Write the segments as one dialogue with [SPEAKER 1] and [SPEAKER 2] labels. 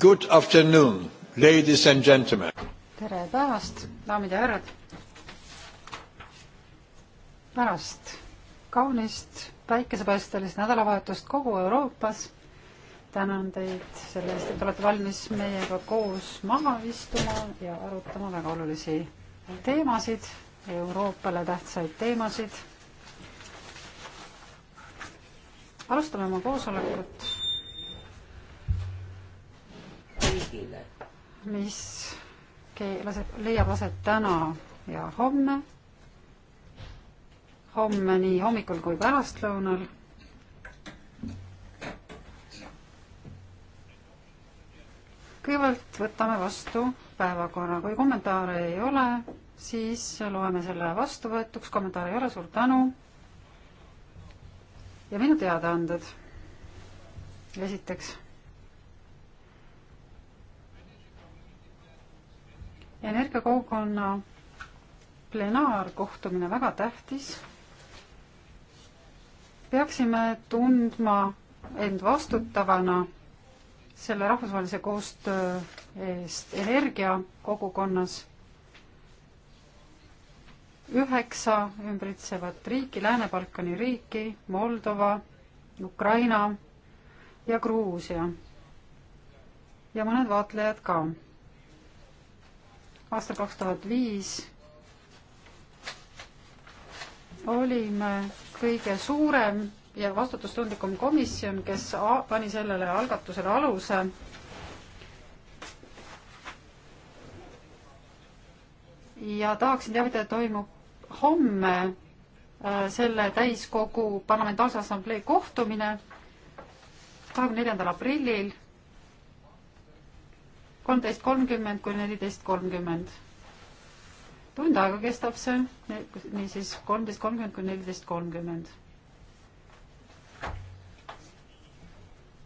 [SPEAKER 1] Good afternoon, ladies and gentlemen.
[SPEAKER 2] tere päevast, daamid ja härrad. pärast kaunist päikesepaistelist nädalavahetust kogu Euroopas tänan teid selle eest, et olete valmis meiega koos maha istuma ja arutama väga olulisi teemasid, Euroopale tähtsaid teemasid. alustame oma koosolekut mis laseb, leiab aset täna ja homme, homme nii hommikul kui pärastlõunal kõigepealt võtame vastu päevakorra, kui kommentaare ei ole, siis loeme selle vastuvõetuks, kommentaare ei ole, suur tänu. ja minu teadaanded. esiteks energiakogukonna plenaarkohtumine väga tähtis. peaksime tundma end vastutavana selle rahvusvahelise koostöö eest energiakogukonnas. üheksa ümbritsevat riiki, Lääne-Balkani riiki, Moldova, Ukraina ja Gruusia. ja mõned vaatlejad ka aastal kaks tuhat viis olime kõige suurem ja vastutustundlikum komisjon, kes pani sellele algatusele aluse. ja tahaksin teada, toimub homme äh, selle täiskogu parlamentaarse assamblee kohtumine kahekümne neljandal aprillil kolmteist kolmkümmend kuni neliteist kolmkümmend. tund aega kestab see, niisiis kolmteist kolmkümmend kuni neliteist kolmkümmend.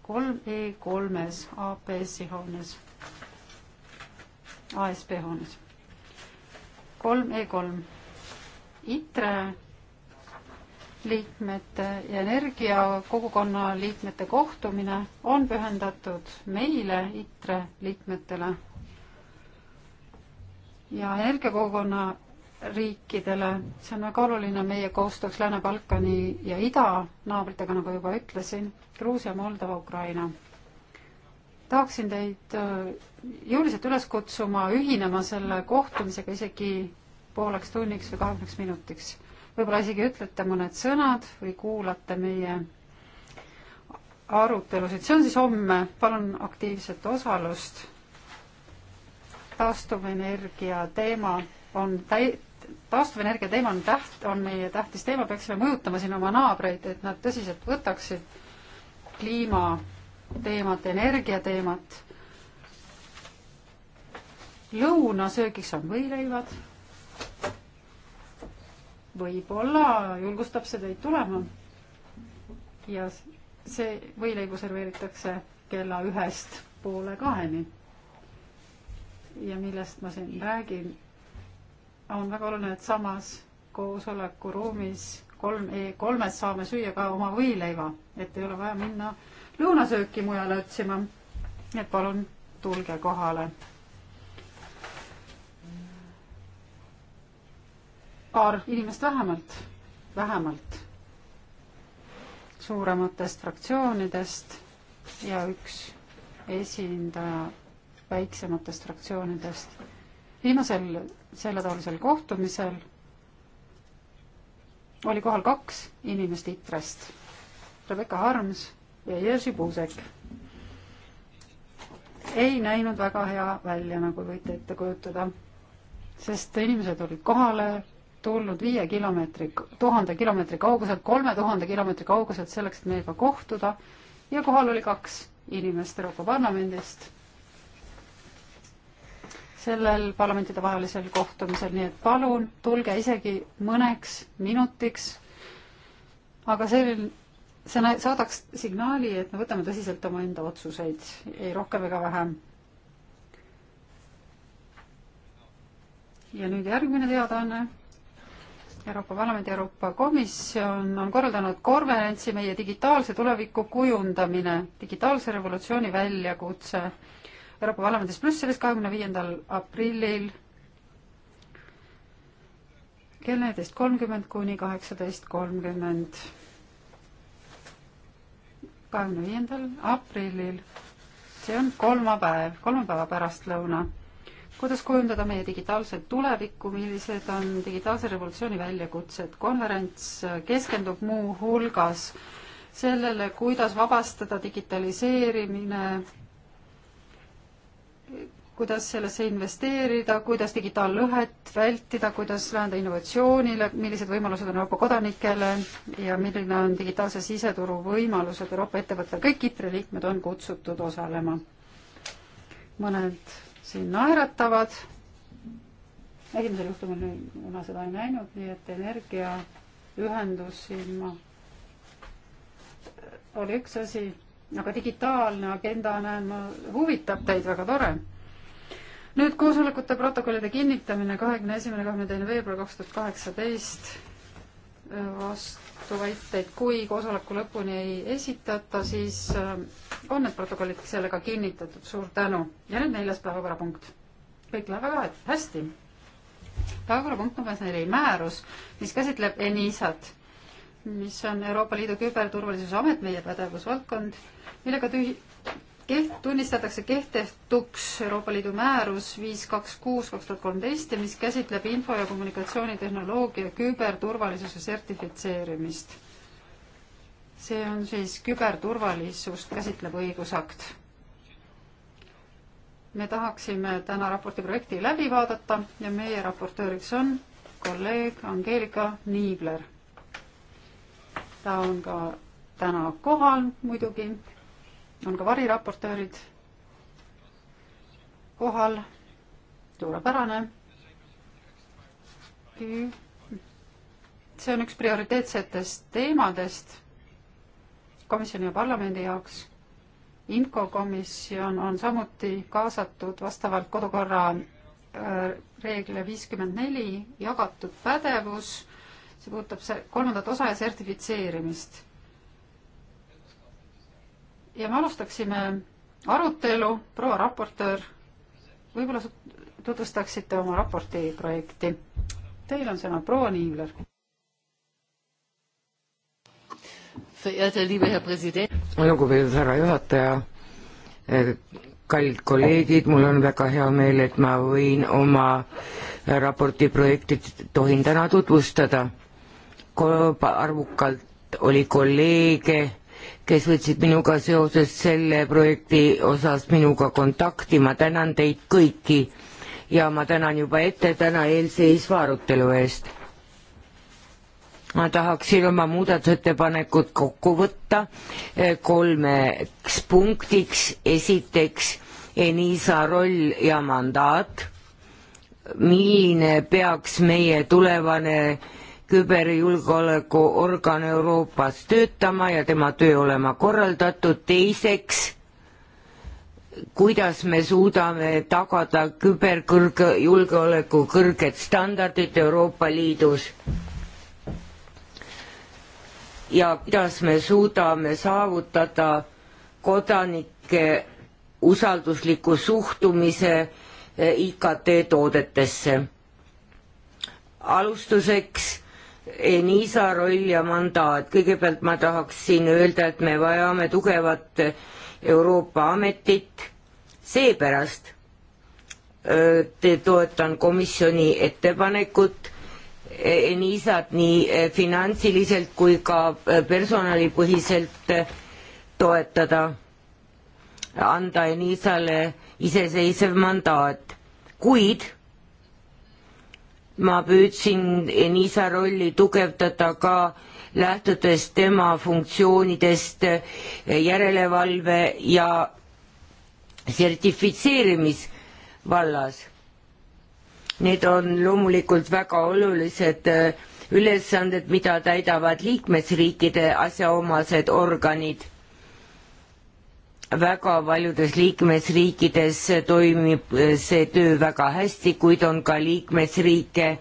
[SPEAKER 2] kolm E kolmes APS-i hoones, ASP hoones. kolm E kolm. ITRE liikmete ja energiakogukonna liikmete kohtumine on pühendatud meile, ITRE liikmetele ja energiakogukonna riikidele, see on väga oluline meie koostööks Lääne-Balkani ja idanaabritega, nagu juba ütlesin, Gruusia, Moldova, Ukraina. tahaksin teid äh, jõuliselt üles kutsuma ühinema selle kohtumisega isegi pooleks tunniks või kahekümneks minutiks võib-olla isegi ütlete mõned sõnad või kuulate meie arutelusid, see on siis homme, palun aktiivset osalust. taastuvenergia teema on täi-, taastuvenergia teema on täht-, on meie tähtis teema, peaksime mõjutama siin oma naabreid, et nad tõsiselt võtaksid kliimateemat, energiateemat. lõunasöögiks on võileivad võib-olla julgustab see teid tulema. ja see võileibu serveeritakse kella ühest poole kaheni. ja millest ma siin räägin, on väga oluline, et samas koosolekuruumis kolm e, kolmes saame süüa ka oma võileiva, et ei ole vaja minna lõunasööki mujale otsima. et palun tulge kohale paar inimest vähemalt, vähemalt suurematest fraktsioonidest ja üks esindaja väiksematest fraktsioonidest. viimasel selletaolisel kohtumisel oli kohal kaks inimest ITRE-st, Rebecca Harms ja Jerzy Puusek. ei näinud väga hea välja, nagu võite ette kujutada, sest inimesed olid kohale tulnud viie kilomeetri, tuhande kilomeetri kauguselt, kolme tuhande kilomeetri kauguselt selleks, et meiega kohtuda ja kohal oli kaks inimest Euroopa Parlamendist sellel parlamentidevahelisel kohtumisel, nii et palun tulge isegi mõneks minutiks, aga selline see saadaks signaali, et me võtame tõsiselt omaenda otsuseid, ei rohkem ega vähem. ja nüüd järgmine teadaanne Euroopa Parlament ja Euroopa Komisjon on korraldanud konverentsi meie digitaalse tuleviku kujundamine, digitaalse revolutsiooni väljakutse Euroopa Parlamendis Brüsselis kahekümne viiendal aprillil kell neliteist kolmkümmend kuni kaheksateist kolmkümmend. kahekümne viiendal aprillil, see on kolmapäev, kolmapäeva pärastlõuna kuidas kujundada meie digitaalset tulevikku, millised on digitaalse revolutsiooni väljakutsed. konverents keskendub muuhulgas sellele, kuidas vabastada digitaliseerimine, kuidas sellesse investeerida, kuidas digitaallõhet vältida, kuidas läheneda innovatsioonile, millised võimalused on Euroopa kodanikele ja milline on digitaalse siseturu võimalused Euroopa ettevõttel. kõik ITRE liikmed on kutsutud osalema. mõned siin naeratavad. esimesel juhtumil ma seda ei näinud, nii et energiaühendus siin ma, oli üks asi, aga digitaalne agenda näen ma, huvitab teid, väga tore. nüüd koosolekute protokollide kinnitamine kahekümne esimene, kahekümne teine veebruar kaks tuhat kaheksateist vastu vastuväiteid, kui koosoleku lõpuni ei esitata, siis äh, on need protokollid sellega kinnitatud, suur tänu. ja nüüd neljas päevakorrapunkt. kõik läheb väga hästi. päevakorrapunkt number neli, määrus, mis käsitleb ENISA-t, mis on Euroopa Liidu Küberturvalisuse Amet, meie pädevusvaldkond, millega tühi-, keht-, tunnistatakse kehtetuks Euroopa Liidu määrus viis kaks kuus kaks tuhat kolmteist ja mis käsitleb info- ja kommunikatsioonitehnoloogia küberturvalisuse sertifitseerimist. see on siis küberturvalisust käsitlev õigusakt. me tahaksime täna raporti projekti läbi vaadata ja meie raportööriks on kolleeg Angeelika Niibler. ta on ka täna kohal muidugi on ka variraportöörid kohal, suurepärane. see on üks prioriteetsetest teemadest komisjoni ja parlamendi jaoks. IMCO komisjon on samuti kaasatud vastavalt kodukorra äh, reegle viiskümmend neli jagatud pädevus, see puudutab kolmandat osa ja sertifitseerimist ja me alustaksime arutelu, proua raportöör, võib-olla tutvustaksite oma raporti projekti. Teil on sõna, proua Niivler.
[SPEAKER 3] lugupeetud härra juhataja, eh, kallid kolleegid, mul on väga hea meel, et ma võin oma raporti projekti tohin täna tutvustada. arvukalt oli kolleege kes võtsid minuga seoses selle projekti osas minuga kontakti, ma tänan teid kõiki ja ma tänan juba ette täna eelseisva arutelu eest. ma tahaksin oma muudatusettepanekud kokku võtta eh, kolmeks punktiks, esiteks Enisa roll ja mandaat, milline peaks meie tulevane äh, küberjulgeolekuorgan Euroopas töötama ja tema töö olema korraldatud, teiseks, kuidas me suudame tagada küberjulgeoleku kõrged standardid Euroopa Liidus ja kuidas me suudame saavutada kodanike usaldusliku suhtumise eh, IKT toodetesse. alustuseks Enisa roll ja mandaat, kõigepealt ma tahaksin öelda, et me vajame tugevat Euroopa ametit, seepärast te toetan komisjoni ettepanekut e, Enisat nii e, finantsiliselt kui ka e, personalipõhiselt toetada, anda Enisale iseseisev mandaat, kuid ma püüdsin Enisa rolli tugevdada ka lähtudes tema funktsioonidest järelevalve ja sertifitseerimisvallas. Need on loomulikult väga olulised äh, ülesanded, mida täidavad liikmesriikide asjaomased organid väga paljudes liikmesriikides toimib eh, see töö väga hästi, kuid on ka liikmesriike,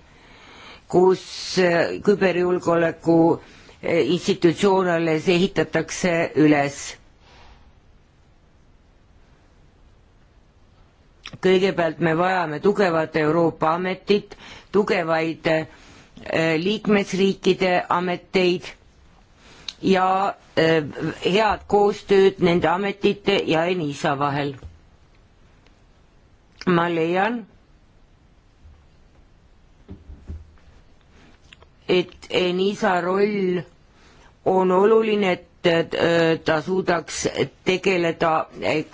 [SPEAKER 3] kus eh, küberjulgeoleku eh, institutsioon alles ehitatakse üles. kõigepealt me vajame tugevat Euroopa ametit, tugevaid liikmesriikide ameteid ja äh, head koostööd nende ametite ja Enisa vahel. ma leian, et Enisa roll on oluline, et äh, ta suudaks tegeleda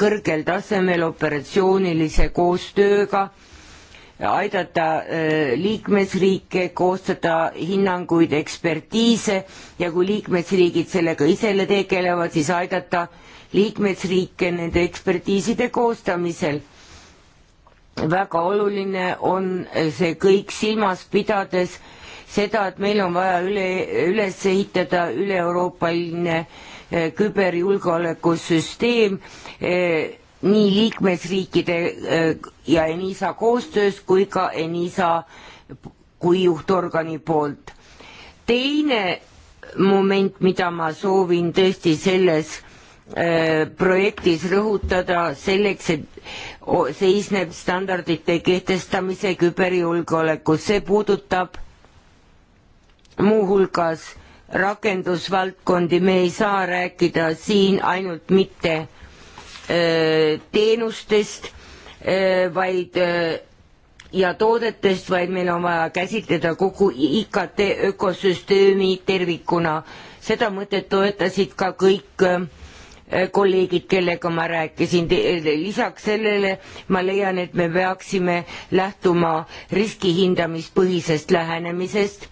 [SPEAKER 3] kõrgel tasemel operatsioonilise koostööga aidata äh, liikmesriike koostada hinnanguid, ekspertiise ja kui liikmesriigid sellega ise tegelevad, siis aidata liikmesriike nende ekspertiiside koostamisel. väga oluline on see kõik silmas pidades seda, et meil on vaja üle, üles ehitada üle-euroopaline äh, küberjulgeolekusüsteem, äh, nii liikmesriikide äh, ja ENISA koostöös kui ka ENISA kui juhtorgani poolt. teine moment, mida ma soovin tõesti selles äh, projektis rõhutada selleks, et seisneb standardite kehtestamise küberjulgeolekus, see puudutab muuhulgas rakendusvaldkondi, me ei saa rääkida siin ainult mitte Äh, teenustest, äh, vaid äh, ja toodetest, vaid meil on vaja käsitleda kogu IKT ökosüsteemi tervikuna. seda mõtet toetasid ka kõik kolleegid, kellega ma rääkisin, lisaks sellele ma leian, et me peaksime lähtuma riskihindamispõhisest lähenemisest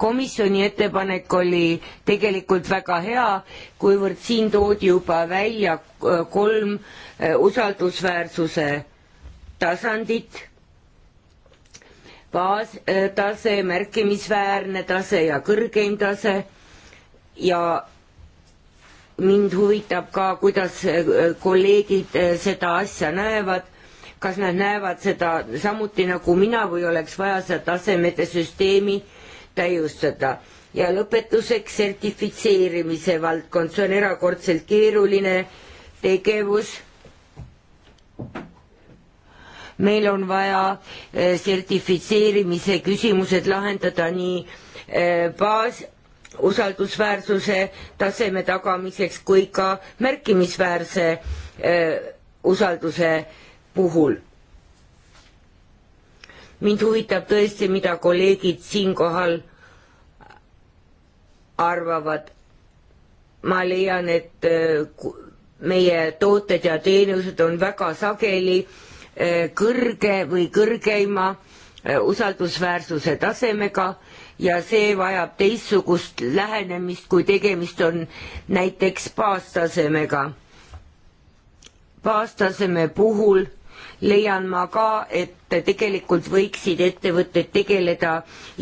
[SPEAKER 3] komisjoni ettepanek oli tegelikult väga hea, kuivõrd siin toodi juba välja äh, kolm äh, usaldusväärsuse tasandit, baastase, äh, märkimisväärne tase ja kõrgeim tase ja mind huvitab ka, kuidas kolleegid seda asja näevad, kas nad näevad seda samuti nagu mina või oleks vaja seda tasemete süsteemi äh, täiustada ja lõpetuseks sertifitseerimise valdkond, see on erakordselt keeruline tegevus. meil on vaja eh, sertifitseerimise küsimused lahendada nii eh, baas, usaldusväärsuse taseme tagamiseks kui ka märkimisväärse eh, usalduse puhul mind huvitab tõesti, mida kolleegid siinkohal arvavad, ma leian, et äh, meie tooted ja teenused on väga sageli äh, kõrge või kõrgeima äh, usaldusväärsuse tasemega ja see vajab teistsugust lähenemist, kui tegemist on näiteks baastasemega. baastaseme puhul leian ma ka, et tegelikult võiksid ettevõtted tegeleda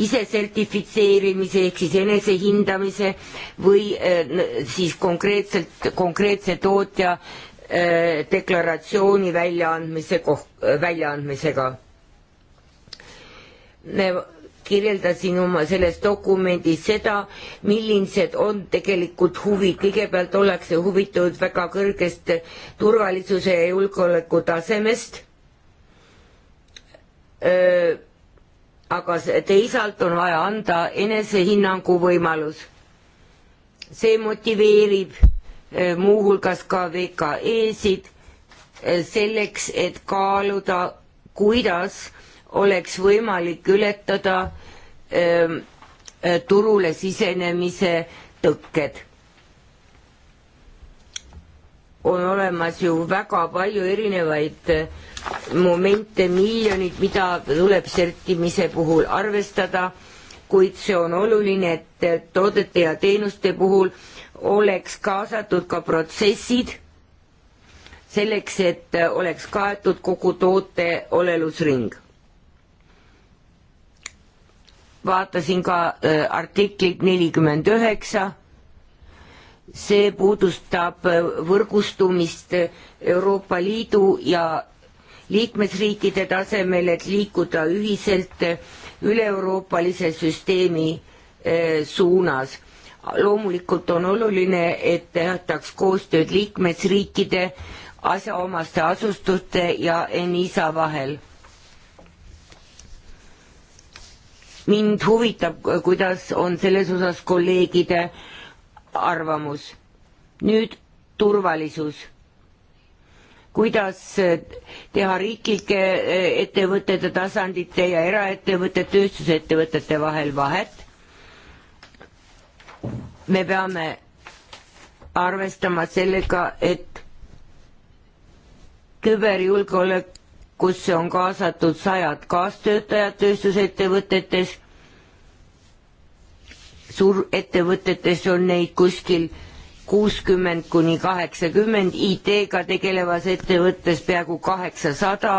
[SPEAKER 3] ise sertifitseerimise ehk siis enesehindamise või äh, siis konkreetselt, konkreetse tootja äh, deklaratsiooni väljaandmise koht, väljaandmisega. kirjeldasin oma selles dokumendis seda, millised on tegelikult huvid, kõigepealt ollakse huvitatud väga kõrgest turvalisuse ja julgeoleku tasemest aga teisalt on vaja anda enesehinnangu võimalus. see motiveerib muuhulgas ka VKE-sid selleks, et kaaluda, kuidas oleks võimalik ületada öö, turule sisenemise tõkked on olemas ju väga palju erinevaid eh, momente, miljonid, mida tuleb sertimise puhul arvestada, kuid see on oluline, et eh, toodete ja teenuste puhul oleks kaasatud ka protsessid selleks, et eh, oleks kaetud kogu toote olelusring. vaatasin ka äh, artiklit nelikümmend üheksa see puudustab äh, võrgustumist Euroopa Liidu ja liikmesriikide tasemel, et liikuda ühiselt üle-euroopalise süsteemi äh, suunas. loomulikult on oluline, et tehtaks koostööd liikmesriikide asjaomaste asustuste ja ENISA vahel. mind huvitab, kuidas on selles osas kolleegide äh, arvamus. nüüd turvalisus. kuidas teha riiklike eh, ettevõtete tasandite ja eraettevõtete, tööstusettevõtete vahel vahet? me peame arvestama sellega, et küberjulgeolekusse on kaasatud sajad kaastöötajad tööstusettevõtetes suurettevõtetes on neid kuskil kuuskümmend kuni kaheksakümmend, IT-ga tegelevas ettevõttes peaaegu kaheksasada,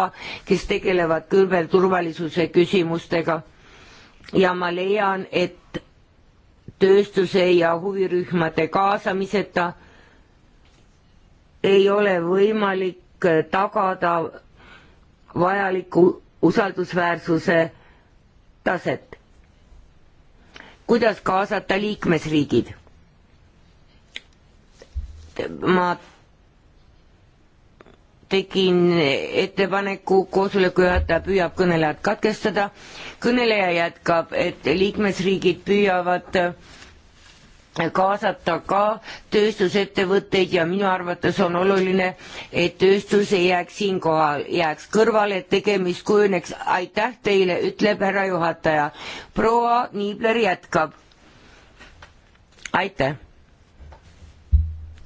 [SPEAKER 3] kes tegelevad küberturvalisuse küsimustega. ja ma leian, et tööstuse ja huvirühmade kaasamiseta ei ole võimalik tagada vajaliku usaldusväärsuse taset kuidas kaasata liikmesriigid? ma tegin ettepaneku, koosoleku juhataja püüab kõnelejat katkestada, kõneleja jätkab, et liikmesriigid püüavad äh, kaasata ka tööstusettevõtteid ja minu arvates on oluline, et tööstus ei jääks siinkohal, jääks kõrvale, et tegemist kujuneks. aitäh teile, ütleb härra juhataja. proua Niibler jätkab. aitäh.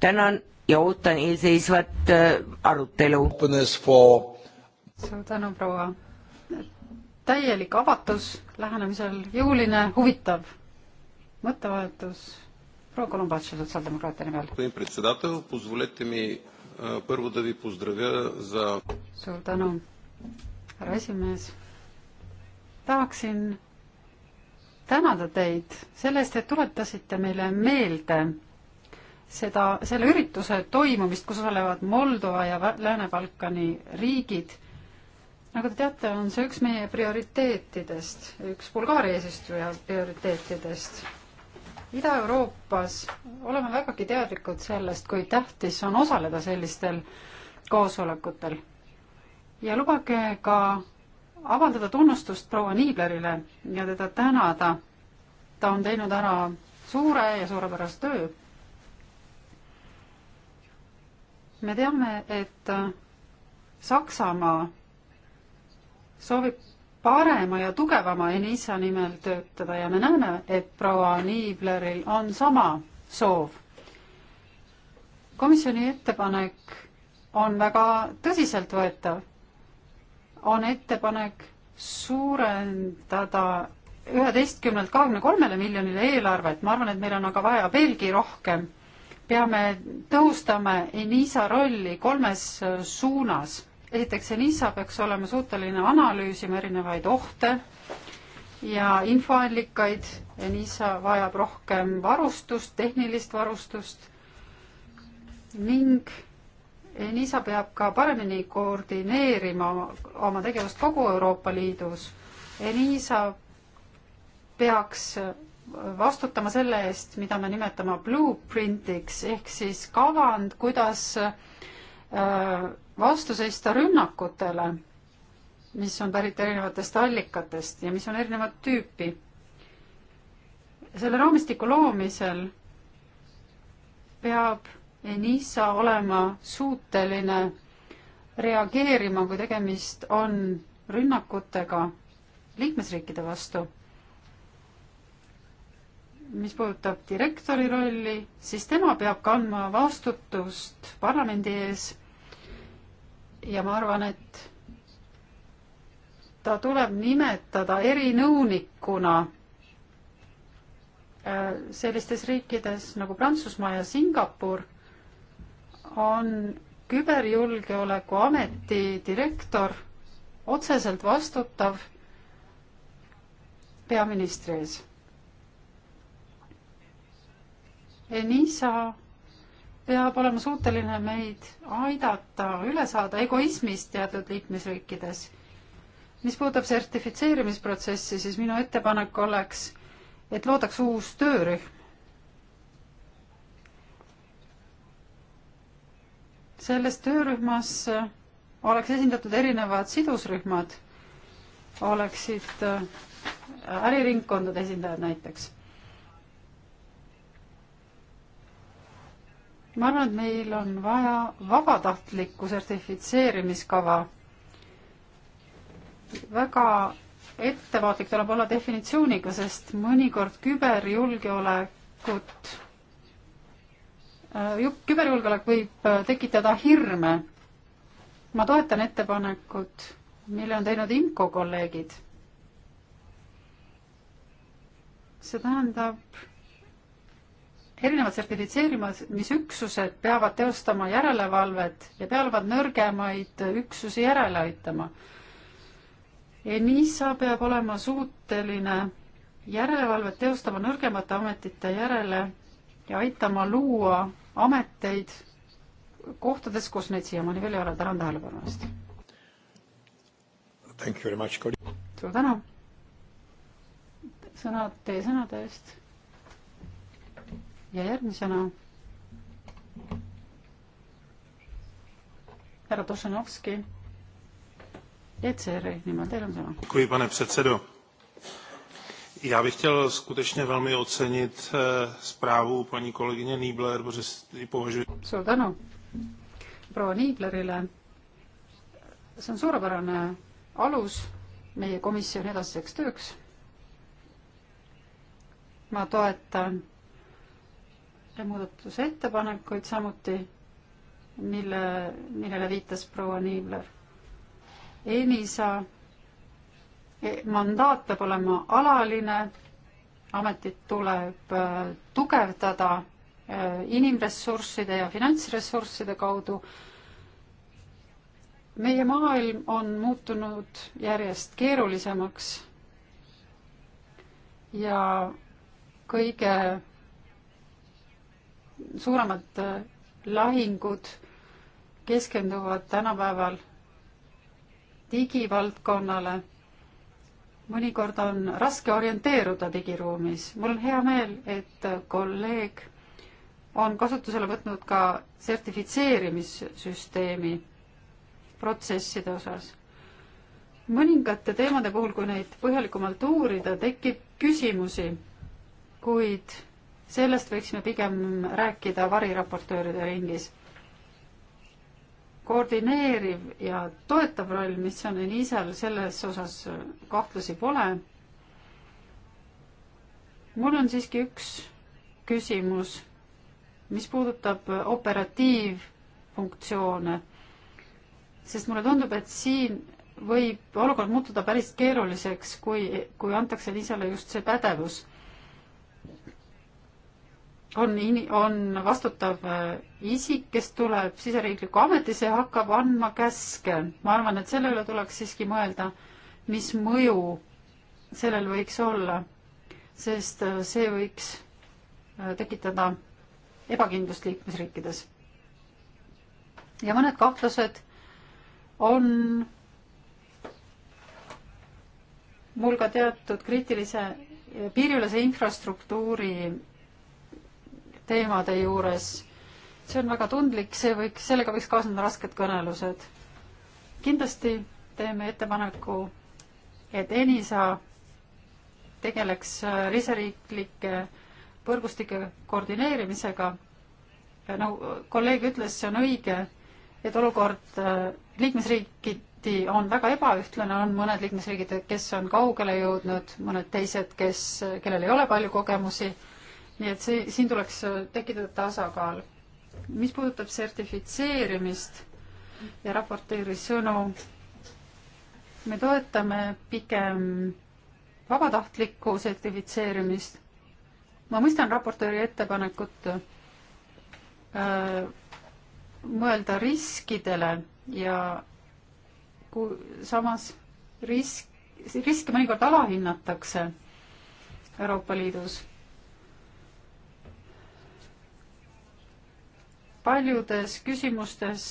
[SPEAKER 3] tänan ja ootan eelseisvat äh, arutelu. suur
[SPEAKER 2] tänu, proua. täielik avatus lähenemisel, jõuline, huvitav mõttevahetus proua Kolumbatš, sotsiaaldemokraatia nimel. suur tänu, härra esimees. tahaksin tänada teid selle eest, et tuletasite meile meelde seda, selle ürituse toimumist, kus osalevad Moldova ja Lääne-Balkani riigid. nagu te teate, on see üks meie prioriteetidest, üks Bulgaaria eesistuja prioriteetidest Ida-Euroopas oleme vägagi teadlikud sellest, kui tähtis on osaleda sellistel koosolekutel. ja lubage ka avaldada tunnustust proua Niiblerile ja teda tänada. ta on teinud ära suure ja suurepärase töö. me teame, et Saksamaa soovib parema ja tugevama Enisa nimel töötada ja me näeme, et proua Niibleril on sama soov. komisjoni ettepanek on väga tõsiseltvõetav. on ettepanek suurendada üheteistkümnelt kahekümne kolmele miljonile eelarvet, ma arvan, et meil on aga vaja veelgi rohkem. peame tõhustama Enisa rolli kolmes suunas esiteks Enisa peaks olema suuteline analüüsima erinevaid ohte ja infoallikaid. Enisa vajab rohkem varustust, tehnilist varustust ning Enisa peab ka paremini koordineerima oma tegevust kogu Euroopa Liidus. Enisa peaks vastutama selle eest, mida me nimetame blueprintiks ehk siis kavand, kuidas äh, vastu seista rünnakutele, mis on pärit erinevatest allikatest ja mis on erinevat tüüpi. selle raamistiku loomisel peab Enisa olema suuteline reageerima, kui tegemist on rünnakutega liikmesriikide vastu. mis puudutab direktori rolli, siis tema peab kandma vastutust parlamendi ees ja ma arvan, et ta tuleb nimetada erinõunikuna äh, sellistes riikides nagu Prantsusmaa ja Singapur on küberjulgeoleku ameti direktor otseselt vastutav peaministri ees. Enisa peab olema suuteline meid aidata üle saada egoismist teatud liikmesriikides. mis puudutab sertifitseerimisprotsessi, siis minu ettepanek oleks, et loodaks uus töörühm. selles töörühmas oleks esindatud erinevad sidusrühmad, oleksid äh, äriringkondade esindajad näiteks ma arvan, et meil on vaja vabatahtlikku sertifitseerimiskava. väga ettevaatlik tuleb olla definitsiooniga, sest mõnikord küberjulgeolekut, äh, küberjulgeolek võib äh, tekitada hirme. ma toetan ettepanekut, mille on teinud IMCO kolleegid. see tähendab erinevad sertifitseerimisüksused peavad teostama järelevalvet ja peavad nõrgemaid üksusi järele aitama. ENISA peab olema suuteline järelevalvet teostama nõrgemate ametite järele ja aitama luua ameteid kohtades, kus neid siiamaani veel ei ole. tänan tähelepanu eest. suur tänu sõnad, teie sõnade eest ja järgmisena härra Tošenovski ECR-i nimel, teil on sõna.
[SPEAKER 1] kui paneb setsedu. Já bych chtěl skutečně velmi ocenit eh, zprávu paní kolegyně Niebler, protože
[SPEAKER 2] ji považuji... Suur tänu proua Niiblerile. see on suurepärane alus meie komisjoni edasiseks tööks. ma toetan muudatusettepanekuid samuti, mille, millele viitas proua Niibler. ENISA e, mandaat peab olema alaline, ametit tuleb äh, tugevdada äh, inimressursside ja finantsressursside kaudu. meie maailm on muutunud järjest keerulisemaks ja kõige suuremad äh, lahingud keskenduvad tänapäeval digivaldkonnale. mõnikord on raske orienteeruda digiruumis. mul on hea meel, et äh, kolleeg on kasutusele võtnud ka sertifitseerimissüsteemi protsesside osas. mõningate teemade puhul, kui neid põhjalikumalt uurida, tekib küsimusi, kuid sellest võiksime pigem rääkida variraportööride ringis. koordineeriv ja toetav roll, mis on Enisal, selles osas kahtlusi pole. mul on siiski üks küsimus, mis puudutab operatiivfunktsioone, sest mulle tundub, et siin võib olukord muutuda päris keeruliseks, kui, kui antakse Enisale just see pädevus on, on vastutav äh, isik, kes tuleb siseriiklikku ametisse ja hakkab andma käske. ma arvan, et selle üle tuleks siiski mõelda, mis mõju sellel võiks olla, sest äh, see võiks äh, tekitada ebakindlust liikmesriikides. ja mõned kahtlused on mul ka teatud kriitilise piiriülese infrastruktuuri teemade juures. see on väga tundlik, see võiks, sellega võiks kaasneda rasked kõnelused. kindlasti teeme ettepaneku, et ENISA tegeleks äh, riseriiklike võrgustike koordineerimisega. nagu äh, kolleeg ütles, see on õige, et olukord äh, liikmesriikiti on väga ebaühtlane, on mõned liikmesriigid, kes on kaugele jõudnud, mõned teised, kes, kellel ei ole palju kogemusi nii et see, siin tuleks äh, tekitada tasakaal. mis puudutab sertifitseerimist ja raporteeri sõnu, me toetame pigem vabatahtlikku sertifitseerimist. ma mõistan raportööri ettepanekut öö, äh, mõelda riskidele ja kui samas risk, riske mõnikord alahinnatakse Euroopa Liidus paljudes küsimustes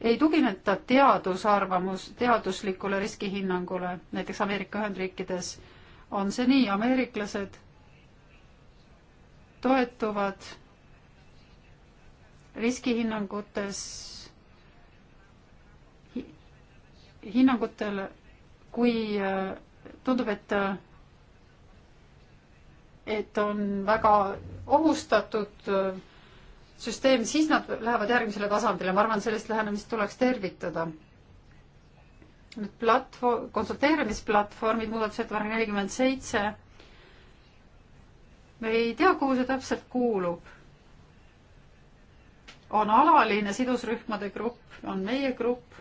[SPEAKER 2] ei tugineta teadusarvamus, teaduslikule riskihinnangule, näiteks Ameerika Ühendriikides on see nii, ameeriklased toetuvad riskihinnangutes hi, hinnangutel, kui äh, tundub, et äh, et on väga ohustatud äh, süsteem, siis nad lähevad järgmisele tasandile, ma arvan, sellist lähenemist tuleks tervitada. nüüd platvorm, konsulteerimisplatvormid, muudatusettepanek nelikümmend seitse. me ei tea, kuhu see täpselt kuulub. on alaline sidusrühmade grupp, on meie grupp.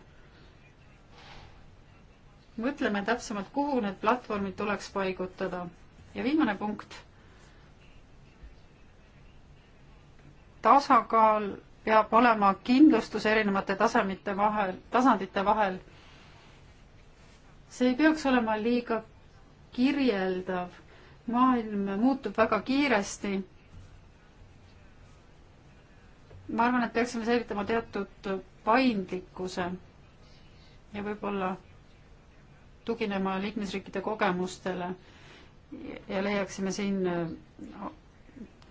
[SPEAKER 2] mõtleme täpsemalt, kuhu need platvormid tuleks paigutada. ja viimane punkt tasakaal peab olema kindlustus erinevate tasemete vahel, tasandite vahel. see ei peaks olema liiga kirjeldav. maailm muutub väga kiiresti. ma arvan, et peaksime säilitama teatud paindlikkuse ja võib-olla tuginema liikmesriikide kogemustele ja leiaksime siin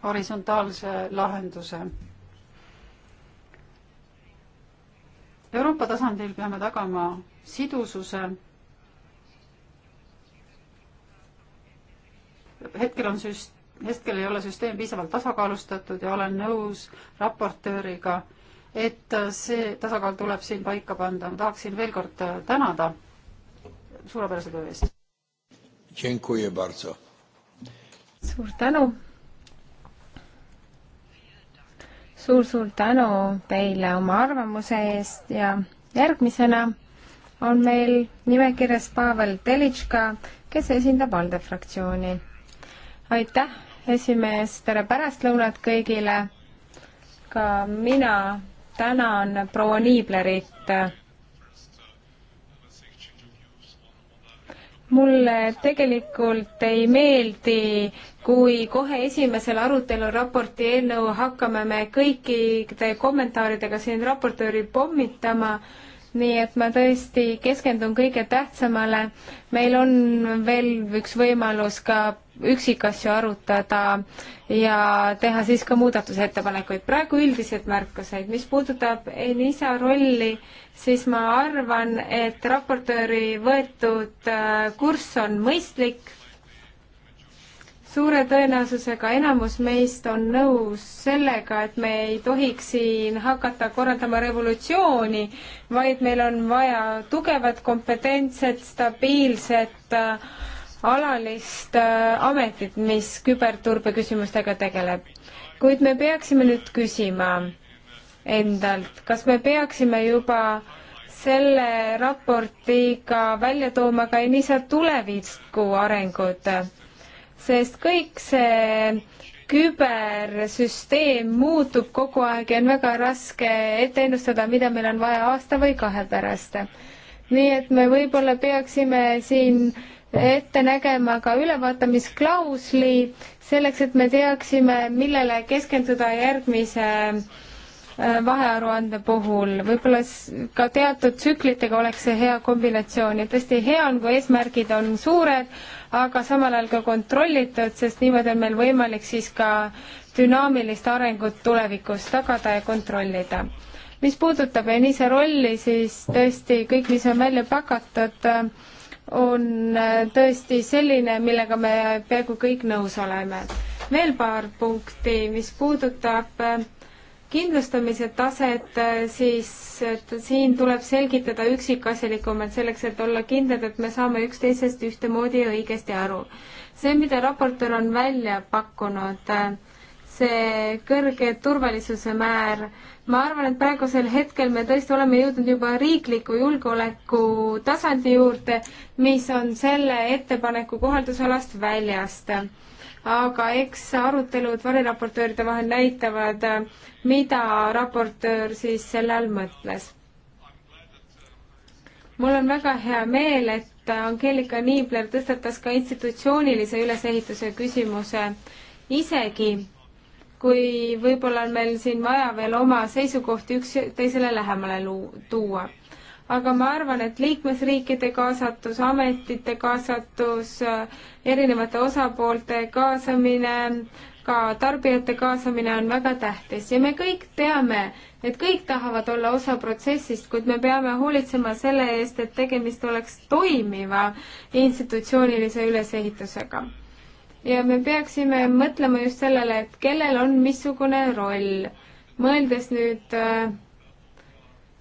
[SPEAKER 2] horisontaalse lahenduse. Euroopa tasandil peame tagama sidususe. hetkel on süst-, hetkel ei ole süsteem piisavalt tasakaalustatud ja olen nõus raportööriga, et see tasakaal tuleb siin paika panda. ma tahaksin veel kord tänada suurepärase töö eest. suur tänu
[SPEAKER 4] suur-suur tänu teile oma arvamuse eest ja järgmisena on meil nimekirjas Pavel Telitška, kes esindab ALDE fraktsiooni. aitäh, esimees, tere pärastlõunat kõigile! ka mina tänan proua Niiblerit mulle tegelikult ei meeldi, kui kohe esimesel arutelul raporti eelnõu hakkame me kõikide kommentaaridega siin raportööri pommitama äh, nii et ma tõesti keskendun kõige tähtsamale. meil on veel üks võimalus ka üksikasju arutada ja teha siis ka muudatusettepanekuid. praegu üldised märkused, mis puudutab Elisa rolli, siis ma arvan, et raportööri võetud äh, kurss on mõistlik suure tõenäosusega enamus meist on nõus sellega, et me ei tohiks siin hakata korraldama revolutsiooni, vaid meil on vaja tugevat, kompetentset, stabiilset äh, alalist äh, ametit, mis küberturbe küsimustega tegeleb. kuid me peaksime nüüd küsima endalt, kas me peaksime juba selle raportiga välja tooma ka NISA tuleviku arengud äh, sest kõik see kübersüsteem muutub kogu aeg ja on väga raske ette ennustada, mida meil on vaja aasta või kahe pärast. nii et me võib-olla peaksime siin ette nägema ka ülevaatamisklausli selleks, et me teaksime, millele keskenduda järgmise Äh, vahearuande puhul, võib-olla ka teatud tsüklitega oleks see hea kombinatsioon ja tõesti hea on, kui eesmärgid on suured, aga samal ajal ka kontrollitud, sest niimoodi on meil võimalik siis ka dünaamilist arengut tulevikus tagada ja kontrollida. mis puudutab Enise rolli, siis tõesti kõik, mis on välja pakatud, on äh, tõesti selline, millega me peaaegu kõik nõus oleme. veel paar punkti, mis puudutab äh, kindlustamise taset, siis siin tuleb selgitada üksikasjalikumalt selleks, et olla kindlad, et me saame üksteisest ühtemoodi ja õigesti aru. see, mida raportöör on välja pakkunud, see kõrge turvalisuse määr, ma arvan, et praegusel hetkel me tõesti oleme jõudnud juba riikliku julgeoleku tasandi juurde, mis on selle ettepaneku kohaldusalast väljast aga eks arutelud variraportööride vahel näitavad, mida raportöör siis selle all mõtles. mul on väga hea meel, et Angeelika Niibler tõstatas ka institutsioonilise ülesehituse küsimuse isegi kui võib-olla on meil siin vaja veel oma seisukohti üksteisele lähemale luu-, tuua aga ma arvan, et liikmesriikide kaasatus, ametite kaasatus, erinevate osapoolte kaasamine, ka tarbijate kaasamine on väga tähtis ja me kõik teame, et kõik tahavad olla osa protsessist, kuid me peame hoolitsema selle eest, et tegemist oleks toimiva institutsioonilise ülesehitusega ja me peaksime mõtlema just sellele, et kellel on missugune roll. mõeldes nüüd äh,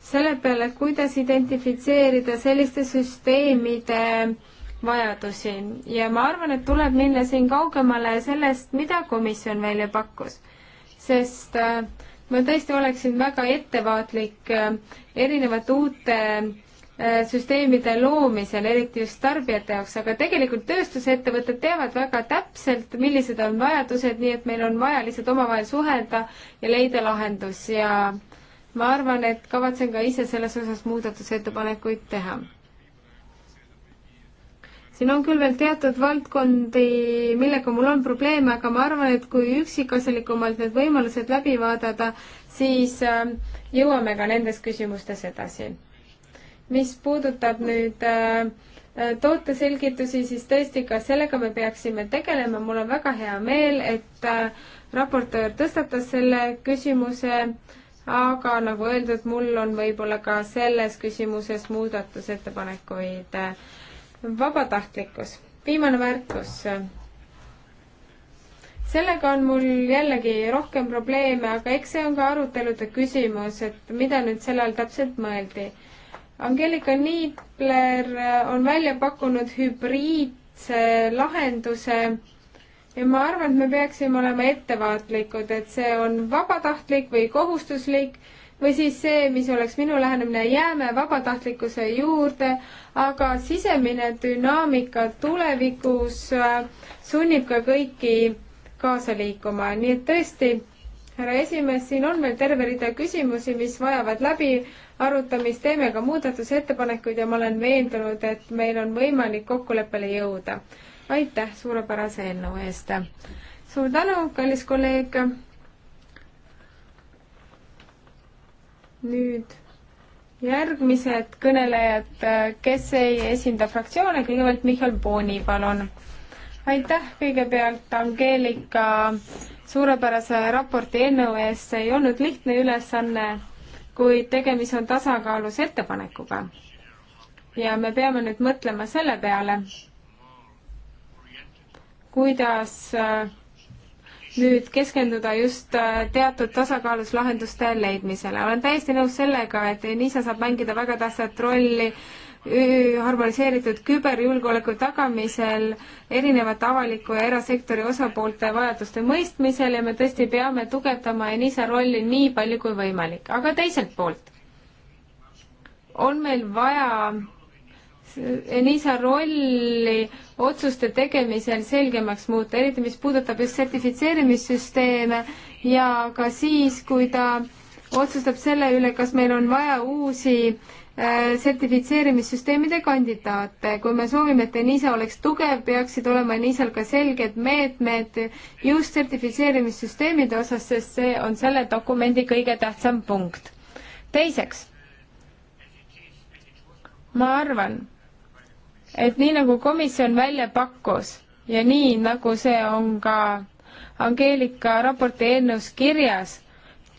[SPEAKER 4] selle peale, kuidas identifitseerida selliste süsteemide vajadusi ja ma arvan, et tuleb minna siin kaugemale sellest, mida komisjon välja pakkus. sest äh, ma tõesti oleksin väga ettevaatlik äh, erinevate uute äh, süsteemide loomisel, eriti just tarbijate jaoks, aga tegelikult tööstusettevõtted teavad väga täpselt, millised on vajadused, nii et meil on vaja lihtsalt omavahel suhelda ja leida lahendus ja äh, ma arvan, et kavatsen ka ise selles osas muudatusettepanekuid teha. siin on küll veel teatud valdkondi, millega mul on probleeme, aga ma arvan, et kui üksikasjalikumalt need võimalused läbi vaadata, siis ähm, jõuame ka nendes küsimustes edasi. mis puudutab nüüd äh, tooteselgitusi, siis tõesti, ka sellega me peaksime tegelema, mul on väga hea meel, et äh, raportöör tõstatas selle küsimuse aga nagu öeldud, mul on võib-olla ka selles küsimuses muudatusettepanekuid. vabatahtlikkus, viimane märkus. sellega on mul jällegi rohkem probleeme, aga eks see on ka arutelude küsimus, et mida nüüd selle all täpselt mõeldi. Angelika Niibler on välja pakkunud hübriidse lahenduse ja ma arvan, et me peaksime olema ettevaatlikud, et see on vabatahtlik või kohustuslik või siis see, mis oleks minu lähenemine, jääme vabatahtlikkuse juurde, aga sisemine dünaamika tulevikus äh, sunnib ka kõiki kaasa liikuma, nii et tõesti, härra esimees, siin on veel terve rida küsimusi, mis vajavad läbiarutamist, teeme ka muudatusettepanekuid ja ma olen veendunud, et meil on võimalik kokkuleppele jõuda aitäh suurepärase eelnõu eest! suur tänu, kallis kolleeg! nüüd järgmised kõnelejad, kes ei esinda fraktsioone, kõigepealt Mihhail Booni, palun. aitäh kõigepealt Angeelika suurepärase raporti eelnõu eest, see ei olnud lihtne ülesanne, kuid tegemist on tasakaalus ettepanekuga. ja me peame nüüd mõtlema selle peale, kuidas äh, nüüd keskenduda just äh, teatud tasakaalus lahenduste leidmisele. olen täiesti nõus sellega, et Enisa saab mängida väga tähtsat rolli harmoniseeritud küberjulgeoleku tagamisel, erinevate avaliku ja erasektori osapoolte vajaduste mõistmisel ja me tõesti peame tugevdama Enisa rolli nii palju kui võimalik. aga teiselt poolt on meil vaja Enisa rolli otsuste tegemisel selgemaks muuta, eriti mis puudutab just sertifitseerimissüsteeme ja ka siis, kui ta otsustab selle üle, kas meil on vaja uusi äh, sertifitseerimissüsteemide kandidaate. kui me soovime, et Enisa oleks tugev, peaksid olema Enisal ka selged meetmed just sertifitseerimissüsteemide osas, sest see on selle dokumendi kõige tähtsam punkt. teiseks, ma arvan et nii nagu komisjon välja pakkus ja nii nagu see on ka Angeelika raporti eelnõus kirjas,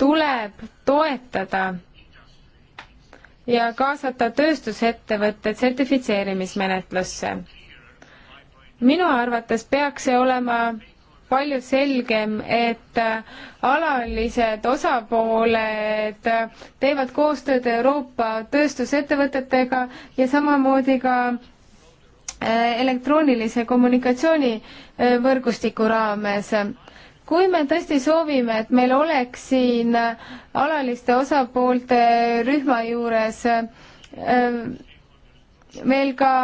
[SPEAKER 4] tuleb toetada ja kaasata tööstusettevõtted sertifitseerimismenetlusse. minu arvates peaks see olema palju selgem, et alalised osapooled teevad koostööd Euroopa tööstusettevõtetega ja samamoodi ka Äh, elektroonilise kommunikatsiooni äh, võrgustiku raames. kui me tõesti soovime, et meil oleks siin alaliste osapoolte rühma juures veel äh, ka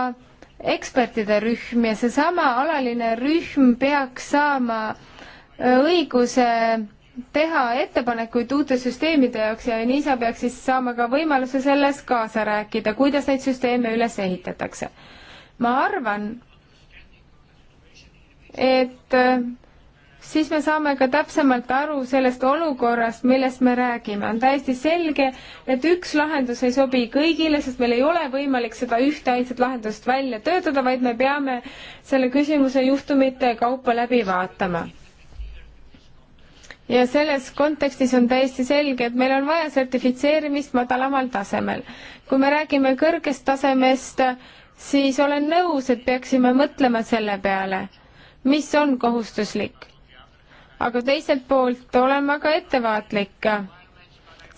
[SPEAKER 4] ekspertide rühm ja seesama alaline rühm peaks saama õiguse teha ettepanekuid uute süsteemide jaoks ja Niisa peaks siis saama ka võimaluse selles kaasa rääkida, kuidas neid süsteeme üles ehitatakse ma arvan, et äh, siis me saame ka täpsemalt aru sellest olukorrast, millest me räägime. on täiesti selge, et üks lahendus ei sobi kõigile, sest meil ei ole võimalik seda ühte ainsat lahendust välja töötada, vaid me peame selle küsimuse juhtumite kaupa läbi vaatama. ja selles kontekstis on täiesti selge, et meil on vaja sertifitseerimist madalamal tasemel. kui me räägime kõrgest tasemest, siis olen nõus, et peaksime mõtlema selle peale, mis on kohustuslik. aga teiselt poolt olema ka ettevaatlik,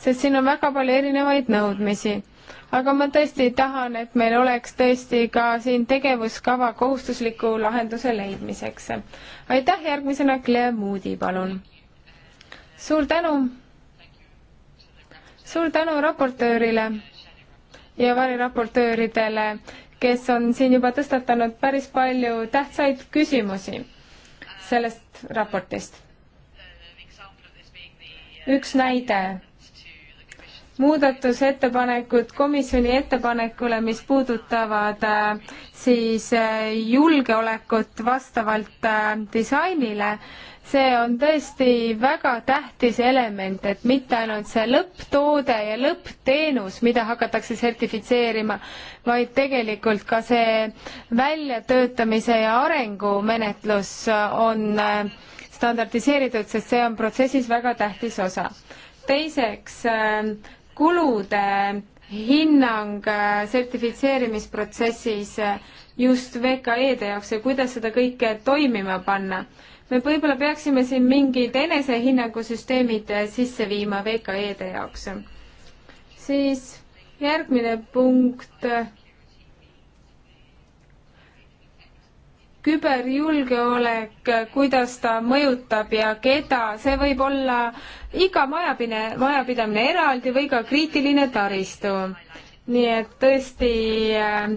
[SPEAKER 4] sest siin on väga palju erinevaid nõudmisi. aga ma tõesti tahan, et meil oleks tõesti ka siin tegevuskava kohustusliku lahenduse leidmiseks. aitäh, järgmisena Claire Moody, palun. suur tänu. suur tänu raportöörile ja variraportööridele kes on siin juba tõstatanud päris palju tähtsaid küsimusi sellest raportist. üks näide, muudatusettepanekud komisjoni ettepanekule, mis puudutavad äh, siis äh, julgeolekut vastavalt äh, disainile äh, see on tõesti väga tähtis element, et mitte ainult see lõpptoode ja lõppteenus, mida hakatakse sertifitseerima, vaid tegelikult ka see väljatöötamise ja arengumenetlus on äh, standardiseeritud, sest see on protsessis väga tähtis osa. teiseks, äh, kulude hinnang äh, sertifitseerimisprotsessis just VKE-de jaoks ja kuidas seda kõike toimima panna me võib-olla peaksime siin mingid enesehinnangusüsteemid äh, sisse viima VKE-de jaoks. siis järgmine punkt. Äh, küberjulgeolek, äh, kuidas ta mõjutab ja keda, see võib olla iga majapine, majapidamine eraldi või ka kriitiline taristu. nii et tõesti äh,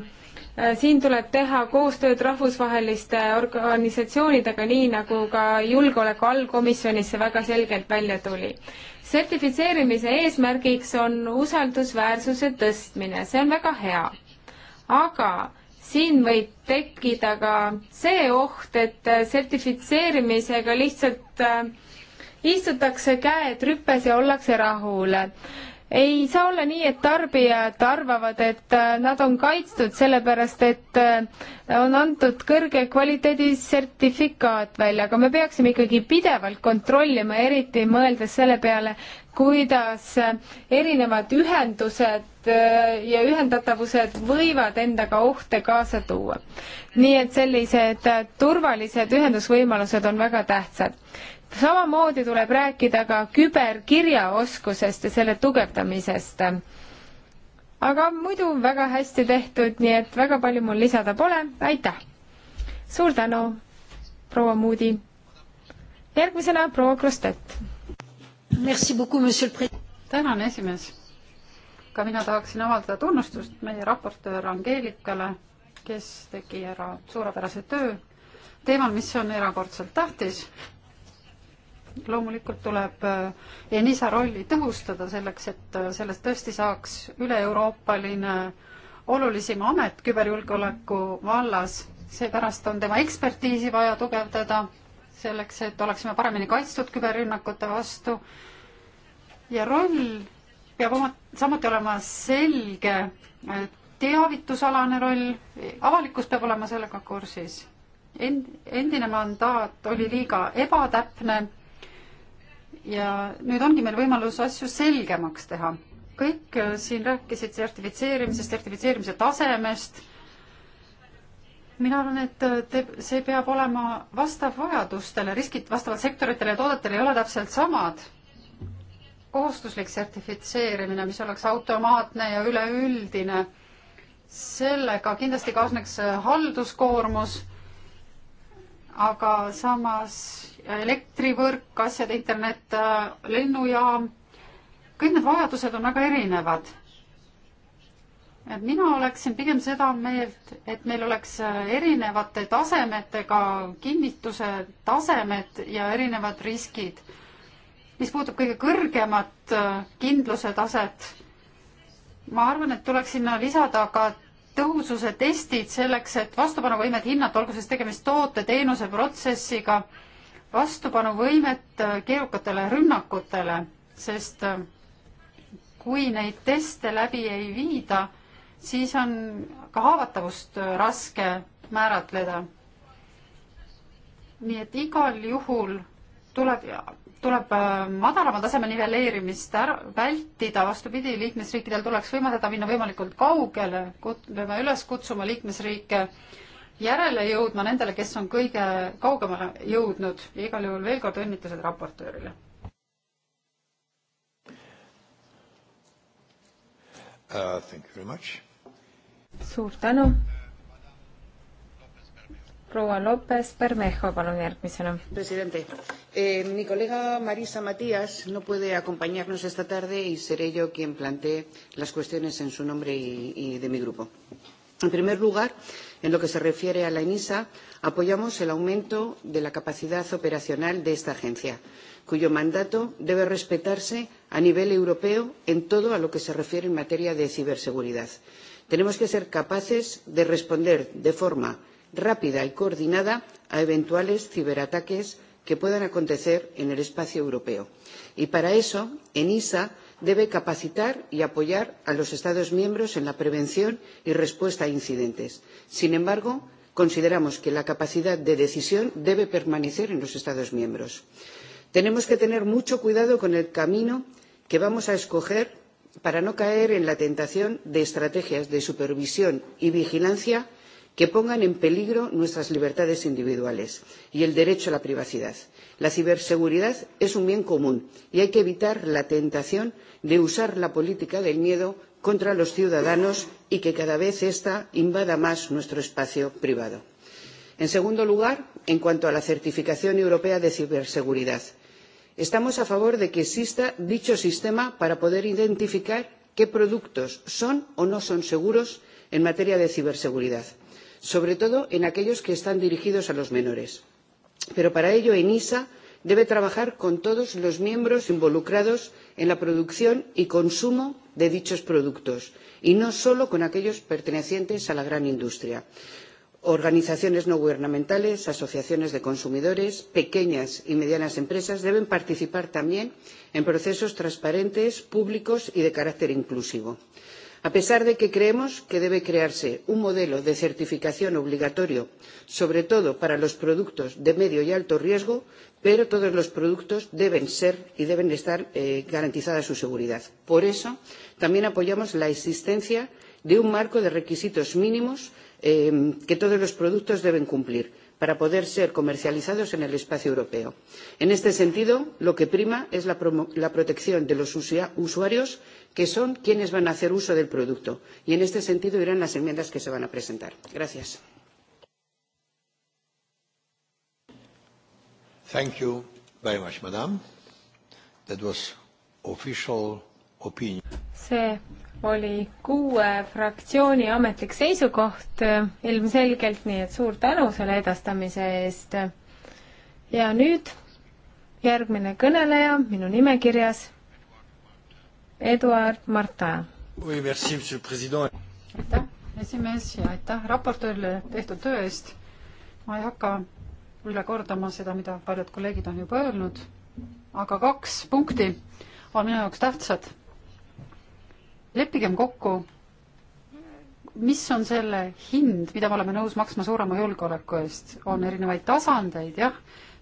[SPEAKER 4] Äh, siin tuleb teha koostööd rahvusvaheliste organisatsioonidega, nii nagu ka julgeoleku allkomisjonis see väga selgelt välja tuli. sertifitseerimise eesmärgiks on usaldusväärsuse tõstmine, see on väga hea. aga siin võib tekkida ka see oht, et äh, sertifitseerimisega lihtsalt äh, istutakse käed rüpes ja ollakse rahul ei saa olla nii, et tarbijad arvavad, et äh, nad on kaitstud, sellepärast et äh, on antud kõrge kvaliteedi sertifikaat välja, aga me peaksime ikkagi pidevalt kontrollima, eriti mõeldes selle peale, kuidas äh, erinevad ühendused ja ühendatavused võivad endaga ohte kaasa tuua. nii et sellised turvalised ühendusvõimalused on väga tähtsad samamoodi tuleb rääkida ka küberkirjaoskusest ja selle tugevdamisest. aga muidu väga hästi tehtud, nii et väga palju mul lisada pole, aitäh! suur tänu, proua
[SPEAKER 2] Moody! järgmisena proua Krustet. tänan, esimees! ka mina tahaksin avaldada tunnustust meie raportöör Angeelikale, kes tegi ära suurepärase töö teemal, mis on erakordselt tähtis loomulikult tuleb äh, Enisa rolli tõhustada selleks, et äh, sellest tõesti saaks üle-euroopaline olulisim amet küberjulgeoleku vallas, seepärast on tema ekspertiisi vaja tugevdada, selleks et oleksime paremini kaitstud küberrünnakute vastu ja roll peab oma, samuti olema selge äh, teavitusalane roll, avalikkus peab olema sellega kursis. End-, endine mandaat oli liiga ebatäpne ja nüüd ongi meil võimalus asju selgemaks teha. kõik äh, siin rääkisid sertifitseerimisest, sertifitseerimise tasemest. mina arvan, et äh, te, see peab olema vastav vajadustele, riskid vastavalt sektoritele ja toodetele ei ole täpselt samad. kohustuslik sertifitseerimine, mis oleks automaatne ja üleüldine, sellega kindlasti kaasneks äh, halduskoormus, aga samas elektrivõrk, asjade internet, äh, lennujaam, kõik need vajadused on väga erinevad. et mina oleksin pigem seda meelt, et meil oleks äh, erinevate tasemetega kinnituse tasemed ja erinevad riskid. mis puudutab kõige kõrgemat äh, kindluse taset, ma arvan, et tuleks sinna lisada ka tõhususe testid selleks, et vastupanuvõimet hinnata, olgu siis tegemist toote, teenuse, protsessiga vastupanuvõimet äh, keerukatele rünnakutele, sest äh, kui neid teste läbi ei viida, siis on ka haavatavust äh, raske määratleda. nii et igal juhul tuleb, tuleb madalama taseme nivelleerimist ära, vältida, vastupidi, liikmesriikidel tuleks võimaldada minna võimalikult kaugele, peame üles kutsuma liikmesriike äh, järele jõudma nendele, kes on kõige kaugemale jõudnud ja igal juhul veel kord õnnitlused raportöörile.
[SPEAKER 3] Uh, thank you very much.
[SPEAKER 2] suur
[SPEAKER 4] tänu. proua Lopes Bermejo, palun järgmisena.
[SPEAKER 1] Presidente eh,, mi colega Marisa Matias no puede acompañarnos esta tarde y seré yo quien plantee las cuestiones en su nombre y, y de mi grupo. En primer lugar eh, En lo que se refiere a la ENISA, apoyamos el aumento de la capacidad operacional de esta agencia, cuyo mandato debe respetarse a nivel europeo en todo a lo que se refiere en materia de ciberseguridad. Tenemos que ser capaces de responder de forma rápida y coordinada a eventuales ciberataques que puedan acontecer en el espacio europeo. Y para eso, ENISA debe capacitar y apoyar a los Estados miembros en la prevención y respuesta a incidentes. Sin embargo, consideramos que la capacidad de decisión debe permanecer en los Estados miembros. Tenemos que tener mucho cuidado con el camino que vamos a escoger para no caer en la tentación de estrategias de supervisión y vigilancia que pongan en peligro nuestras libertades individuales y el derecho a la privacidad. La ciberseguridad es un bien común y hay que evitar la tentación de usar la política del miedo contra los ciudadanos y que cada vez ésta invada más nuestro espacio privado. En segundo lugar, en cuanto a la certificación europea de ciberseguridad, estamos a favor de que exista dicho sistema para poder identificar qué productos son o no son seguros en materia de ciberseguridad sobre todo en aquellos que están dirigidos a los menores. Pero para ello, ENISA debe trabajar con todos los miembros involucrados en la producción y consumo de dichos productos, y no solo con aquellos pertenecientes a la gran industria organizaciones no gubernamentales asociaciones de consumidores pequeñas y medianas empresas deben participar también en procesos transparentes públicos y de carácter inclusivo. por A pesar de que creemos que debe crearse un modelo de certificación obligatorio, sobre todo para los productos de medio y alto riesgo, pero todos los productos deben ser y deben estar eh, garantizada su seguridad. Por eso, también apoyamos la existencia de un marco de requisitos mínimos eh, que todos los productos deben cumplir para poder ser comercializados en el espacio europeo. En este sentido, lo que prima es la, la protección de los usuarios, que son quienes van a hacer uso del producto. Y en este sentido irán las enmiendas que se van a presentar. Gracias.
[SPEAKER 3] Thank you very much, madam. That was official opinion.
[SPEAKER 4] see oli kuue fraktsiooni ametlik seisukoht äh, ilmselgelt, nii et suur tänu selle edastamise eest. ja nüüd järgmine kõneleja minu nimekirjas,
[SPEAKER 2] Eduard Marta.
[SPEAKER 3] aitäh,
[SPEAKER 2] esimees ja aitäh raportöörile tehtud töö eest. ma ei hakka üle kordama seda, mida paljud kolleegid on juba öelnud, aga kaks punkti on minu jaoks tähtsad leppigem kokku, mis on selle hind, mida me oleme nõus maksma suurema julgeoleku eest, on erinevaid tasandeid, jah,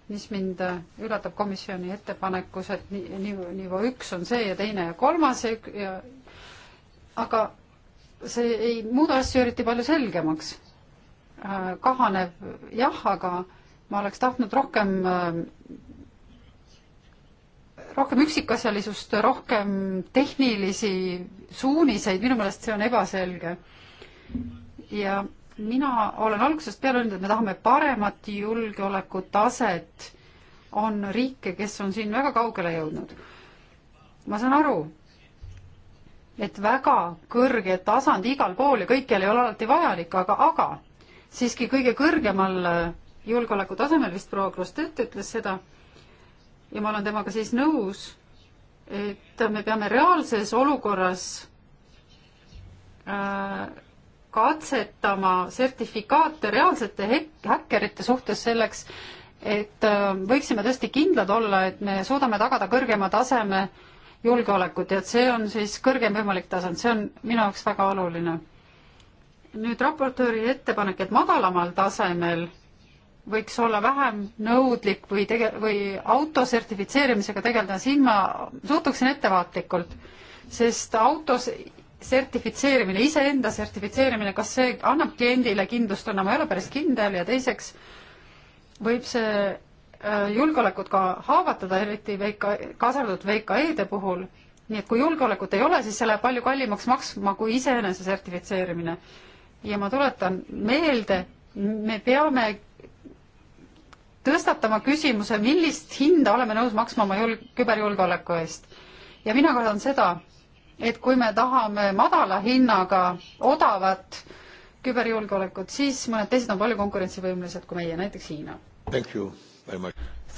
[SPEAKER 2] mis mind üllatab komisjoni ettepanekus, et nii, nii, nivo üks on see ja teine ja kolmas ja, ja aga see ei muuda asju eriti palju selgemaks. Äh, kahaneb jah, aga ma oleks tahtnud rohkem äh, rohkem üksikasjalisust, rohkem tehnilisi suuniseid, minu meelest see on ebaselge. ja mina olen algusest peale öelnud, et me tahame paremat julgeolekutaset. on riike, kes on siin väga kaugele jõudnud. ma saan aru, et väga kõrge tasand igal pool ja kõikjal ei ole alati vajalik, aga, aga siiski kõige kõrgemal julgeolekutasemel vist proua Krustet ütles seda ja ma olen temaga siis nõus, et me peame reaalses olukorras äh, katsetama sertifikaate reaalsete häkkerite suhtes selleks, et äh, võiksime tõesti kindlad olla, et me suudame tagada kõrgema taseme julgeolekut ja et see on siis kõrgem võimalik tasand, see on minu jaoks väga oluline. nüüd raportööri ettepanek, et madalamal tasemel võiks olla vähem nõudlik või tege-, või auto sertifitseerimisega tegeleda, siin ma suhtuksin ettevaatlikult, sest autos sertifitseerimine, iseenda sertifitseerimine, kas see annab kliendile kindlustunne, ma ei ole päris kindel ja teiseks võib see äh, julgeolekut ka haavatada, eriti VK, kaasa arvatud VKE-de puhul, nii et kui julgeolekut ei ole, siis see läheb palju kallimaks maksma kui iseenese sertifitseerimine. ja ma tuletan meelde, me peame tõstatama küsimuse, millist hinda oleme nõus maksma oma julg-, küberjulgeoleku eest. ja mina kardan seda, et kui me tahame madala hinnaga odavat küberjulgeolekut, siis mõned teised on palju konkurentsivõimelised kui meie, näiteks Hiina.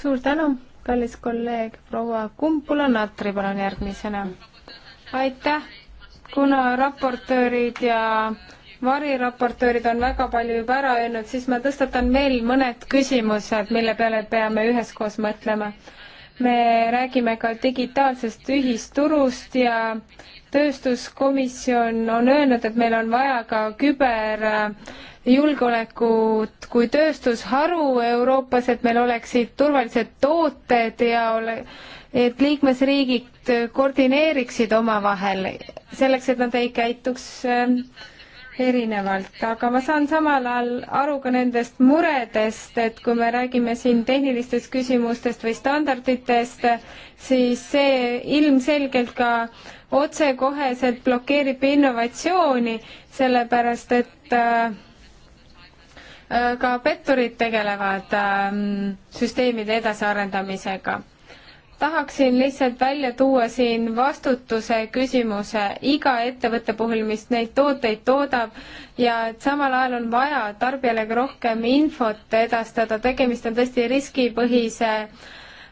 [SPEAKER 2] suur tänu, kallis kolleeg proua Kumpula-Natri, palun järgmisena.
[SPEAKER 4] aitäh, kuna raportöörid ja variraportöörid on väga palju juba ära öelnud, siis ma tõstatan veel mõned küsimused, mille peale peame üheskoos mõtlema. me räägime ka digitaalsest ühisturust ja tööstuskomisjon on öelnud, et meil on vaja ka küberjulgeolekut äh, kui tööstusharu Euroopas, et meil oleksid turvalised tooted ja ole, et liikmesriigid koordineeriksid omavahel selleks, et nad ei käituks äh, erinevalt, aga ma saan samal ajal aru ka nendest muredest, et kui me räägime siin tehnilistest küsimustest või standarditest, siis see ilmselgelt ka otsekoheselt blokeerib innovatsiooni, sellepärast et äh, äh, ka petturid tegelevad ähm, süsteemide edasiarendamisega tahaksin lihtsalt välja tuua siin vastutuse küsimuse iga ettevõtte puhul, mis neid tooteid toodab ja et samal ajal on vaja tarbijale ka rohkem infot edastada, tegemist on tõesti riskipõhise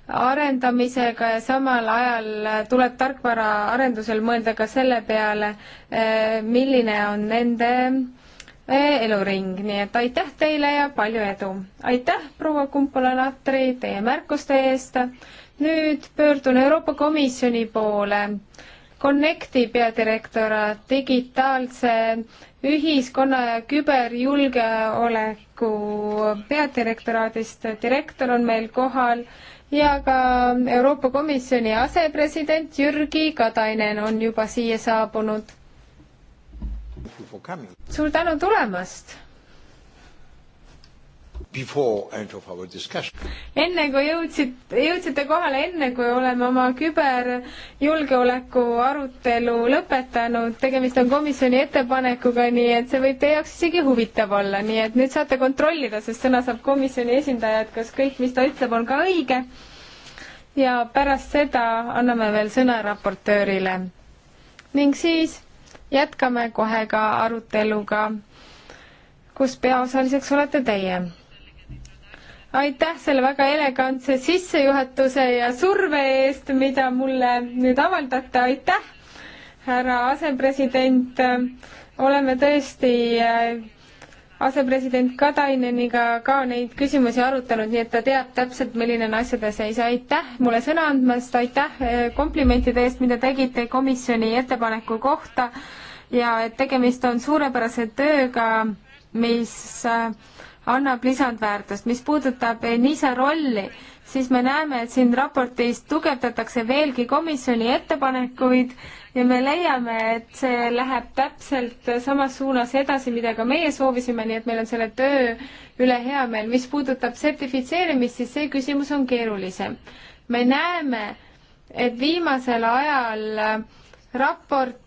[SPEAKER 4] arendamisega ja samal ajal tuleb tarkvaraarendusel mõelda ka selle peale, eh, milline on nende eh, eluring, nii et aitäh teile ja palju edu! aitäh, proua Kumpula-Natri, teie märkuste eest! nüüd pöördun Euroopa Komisjoni poole. Connecti peadirektoraat digitaalse ühiskonna ja küberjulgeoleku peadirektoraadist direktor on meil kohal ja ka Euroopa Komisjoni asepresident Jürgi Katainen on juba siia saabunud. suur tänu tulemast! enne kui jõudsid, jõudsite kohale, enne kui oleme oma küberjulgeoleku arutelu lõpetanud, tegemist on komisjoni ettepanekuga, nii et see võib teie jaoks isegi huvitav olla, nii et nüüd saate kontrollida, sest sõna saab komisjoni esindaja, et kas kõik, mis ta ütleb, on ka õige. ja pärast seda anname veel sõna raportöörile. ning siis jätkame kohe ka aruteluga, kus peaosaliseks olete teie aitäh selle väga elegantse sissejuhatuse ja surve eest, mida mulle nüüd avaldate, aitäh, härra asepresident. oleme tõesti äh, asepresident Kataineniga ka neid küsimusi arutanud, nii et ta teab täpselt, milline on asjade seis. aitäh mulle sõna andmast, aitäh äh, komplimentide eest, mida tegite komisjoni ettepaneku kohta ja et tegemist on suurepärase tööga, mis äh, annab lisandväärtust. mis puudutab eh, NISA rolli, siis me näeme, et siin raportis tugevdatakse veelgi komisjoni ettepanekuid ja me leiame, et see läheb täpselt samas suunas edasi, mida ka meie soovisime, nii et meil on selle töö üle hea meel. mis puudutab sertifitseerimist, siis see küsimus on keerulisem. me näeme, et viimasel ajal raport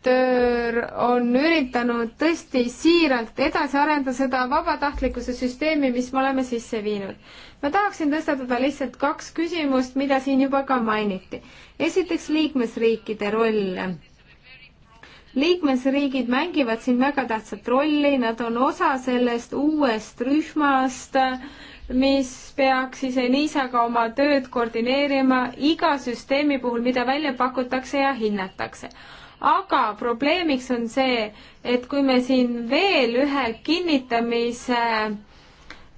[SPEAKER 4] raportöör on üritanud tõesti siiralt edasi arendada seda vabatahtlikkuse süsteemi, mis me oleme sisse viinud. ma tahaksin tõstatada lihtsalt kaks küsimust, mida siin juba ka mainiti. esiteks liikmesriikide roll. liikmesriigid mängivad siin väga tähtsat rolli, nad on osa sellest uuest rühmast, mis peaks ise niisaga oma tööd koordineerima iga süsteemi puhul, mida välja pakutakse ja hinnatakse aga probleemiks on see, et kui me siin veel ühe kinnitamise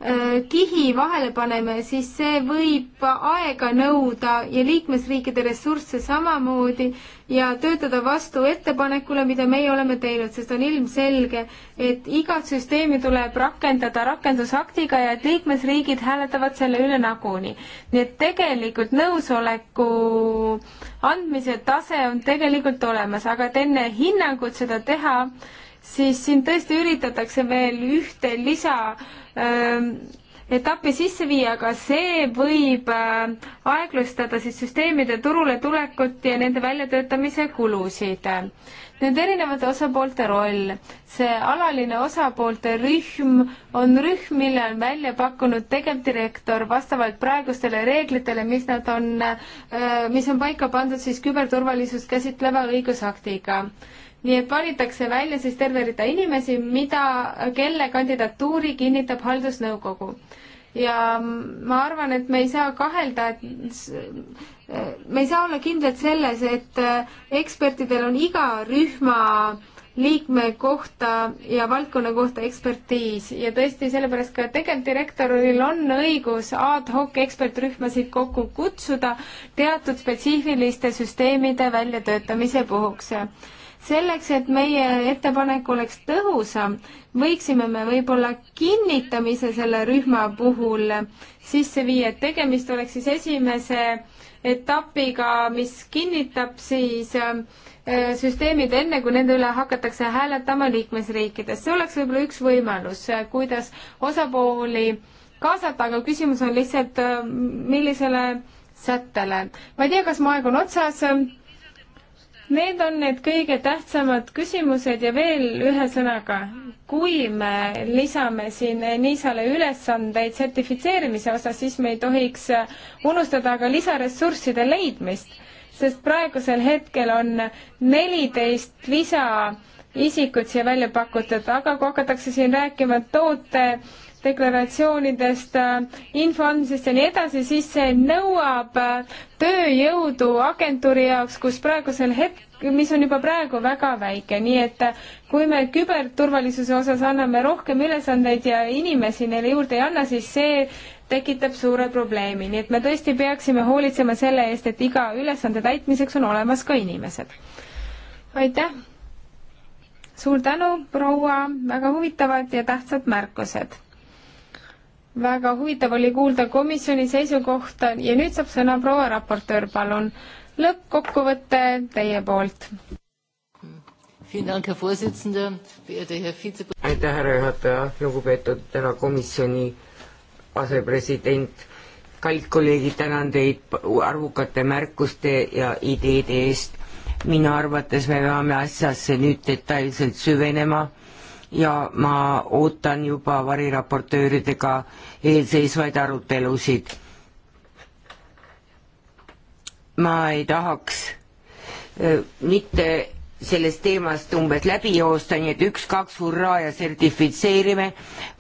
[SPEAKER 4] Äh, kihi vahele paneme, siis see võib aega nõuda ja liikmesriikide ressursse samamoodi ja töötada vastu ettepanekule, mida meie oleme teinud, sest on ilmselge, et igat süsteemi tuleb rakendada rakendusaktiga ja et liikmesriigid hääletavad selle üle nagunii. nii et tegelikult nõusoleku andmise tase on tegelikult olemas, aga et enne hinnangut seda teha, siis siin tõesti üritatakse veel ühte lisa ähm, etappi sisse viia, aga see võib äh, aeglustada siis süsteemide turule tulekut ja nende väljatöötamise kulusid. Need erinevate osapoolte roll, see alaline osapoolte rühm on rühm, mille on välja pakkunud tegevdirektor vastavalt praegustele reeglitele, mis nad on äh,, mis on paika pandud siis küberturvalisust käsitleva õigusaktiga nii et valitakse välja siis terve rida inimesi, mida, kelle kandidatuuri kinnitab haldusnõukogu. ja ma arvan, et me ei saa kahelda, et me ei saa olla kindlad selles, et äh, ekspertidel on iga rühma liikme kohta ja valdkonna kohta ekspertiis ja tõesti sellepärast ka tegevdirektoril on õigus ad hoc ekspertrühmasid kokku kutsuda teatud spetsiifiliste süsteemide väljatöötamise puhuks selleks, et meie ettepanek oleks tõhusam, võiksime me võib-olla kinnitamise selle rühma puhul sisse viia, et tegemist oleks siis esimese etapiga, mis kinnitab siis äh, süsteemid enne, kui nende üle hakatakse hääletama liikmesriikides. see oleks võib-olla üks võimalus, äh, kuidas osapooli kaasata, aga küsimus on lihtsalt, äh, millisele sättele. ma ei tea, kas mu aeg on otsas Need on need kõige tähtsamad küsimused ja veel ühesõnaga, kui me lisame siin NISA-le ülesandeid sertifitseerimise osas, siis me ei tohiks unustada ka lisaressursside leidmist, sest praegusel hetkel on neliteist lisa isikut siia välja pakutud, aga kui hakatakse siin rääkima toote deklaratsioonidest, äh, info andmisest ja nii edasi, siis see nõuab äh, tööjõudu agentuuri jaoks, kus praegusel hetkel mis on juba praegu väga väike, nii et äh, kui me küberturvalisuse osas anname rohkem ülesandeid ja inimesi neile juurde ei anna, siis see tekitab suure probleemi, nii et me tõesti peaksime hoolitsema selle eest, et iga ülesande täitmiseks on olemas ka inimesed. aitäh! suur tänu, proua, väga huvitavad ja tähtsad märkused väga huvitav oli kuulda komisjoni seisukohta ja nüüd saab sõna proua raportöör, palun. lõppkokkuvõte teie
[SPEAKER 3] poolt. aitäh, härra juhataja, lugupeetud härra komisjoni asepresident, kallid kolleegid, tänan teid arvukate märkuste ja ideede eest. minu arvates me peame asjasse nüüd detailselt süvenema ja ma ootan juba variraportööridega eelseisvaid arutelusid. ma ei tahaks mitte sellest teemast umbes läbi joosta, nii et üks-kaks hurraa ja sertifitseerime,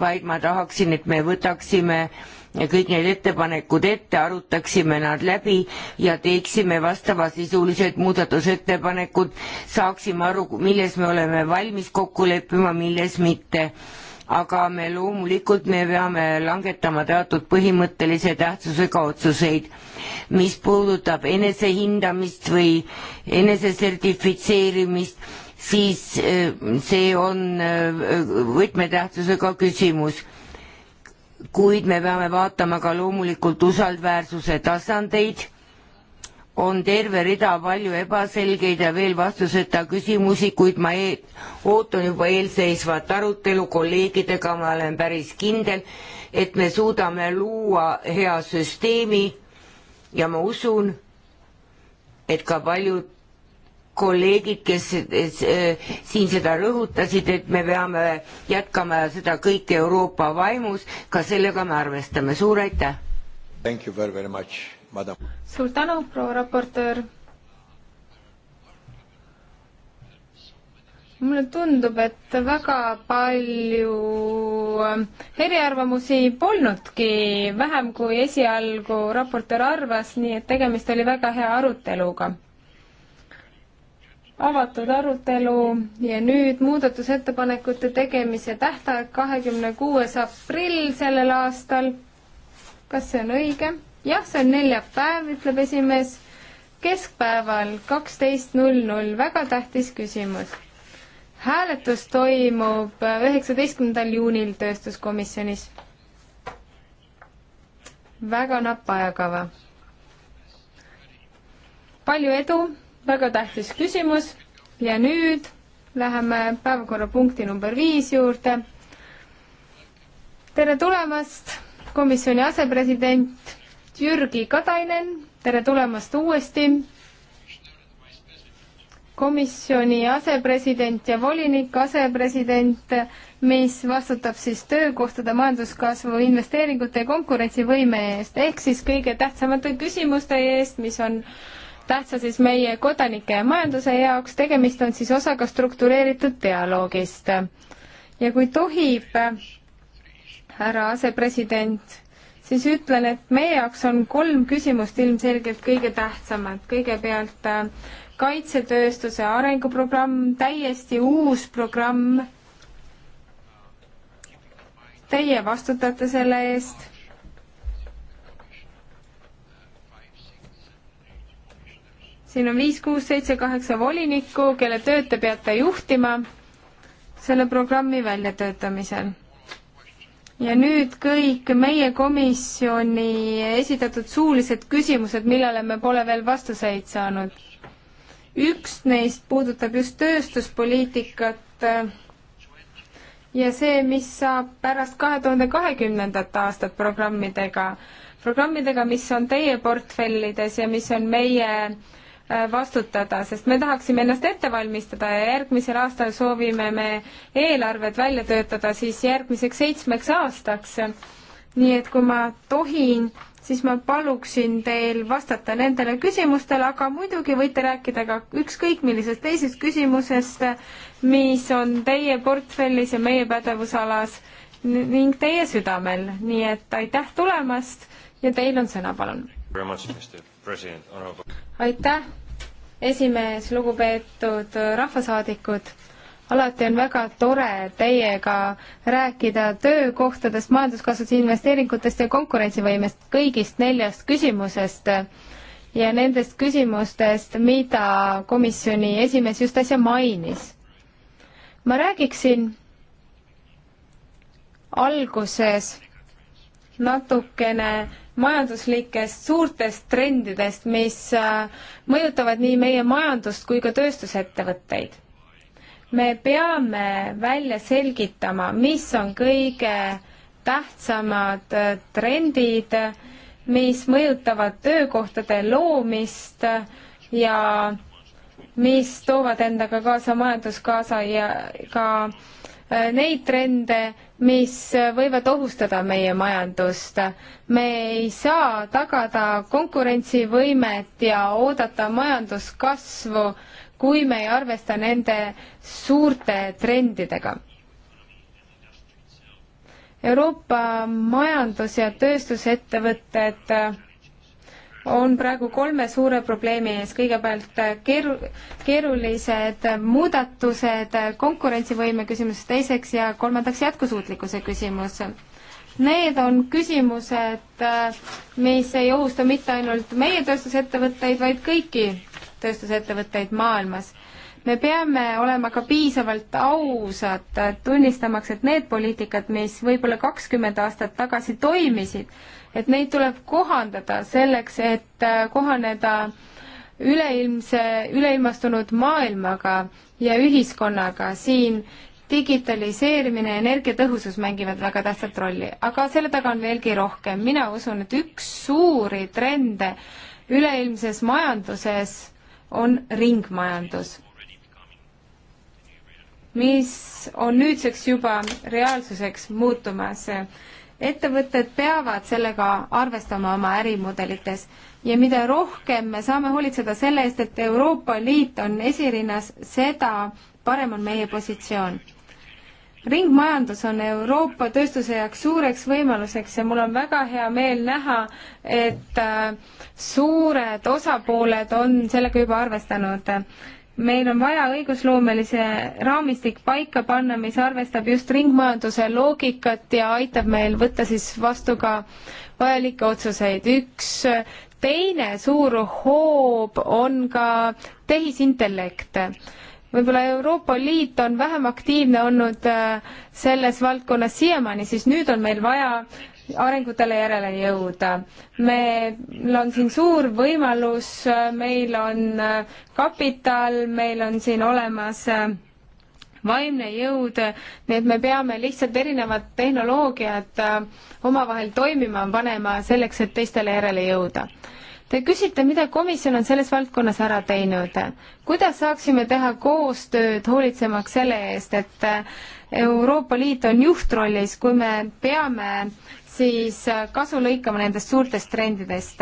[SPEAKER 3] vaid ma tahaksin, et me võtaksime äh, kõik need ettepanekud ette, arutaksime nad läbi ja teeksime vastavasisulised muudatusettepanekud, saaksime aru, milles me oleme valmis kokku leppima, milles mitte aga me loomulikult, me peame langetama teatud põhimõttelise tähtsusega otsuseid, mis puudutab enesehindamist või enesesertifitseerimist, siis eh, see on eh, võtmetähtsusega küsimus kuid me peame vaatama ka loomulikult usaldväärsuse tasandeid, on terve rida palju ebaselgeid ja veel vastuseta küsimusi, kuid ma e ootan juba eelseisvat arutelu kolleegidega, ma olen päris kindel, et me suudame luua hea süsteemi ja ma usun, et ka paljud kolleegid, kes eh, siin seda rõhutasid, et me peame jätkama seda kõike Euroopa vaimus, ka sellega me arvestame, suur aitäh! suur tänu, proua raportöör!
[SPEAKER 4] mulle tundub, et väga palju eh, eriarvamusi polnudki, vähem kui esialgu raportöör arvas, nii et tegemist oli väga hea aruteluga avatud arutelu ja nüüd muudatusettepanekute tegemise tähtaeg kahekümne kuues aprill sellel aastal. kas see on õige? jah, see on neljapäev, ütleb esimees. keskpäeval kaksteist null null, väga tähtis küsimus. hääletus toimub üheksateistkümnendal juunil tööstuskomisjonis. väga napp ajakava. palju edu väga tähtis küsimus ja nüüd läheme päevakorrapunkti number viis juurde. tere tulemast, komisjoni asepresident Jürgi Katainen, tere tulemast uuesti. komisjoni asepresident ja volinik asepresident, mis vastutab siis töökohtade majanduskasvu, investeeringute ja konkurentsivõime eest ehk siis kõige tähtsamate küsimuste eest, mis on äh, tähtsa siis meie kodanike ja majanduse jaoks, tegemist on siis osaga struktureeritud dialoogist. ja kui tohib, härra asepresident, siis ütlen, et meie jaoks on kolm küsimust ilmselgelt kõige tähtsamad. kõigepealt äh, kaitsetööstuse arenguprogramm, täiesti uus programm. Teie vastutate selle eest siin on viis, kuus, seitse, kaheksa volinikku, kelle tööd te peate juhtima selle programmi väljatöötamisel. ja nüüd kõik meie komisjoni esitatud suulised küsimused, millele me pole veel vastuseid saanud. üks neist puudutab just tööstuspoliitikat ja see, mis saab pärast kahe tuhande kahekümnendat aastat programmidega, programmidega, mis on teie portfellides ja mis on meie äh, Äh, vastutada, sest me tahaksime ennast ette valmistada ja järgmisel aastal soovime me eelarved välja töötada siis järgmiseks seitsmeks aastaks. nii et kui ma tohin, siis ma paluksin teil vastata nendele küsimustele, aga muidugi võite rääkida ka ükskõik millisest teisest küsimusest, mis on teie portfellis ja meie pädevusalas ning teie südamel, nii et aitäh tulemast ja teil on sõna, palun. aitäh, esimees, lugupeetud rahvasaadikud, alati on väga tore teiega rääkida töökohtadest, majanduskasvust, investeeringutest ja konkurentsivõimest, kõigist neljast küsimusest ja nendest küsimustest, mida komisjoni esimees just äsja mainis. ma räägiksin alguses natukene majanduslikest suurtest trendidest, mis äh, mõjutavad nii meie majandust kui ka tööstusettevõtteid. me peame välja selgitama, mis on kõige tähtsamad äh, trendid, mis mõjutavad töökohtade loomist äh, ja mis toovad endaga kaasa majanduskaasa ja ka Äh, neid trende, mis võivad ohustada meie majandust. me ei saa tagada konkurentsivõimet ja oodata majanduskasvu, kui me ei arvesta nende suurte trendidega. Euroopa majandus- ja tööstusettevõtted et on praegu kolme suure probleemi ees, kõigepealt keeru-, keerulised muudatused, konkurentsivõime küsimus teiseks ja kolmandaks jätkusuutlikkuse küsimus. Need on küsimused, mis ei ohusta mitte ainult meie tööstusettevõtteid, vaid kõiki tööstusettevõtteid maailmas me peame olema ka piisavalt ausad, tunnistamaks, et need poliitikad, mis võib-olla kakskümmend aastat tagasi toimisid, et neid tuleb kohandada selleks, et äh, kohaneda üleilmse, üleilmastunud maailmaga ja ühiskonnaga siin digitaliseerimine ja energiatõhusus mängivad väga tähtsat rolli, aga selle taga on veelgi rohkem. mina usun, et üks suuri trende üleilmses majanduses on ringmajandus mis on nüüdseks juba reaalsuseks muutumas. ettevõtted peavad sellega arvestama oma ärimudelites ja mida rohkem me saame hoolitseda selle eest, et Euroopa Liit on esirinnas, seda parem on meie positsioon ringmajandus on Euroopa tööstuse jaoks suureks võimaluseks ja mul on väga hea meel näha, et äh, suured osapooled on sellega juba arvestanud meil on vaja õigusloomelise raamistik paika panna, mis arvestab just ringmajanduse loogikat ja aitab meil võtta siis vastu ka vajalikke otsuseid. üks teine suur hoob on ka tehisintellekt. võib-olla Euroopa Liit on vähem aktiivne olnud äh, selles valdkonnas siiamaani, siis nüüd on meil vaja arengutele järele jõuda. meil on siin suur võimalus, meil on äh, kapital, meil on siin olemas äh, vaimne jõud, nii et me peame lihtsalt erinevad tehnoloogiad äh, omavahel toimima panema selleks, et teistele järele jõuda. Te küsite, mida komisjon on selles valdkonnas ära teinud. kuidas saaksime teha koostööd, hoolitsemaks selle eest, et Euroopa Liit on juhtrollis, kui me peame siis äh, kasu lõikama nendest suurtest trendidest.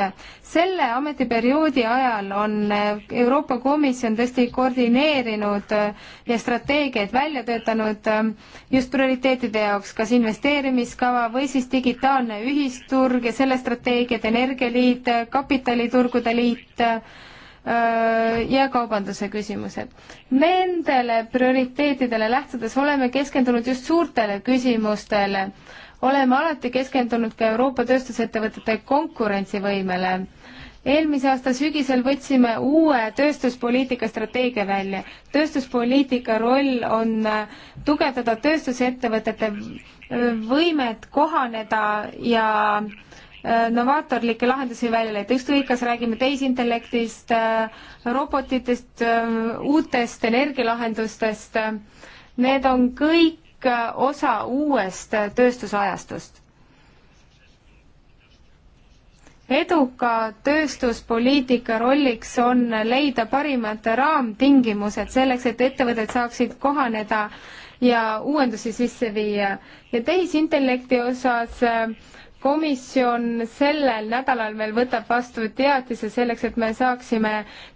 [SPEAKER 4] selle ametiperioodi ajal on äh, Euroopa Komisjon tõesti koordineerinud äh, ja strateegiaid välja töötanud just prioriteetide jaoks, kas investeerimiskava või siis digitaalne ühisturg ja selle strateegiad, energialiit, kapitaliturgude liit ja kaubanduse küsimused. Nendele prioriteetidele lähtudes oleme keskendunud just suurtele küsimustele, oleme alati keskendunud ka Euroopa tööstusettevõtete konkurentsivõimele. eelmise aasta sügisel võtsime uue tööstuspoliitika strateegia välja. tööstuspoliitika roll on äh, tugevdada tööstusettevõtete äh, võimet kohaneda ja äh, novaatorlikke lahendusi välja, et ükskõik, kas räägime tehisintellektist, robotitest, uutest energialahendustest, need on kõik Äh, osa uuest äh, tööstusajastust. eduka tööstuspoliitika rolliks on leida parimad raamtingimused selleks, et ettevõtted saaksid kohaneda ja uuendusi sisse viia ja tehisintellekti osas äh, komisjon sellel nädalal veel võtab vastu teatise selleks, et me saaksime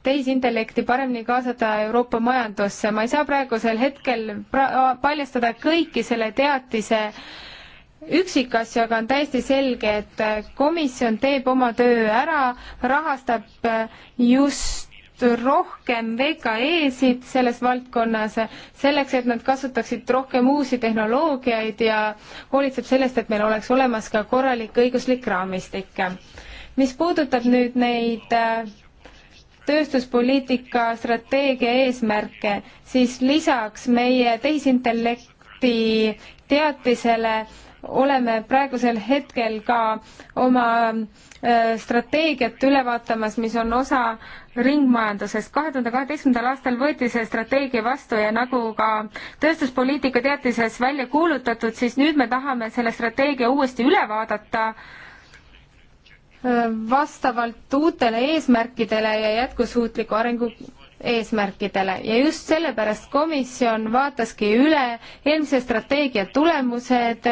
[SPEAKER 4] tehisintellekti paremini kaasata Euroopa majandusse. ma ei saa praegusel hetkel pra paljastada kõiki selle teatise üksikasju, aga on täiesti selge, et komisjon teeb oma töö ära, rahastab just rohkem VKE-sid selles valdkonnas, selleks et nad kasutaksid rohkem uusi tehnoloogiaid ja hoolitseb sellest, et meil oleks olemas ka korralik õiguslik raamistik. mis puudutab nüüd neid äh, tööstuspoliitika strateegia eesmärke, siis lisaks meie tehisintellekti teatisele oleme praegusel hetkel ka oma äh, strateegiat üle vaatamas, mis on osa ringmajandusest. kahe tuhande kaheteistkümnendal aastal võeti see strateegia vastu ja nagu ka tööstuspoliitika teatises välja kuulutatud, siis nüüd me tahame selle strateegia uuesti üle vaadata äh, vastavalt uutele eesmärkidele ja jätkusuutliku arengu eesmärkidele ja just sellepärast komisjon vaataski üle eelmise strateegia tulemused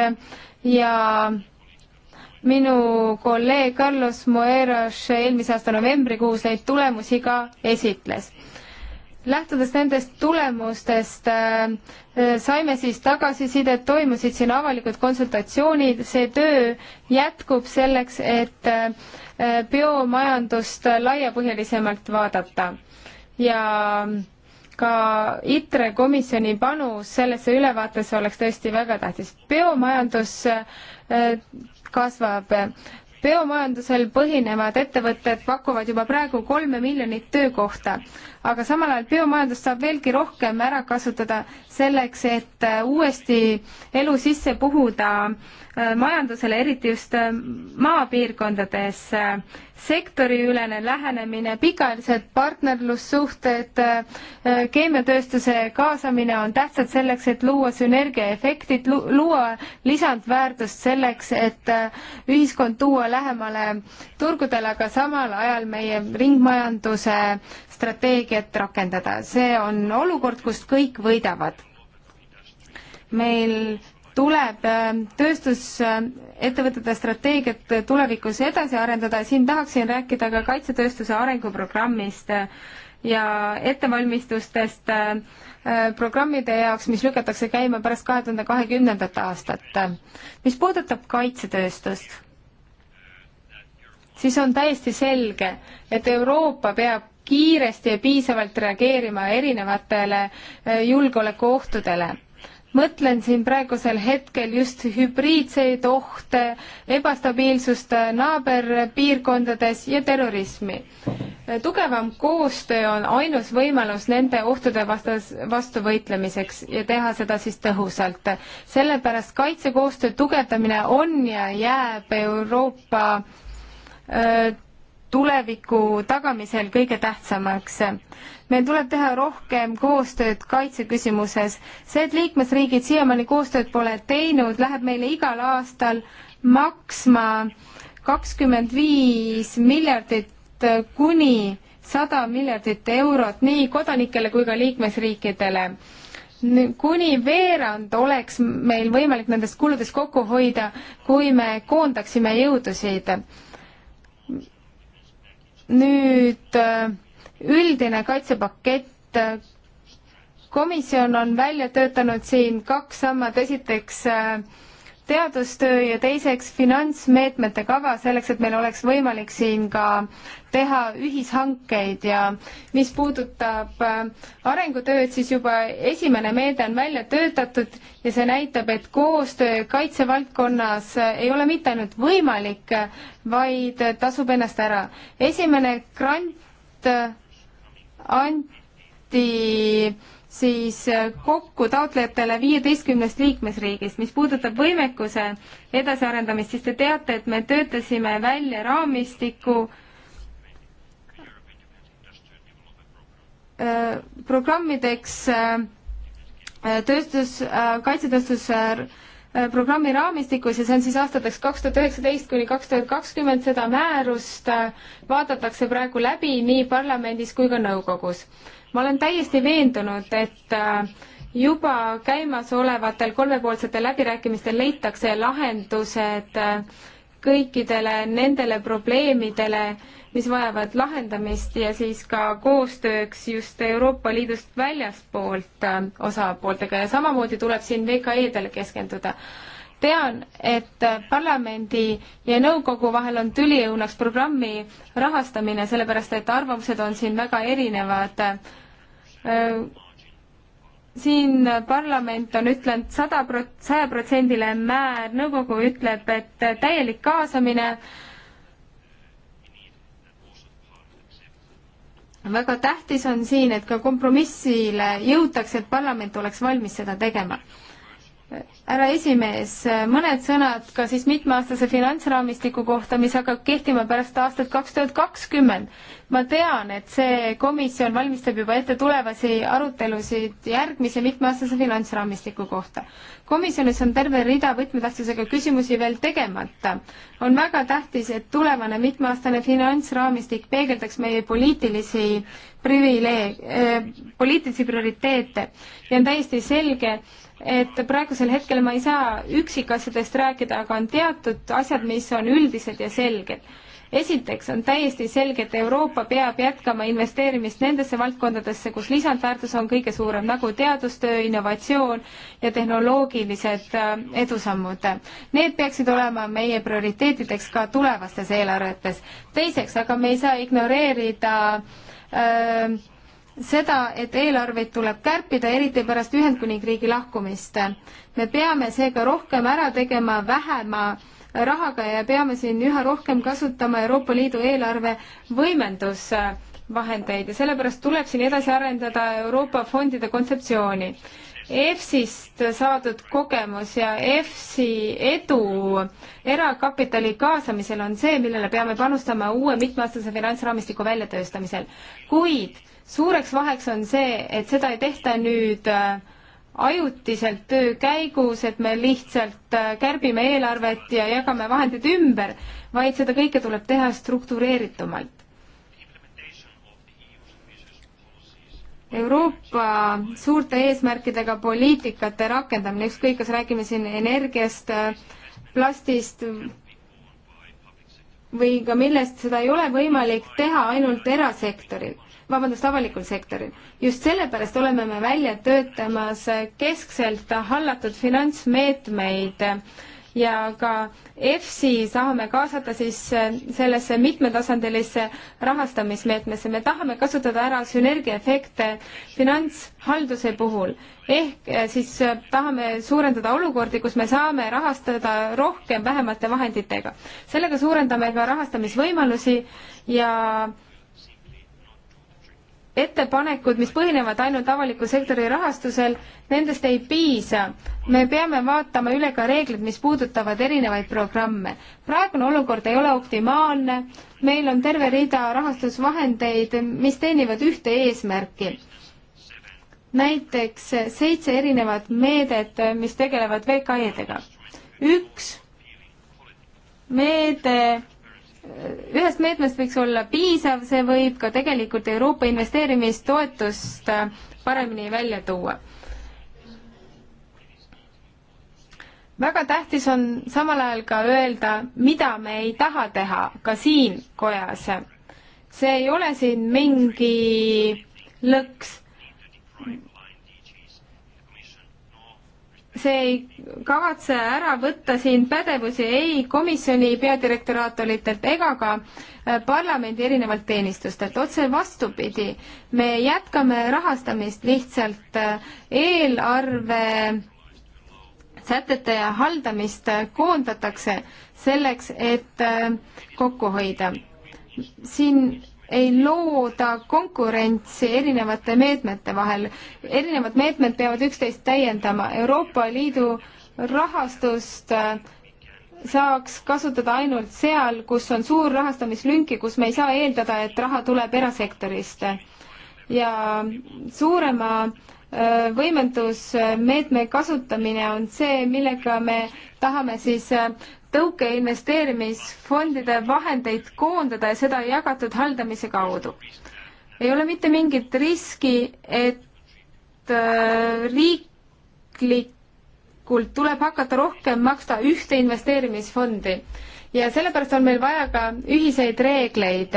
[SPEAKER 4] ja minu kolleeg Carlos Moeras eelmise aasta novembrikuus neid tulemusi ka esitles lähtudes nendest tulemustest äh, saime siis tagasisidet, toimusid siin avalikud konsultatsioonid, see töö jätkub selleks, et äh, biomajandust laiapõhjalisemalt vaadata ja ka ITRE komisjoni panus sellesse ülevaatesse oleks tõesti väga tähtis. biomajandus äh, kasvab, biomajandusel põhinevad ettevõtted pakuvad juba praegu kolme miljonit töökohta, aga samal ajal biomajandust saab veelgi rohkem ära kasutada selleks, et äh, uuesti elu sisse puhuda äh, majandusele, eriti just äh, maapiirkondades. sektoriülene lähenemine, pikaajalised partnerlussuhted, keemiatööstuse kaasamine on tähtsad selleks, et luua sünergiaefektid, luua lisandväärtust selleks, et ühiskond tuua lähemale turgudele, aga samal ajal meie ringmajanduse strateegiat rakendada. see on olukord, kust kõik võidavad meil tuleb äh, tööstusettevõtete äh, strateegiat äh, tulevikus edasi arendada, siin tahaksin rääkida ka kaitsetööstuse arenguprogrammist ja ettevalmistustest programmide jaoks, mis lükatakse käima pärast kahe tuhande kahekümnendat aastat. mis puudutab kaitsetööstust, siis on täiesti selge, et Euroopa peab kiiresti ja piisavalt reageerima erinevatele julgeolekuohtudele mõtlen siin praegusel hetkel just hübriidseid ohte, ebastabiilsust naaberpiirkondades ja terrorismi. tugevam koostöö on ainus võimalus nende ohtude vastas, vastu võitlemiseks ja teha seda siis tõhusalt. sellepärast kaitsekoostöö tugevdamine on ja jääb Euroopa öö, äh, tuleviku tagamisel kõige tähtsamaks meil tuleb teha rohkem koostööd kaitseküsimuses. see, et liikmesriigid siiamaani koostööd pole teinud, läheb meile igal aastal maksma kakskümmend viis miljardit kuni sada miljardit eurot nii kodanikele kui ka liikmesriikidele kuni veerand oleks meil võimalik nendest kuludest kokku hoida, kui me koondaksime jõudusid. nüüd äh, üldine kaitsepakett, komisjon on välja töötanud siin kaks sammad, esiteks äh, teadustöö ja teiseks finantsmeetmete kava selleks, et meil oleks võimalik siin ka teha ühishankeid ja mis puudutab äh, arengutööd, siis juba esimene meede on välja töötatud ja see näitab, et koostöö kaitsevaldkonnas äh, ei ole mitte ainult võimalik, vaid tasub ennast ära. esimene grant anti siis kokku taotlejatele viieteistkümnest liikmesriigist. mis puudutab võimekuse edasiarendamist, siis te teate, et me töötasime välja raamistiku äh, programmideks äh, tööstus, äh, kaitsetööstus Äh, programmi raamistikus ja see on siis aastateks kaks tuhat üheksateist kuni kaks tuhat kakskümmend, seda määrust äh, vaadatakse praegu läbi nii parlamendis kui ka nõukogus. ma olen täiesti veendunud, et äh, juba käimasolevatel kolmepoolsetel läbirääkimistel leitakse lahendused kõikidele nendele probleemidele, mis vajavad lahendamist ja siis ka koostööks just Euroopa Liidust väljastpoolt äh, osapooltega ja samamoodi tuleb siin VKE-dele keskenduda. tean, et äh, parlamendi ja nõukogu vahel on tüliõunaks programmi rahastamine, sellepärast et arvamused on siin väga erinevad äh, siin parlament on ütlenud sada prot-, sajaprotsendile määr, nõukogu ütleb, et täielik kaasamine, väga tähtis on siin, et ka kompromissile jõutakse, et parlament oleks valmis seda tegema härra esimees, mõned sõnad ka siis mitmeaastase finantsraamistiku kohta, mis hakkab kehtima pärast aastat kaks tuhat kakskümmend. ma tean, et see komisjon valmistab juba ette tulevasi arutelusid järgmise mitmeaastase finantsraamistiku kohta. komisjonis on terve rida võtmetähtsusega küsimusi veel tegemata. on väga tähtis, et tulevane mitmeaastane finantsraamistik peegeldaks meie poliitilisi privileeg- eh,, poliitilisi prioriteete ja on täiesti selge, et praegusel hetkel ma ei saa üksikasjadest rääkida, aga on teatud asjad, mis on üldised ja selged. esiteks on täiesti selge, et Euroopa peab jätkama investeerimist nendesse valdkondadesse, kus lisandväärtus on kõige suurem, nagu teadustöö, innovatsioon ja tehnoloogilised äh, edusammud. Need peaksid olema meie prioriteetideks ka tulevastes eelarvetes. teiseks, aga me ei saa ignoreerida äh, seda, et eelarveid tuleb kärpida, eriti pärast Ühendkuningriigi lahkumist. me peame seega rohkem ära tegema vähema rahaga ja peame siin üha rohkem kasutama Euroopa Liidu eelarve võimendusvahendeid ja sellepärast tuleb siin edasi arendada Euroopa fondide kontseptsiooni. EFSist saadud kogemus ja EFSi edu erakapitali kaasamisel on see, millele peame panustama uue mitmeaastase finantsraamistiku väljatööstamisel. kuid suureks vaheks on see, et seda ei tehta nüüd äh, ajutiselt töö käigus, et me lihtsalt äh, kärbime eelarvet ja jagame vahendid ümber, vaid seda kõike tuleb teha struktureeritumalt. Euroopa suurte eesmärkidega poliitikate rakendamine, ükskõik, kas räägime siin energiast, äh, plastist või ka millest, seda ei ole võimalik teha ainult erasektoril vabandust, avalikul sektoril. just sellepärast oleme me välja töötamas keskselt hallatud finantsmeetmeid ja ka EFSI saame kaasata siis sellesse mitmetasandilisse rahastamismeetmesse. me tahame kasutada ära sünergiaefekte finantshalduse puhul. ehk eh, siis eh, tahame suurendada olukordi, kus me saame rahastada rohkem vähemate vahenditega. sellega suurendame ka rahastamisvõimalusi ja ettepanekud, mis põhinevad ainult avaliku sektori rahastusel, nendest ei piisa. me peame vaatama üle ka reeglid, mis puudutavad erinevaid programme. praegune olukord ei ole optimaalne, meil on terve rida rahastusvahendeid, mis teenivad ühte eesmärki. näiteks seitse erinevat meedet, mis tegelevad VKE-dega. üks meede ühest meetmest võiks olla piisav, see võib ka tegelikult Euroopa investeerimistoetust paremini välja tuua. väga tähtis on samal ajal ka öelda, mida me ei taha teha, ka siin kojas. see ei ole siin mingi lõks see ei kavatse ära võtta siin pädevusi ei komisjoni peadirektoraatoritelt ega ka äh, parlamendi erinevalt teenistustelt. otse vastupidi, me jätkame rahastamist lihtsalt äh, eelarve sätete ja haldamist äh, koondatakse selleks, et kokku hoida. siin ei looda konkurentsi erinevate meetmete vahel. erinevad meetmed peavad üksteist täiendama. Euroopa Liidu rahastust äh, saaks kasutada ainult seal, kus on suur rahastamislünki, kus me ei saa eeldada, et raha tuleb erasektorist. ja suurema äh, võimendusmeetme kasutamine on see, millega me tahame siis äh, tõuke investeerimisfondide vahendeid koondada ja seda jagatud haldamise kaudu. ei ole mitte mingit riski, et äh, riiklikult tuleb hakata rohkem maksta ühte investeerimisfondi ja sellepärast on meil vaja ka ühiseid reegleid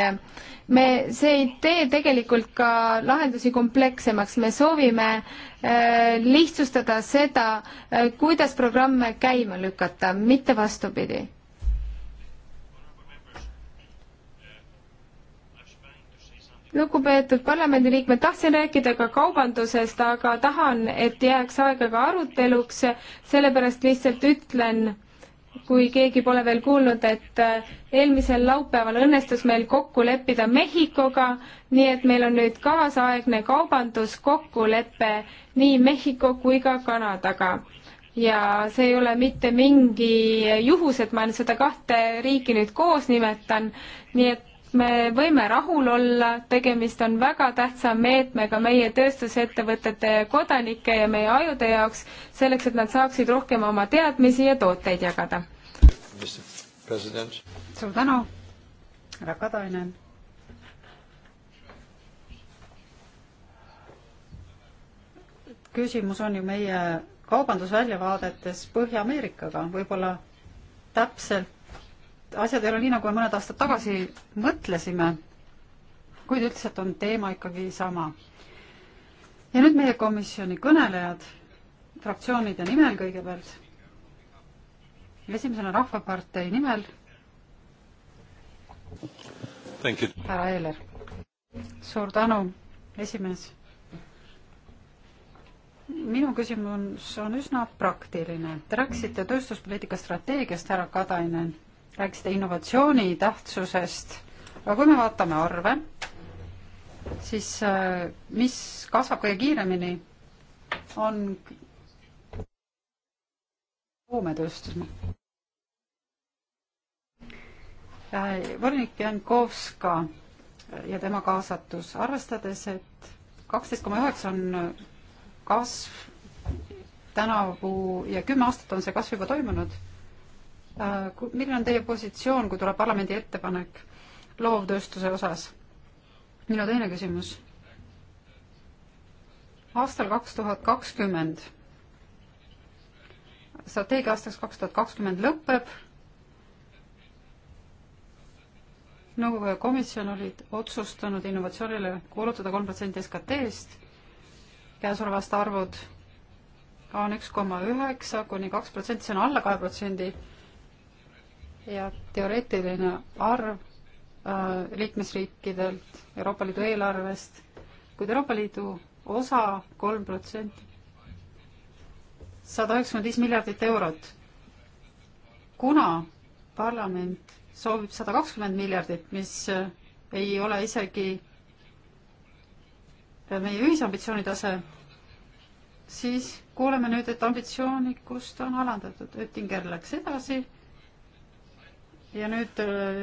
[SPEAKER 4] me, see ei tee tegelikult ka lahendusi komplekssemaks, me soovime äh, lihtsustada seda äh,, kuidas programme käima lükata, mitte vastupidi lugupeetud parlamendiliikmed, tahtsin rääkida ka kaubandusest, aga tahan, et jääks aega ka aruteluks, sellepärast lihtsalt ütlen, kui keegi pole veel kuulnud, et äh, eelmisel laupäeval õnnestus meil kokku leppida Mehhikoga, nii et meil on nüüd kaasaegne kaubanduskokkulepe nii Mehhiko kui ka Kanadaga. ja see ei ole mitte mingi juhus, et ma seda kahte riiki nüüd koos nimetan, nii et me võime rahul olla, tegemist on väga tähtsa meetmega meie tööstusettevõtete ja kodanike ja meie ajude jaoks, selleks et nad saaksid rohkem oma teadmisi ja tooteid jagada. suur tänu,
[SPEAKER 2] härra Katainen. küsimus on ju meie kaubandusväljavaadetes Põhja-Ameerikaga, võib-olla täpselt asjad ei ole nii, nagu me mõned aastad tagasi mõtlesime, kuid üldiselt on teema ikkagi sama. ja nüüd meie komisjoni kõnelejad fraktsioonide nimel kõigepealt. esimesena Rahvapartei nimel. härra Eeler, suur tänu, esimees. minu küsimus on üsna praktiline. Te rääkisite tööstuspoliitika strateegiast, härra Katainen rääkisite innovatsiooni tähtsusest, aga kui me vaatame arve, siis äh, mis kasvab kõige kiiremini, on loometööstus. Äh, volinik Jankovska ja tema kaasatus, arvestades, et kaksteist koma üheksa on kasv tänavu ja kümme aastat on see kasv juba toimunud Äh, milline on teie positsioon, kui tuleb parlamendi ettepanek loovtööstuse osas? minu teine küsimus. aastal kaks tuhat kakskümmend, strateegia aastaks kaks tuhat kakskümmend lõpeb, nõukogu ja komisjon olid otsustanud innovatsioonile kuulutada kolm protsenti SKT-st, käesoleva aasta arvud on üks koma üheksa kuni kaks protsenti, see on alla kahe protsendi ja teoreetiline arv äh, liikmesriikidelt Euroopa Liidu eelarvest, kuid Euroopa Liidu osa kolm protsenti, sada üheksakümmend viis miljardit eurot. kuna parlament soovib sada kakskümmend miljardit, mis äh, ei ole isegi äh, meie ühisambitsiooni tase, siis kuuleme nüüd, et ambitsioonikust on alandatud. Oettinger läks edasi ja nüüd äh,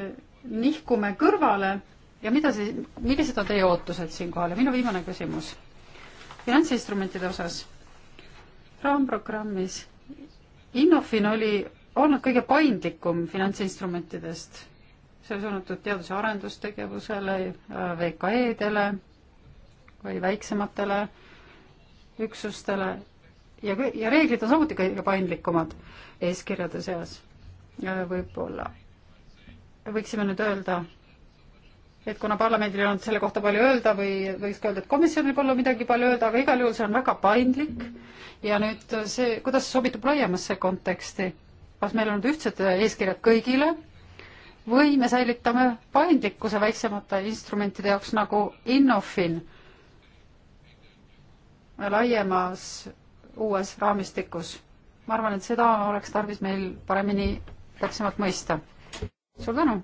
[SPEAKER 2] nihkume kõrvale ja mida siis, millised on teie ootused siinkohal ja minu viimane küsimus finantsinstrumentide osas. raamprogrammis Innofin oli olnud kõige paindlikum finantsinstrumentidest, see on suunatud teadus- ja arendustegevusele, äh, VKE-dele või väiksematele üksustele ja, ja reeglid on samuti kõige paindlikumad eeskirjade seas äh, võib-olla võiksime nüüd öelda, et kuna parlamendil ei olnud selle kohta palju öelda või võiks ka öelda, et komisjonil pole midagi palju öelda, aga igal juhul see on väga paindlik ja nüüd see, kuidas see sobitub laiemasse konteksti, kas meil on nüüd ühtsed eeskirjad kõigile või me säilitame paindlikkuse väiksemate instrumentide jaoks nagu Innofin laiemas uues raamistikus. ma arvan, et seda oleks tarvis meil paremini täpsemalt mõista suur tänu.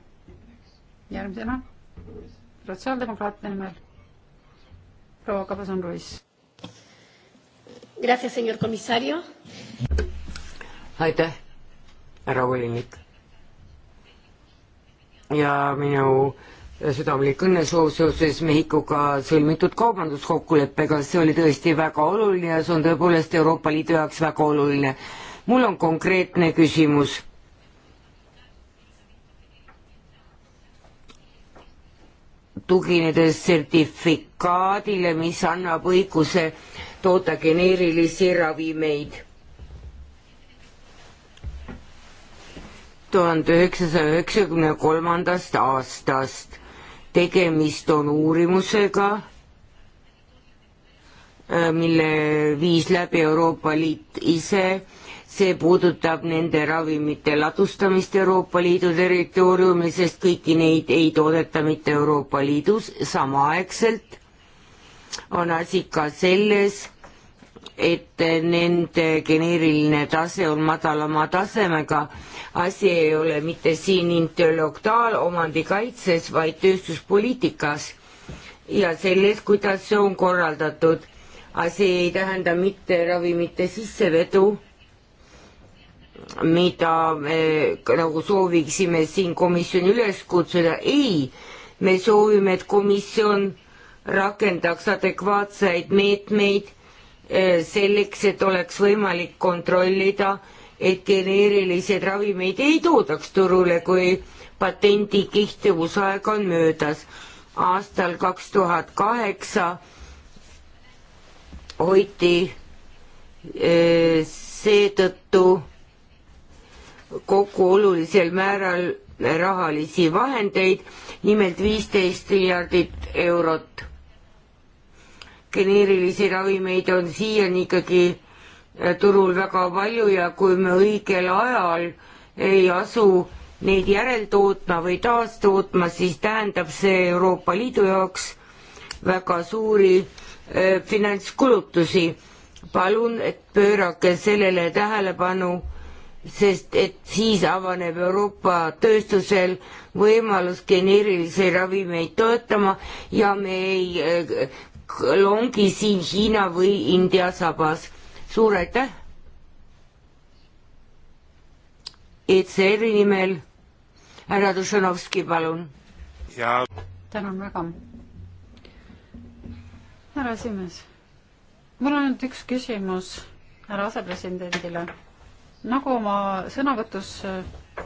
[SPEAKER 2] järgmisena sotsiaaldemokraatide nimel proua Kabason Ruiz.
[SPEAKER 1] Gracias, señor comisario.
[SPEAKER 3] aitäh, härra volinik. ja minu südamlik õnnesoov seoses Mehhikoga sõlmitud kaubanduskokkuleppega, see oli tõesti väga oluline ja see on tõepoolest Euroopa Liidu jaoks väga oluline. mul on konkreetne küsimus tuginedes sertifikaadile, mis annab õiguse toota geneerilisi ravimeid. tuhande üheksasaja üheksakümne kolmandast aastast. tegemist on uurimusega, äh, mille viis läbi Euroopa Liit ise see puudutab nende ravimite ladustamist Euroopa Liidu territooriumil, sest kõiki neid ei toodeta mitte Euroopa Liidus samaaegselt. on asi ka selles, et nende geneeriline tase on madalama tasemega. asi ei ole mitte siin intellektuaalomandi kaitses, vaid tööstuspoliitikas ja selles, kuidas see on korraldatud asi ei tähenda mitte ravimite sissevedu mida me nagu sooviksime siin komisjoni üles kutsuda, ei, me soovime, et komisjon rakendaks adekvaatseid meetmeid eh, selleks, et oleks võimalik kontrollida, et geneerilised ravimeid ei toodaks turule, kui patendi kehtivusaeg on möödas. aastal kaks tuhat kaheksa hoiti eh, seetõttu kokku olulisel määral rahalisi vahendeid, nimelt viisteist miljardit eurot. geneerilisi ravimeid on siiani ikkagi äh, turul väga palju ja kui me õigel ajal ei asu neid järeltootma või taastootma, siis tähendab see Euroopa Liidu jaoks väga suuri äh, finantskulutusi. palun, et pöörake sellele tähelepanu sest et siis avaneb Euroopa tööstusel võimalus geneerilisi ravimeid toetama ja me ei eh, longi siin Hiina või India sabas. suur aitäh! ECR-i nimel härra Dušanovski, palun.
[SPEAKER 2] tänan väga. härra esimees, mul on ainult üks küsimus härra asepresidendile nagu oma sõnavõtus äh,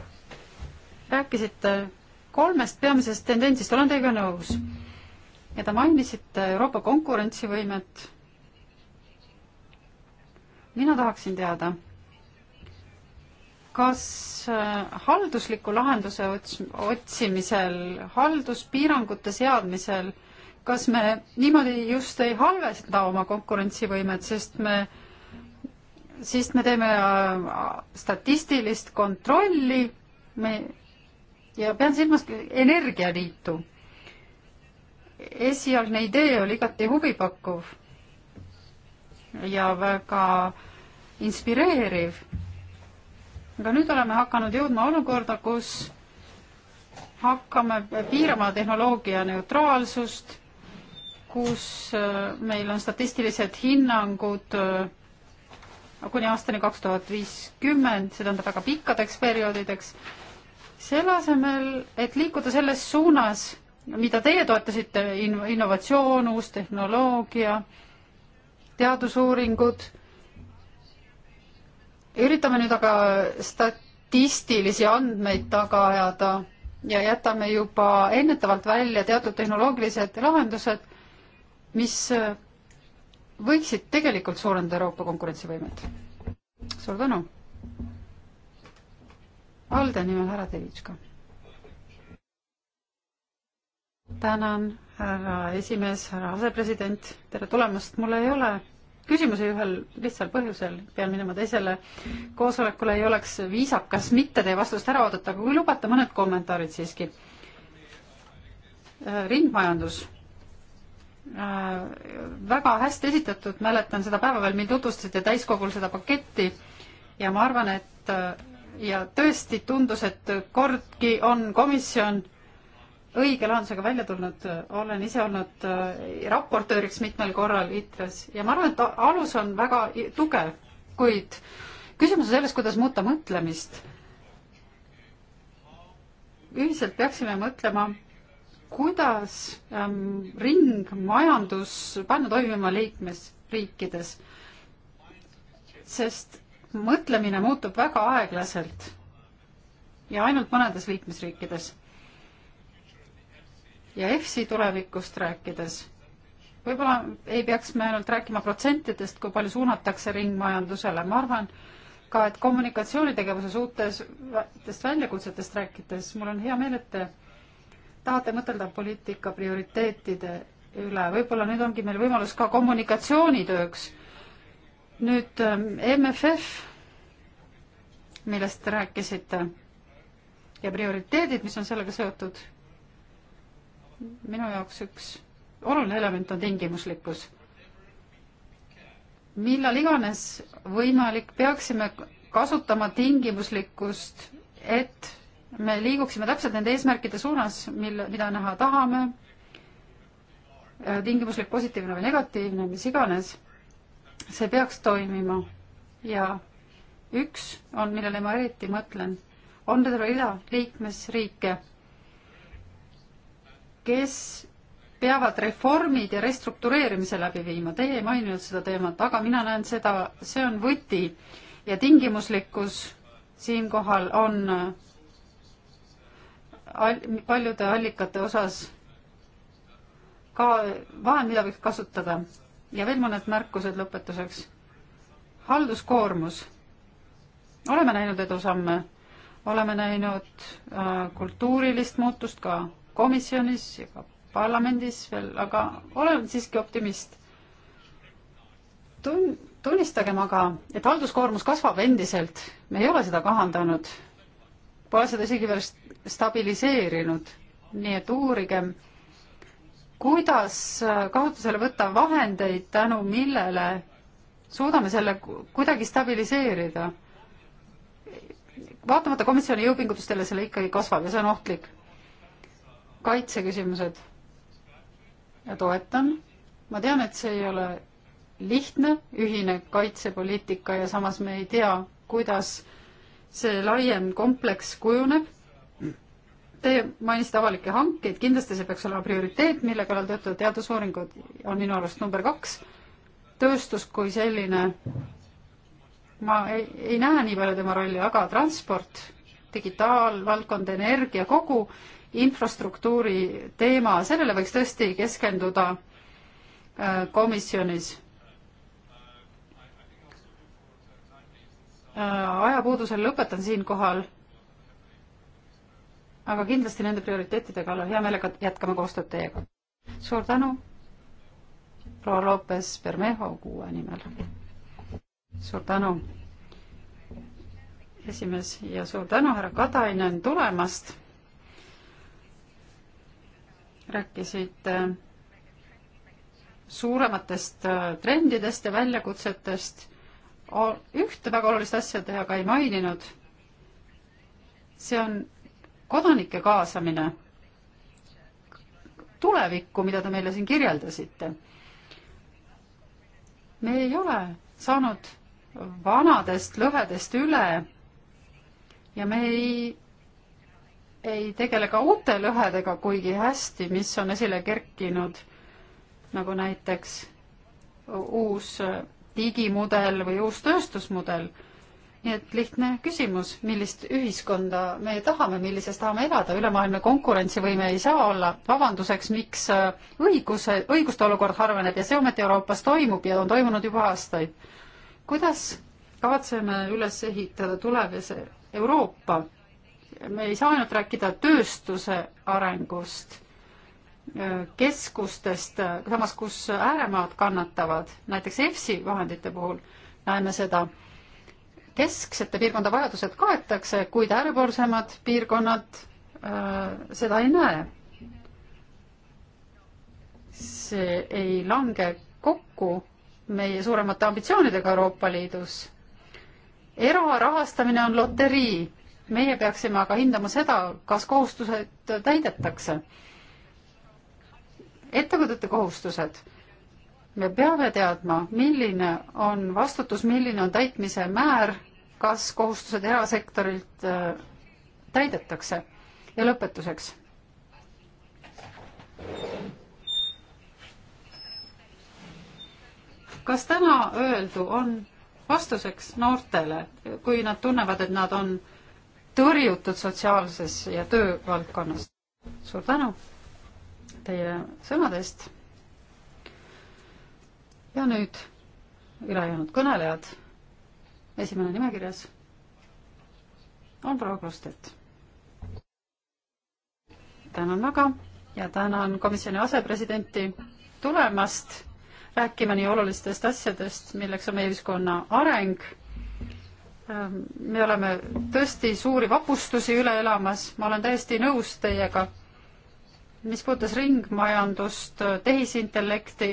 [SPEAKER 2] rääkisite kolmest peamisest tendentsist, olen teiega nõus. ja te mainisite Euroopa konkurentsivõimet. mina tahaksin teada, kas äh, haldusliku lahenduse ots-, otsimisel, halduspiirangute seadmisel, kas me niimoodi just ei halvesta oma konkurentsivõimet, sest me äh, siis me teeme äh, statistilist kontrolli, me ja pean silmas energialiitu. esialgne idee oli igati huvipakkuv ja väga inspireeriv. aga nüüd oleme hakanud jõudma olukorda, kus hakkame piirama tehnoloogia neutraalsust, kus äh, meil on statistilised hinnangud äh, kuni aastani kaks tuhat viiskümmend, see tähendab väga pikkadeks perioodideks, selle asemel, et liikuda selles suunas, mida teie toetasite, innovatsioon, uus tehnoloogia, teadusuuringud, üritame nüüd aga statistilisi andmeid taga ajada ja jätame juba ennetavalt välja teatud tehnoloogilised lahendused, mis võiksid tegelikult suurendada Euroopa konkurentsivõimet. suur tänu! Alde nimel härra Telitška. tänan, härra esimees, härra asepresident, tere tulemast, mul ei ole küsimusi ühel lihtsal põhjusel, pean minema teisele koosolekule, ei oleks viisakas mitte teie vastust ära oodata, aga kui lubate, mõned kommentaarid siiski. ringmajandus Äh, väga hästi esitatud, mäletan seda päeva veel, mil tutvustasite täiskogul seda paketti ja ma arvan, et äh, ja tõesti tundus, et kordki on komisjon õige lahendusega välja tulnud, olen ise olnud äh, raportööriks mitmel korral ITRES ja ma arvan, et alus on väga tugev, kuid küsimus on selles, kuidas muuta mõtlemist. ühiselt peaksime mõtlema kuidas ähm, ringmajandus panna toimima liikmesriikides, sest mõtlemine muutub väga aeglaselt ja ainult mõnedes liikmesriikides. ja EFSi tulevikust rääkides, võib-olla ei peaks me ainult rääkima protsentidest, kui palju suunatakse ringmajandusele, ma arvan, ka et kommunikatsioonitegevuse suhtes, väljakutsetest rääkides, mul on hea meel, et te tahate mõtelda poliitika prioriteetide üle, võib-olla nüüd ongi meil võimalus ka kommunikatsioonitööks. nüüd MFF, ähm, millest rääkisite ja prioriteedid, mis on sellega seotud. minu jaoks üks oluline element on tingimuslikkus. millal iganes võimalik, peaksime kasutama tingimuslikkust, et me liiguksime täpselt nende eesmärkide suunas, mille, mida näha tahame, tingimuslik positiivne või negatiivne, mis iganes, see peaks toimima. ja üks on, millele ma eriti mõtlen, on terve rida liikmesriike, kes peavad reformid ja restruktureerimise läbi viima. Teie ei maininud seda teemat, aga mina näen seda, see on võti ja tingimuslikkus siinkohal on paljude allikate osas ka vahend, mida võiks kasutada. ja veel mõned märkused lõpetuseks. halduskoormus. oleme näinud edusamme, oleme näinud äh, kultuurilist muutust ka komisjonis ja ka parlamendis veel, aga olen siiski optimist. tun-, tunnistagem aga, et halduskoormus kasvab endiselt, me ei ole seda kahandanud pole seda isegi veel stabiliseerinud, nii et uurigem, kuidas äh, kasutusele võtta vahendeid, tänu millele suudame selle kuidagi stabiliseerida. vaatamata komisjoni jõupingutustele selle ikkagi kasvab ja see on ohtlik. kaitseküsimused. ja toetan. ma tean, et see ei ole lihtne, ühine kaitsepoliitika ja samas me ei tea, kuidas äh, see laiem kompleks kujuneb. Teie mainisite avalikke hankeid, kindlasti see peaks olema prioriteet, mille kallal töötada, teadusuuringud on minu arust number kaks. tööstus kui selline, ma ei, ei näe nii palju tema rolli, aga transport, digitaalvaldkond, energia, kogu infrastruktuuri teema, sellele võiks tõesti keskenduda äh, komisjonis Äh, ajapuudusel lõpetan siinkohal. aga kindlasti nende prioriteetide kallal hea meelega jätkame koostööd teiega. suur tänu, proua Lopez Bermejo kuue nimel. suur tänu, esimees ja suur tänu, härra Katainen tulemast. rääkisite äh, suurematest äh, trendidest ja väljakutsetest ühte väga olulist asja te aga ei maininud. see on kodanike kaasamine tulevikku, mida te meile siin kirjeldasite. me ei ole saanud vanadest lõhedest üle ja me ei, ei tegele ka uute lõhedega kuigi hästi, mis on esile kerkinud, nagu näiteks uus digimudel või uus tööstusmudel. nii et lihtne küsimus, millist ühiskonda me tahame, millises tahame elada, ülemaailmne konkurentsivõime ei saa olla vabanduseks, miks äh, õiguse, õiguste olukord harveneb ja see ometi Euroopas toimub ja on toimunud juba aastaid. kuidas kavatseme üles ehitada tulevase Euroopa? me ei saa ainult rääkida tööstuse arengust keskustest, samas kus ääremaad kannatavad, näiteks EFSI vahendite puhul näeme seda, kesksete piirkonda vajadused kaetakse, kuid äärepoolsemad piirkonnad äh, seda ei näe. see ei lange kokku meie suuremate ambitsioonidega Euroopa Liidus. erarahastamine on loterii, meie peaksime aga hindama seda, kas kohustused täidetakse ettevõtete kohustused. me peame teadma, milline on vastutus, milline on täitmise määr, kas kohustused erasektorilt äh, täidetakse. ja lõpetuseks kas täna öeldu on vastuseks noortele, kui nad tunnevad, et nad on tõrjutud sotsiaalses ja töövaldkonnas? suur tänu! teie sõnadest. ja nüüd ülejäänud kõnelejad. esimene nimekirjas on proua Krustet. tänan väga ja tänan komisjoni asepresidenti tulemast rääkima nii olulistest asjadest, milleks on meie ühiskonna areng. Ähm, me oleme tõesti suuri vapustusi üle elamas, ma olen täiesti nõus teiega mis puudutas ringmajandust, tehisintellekti,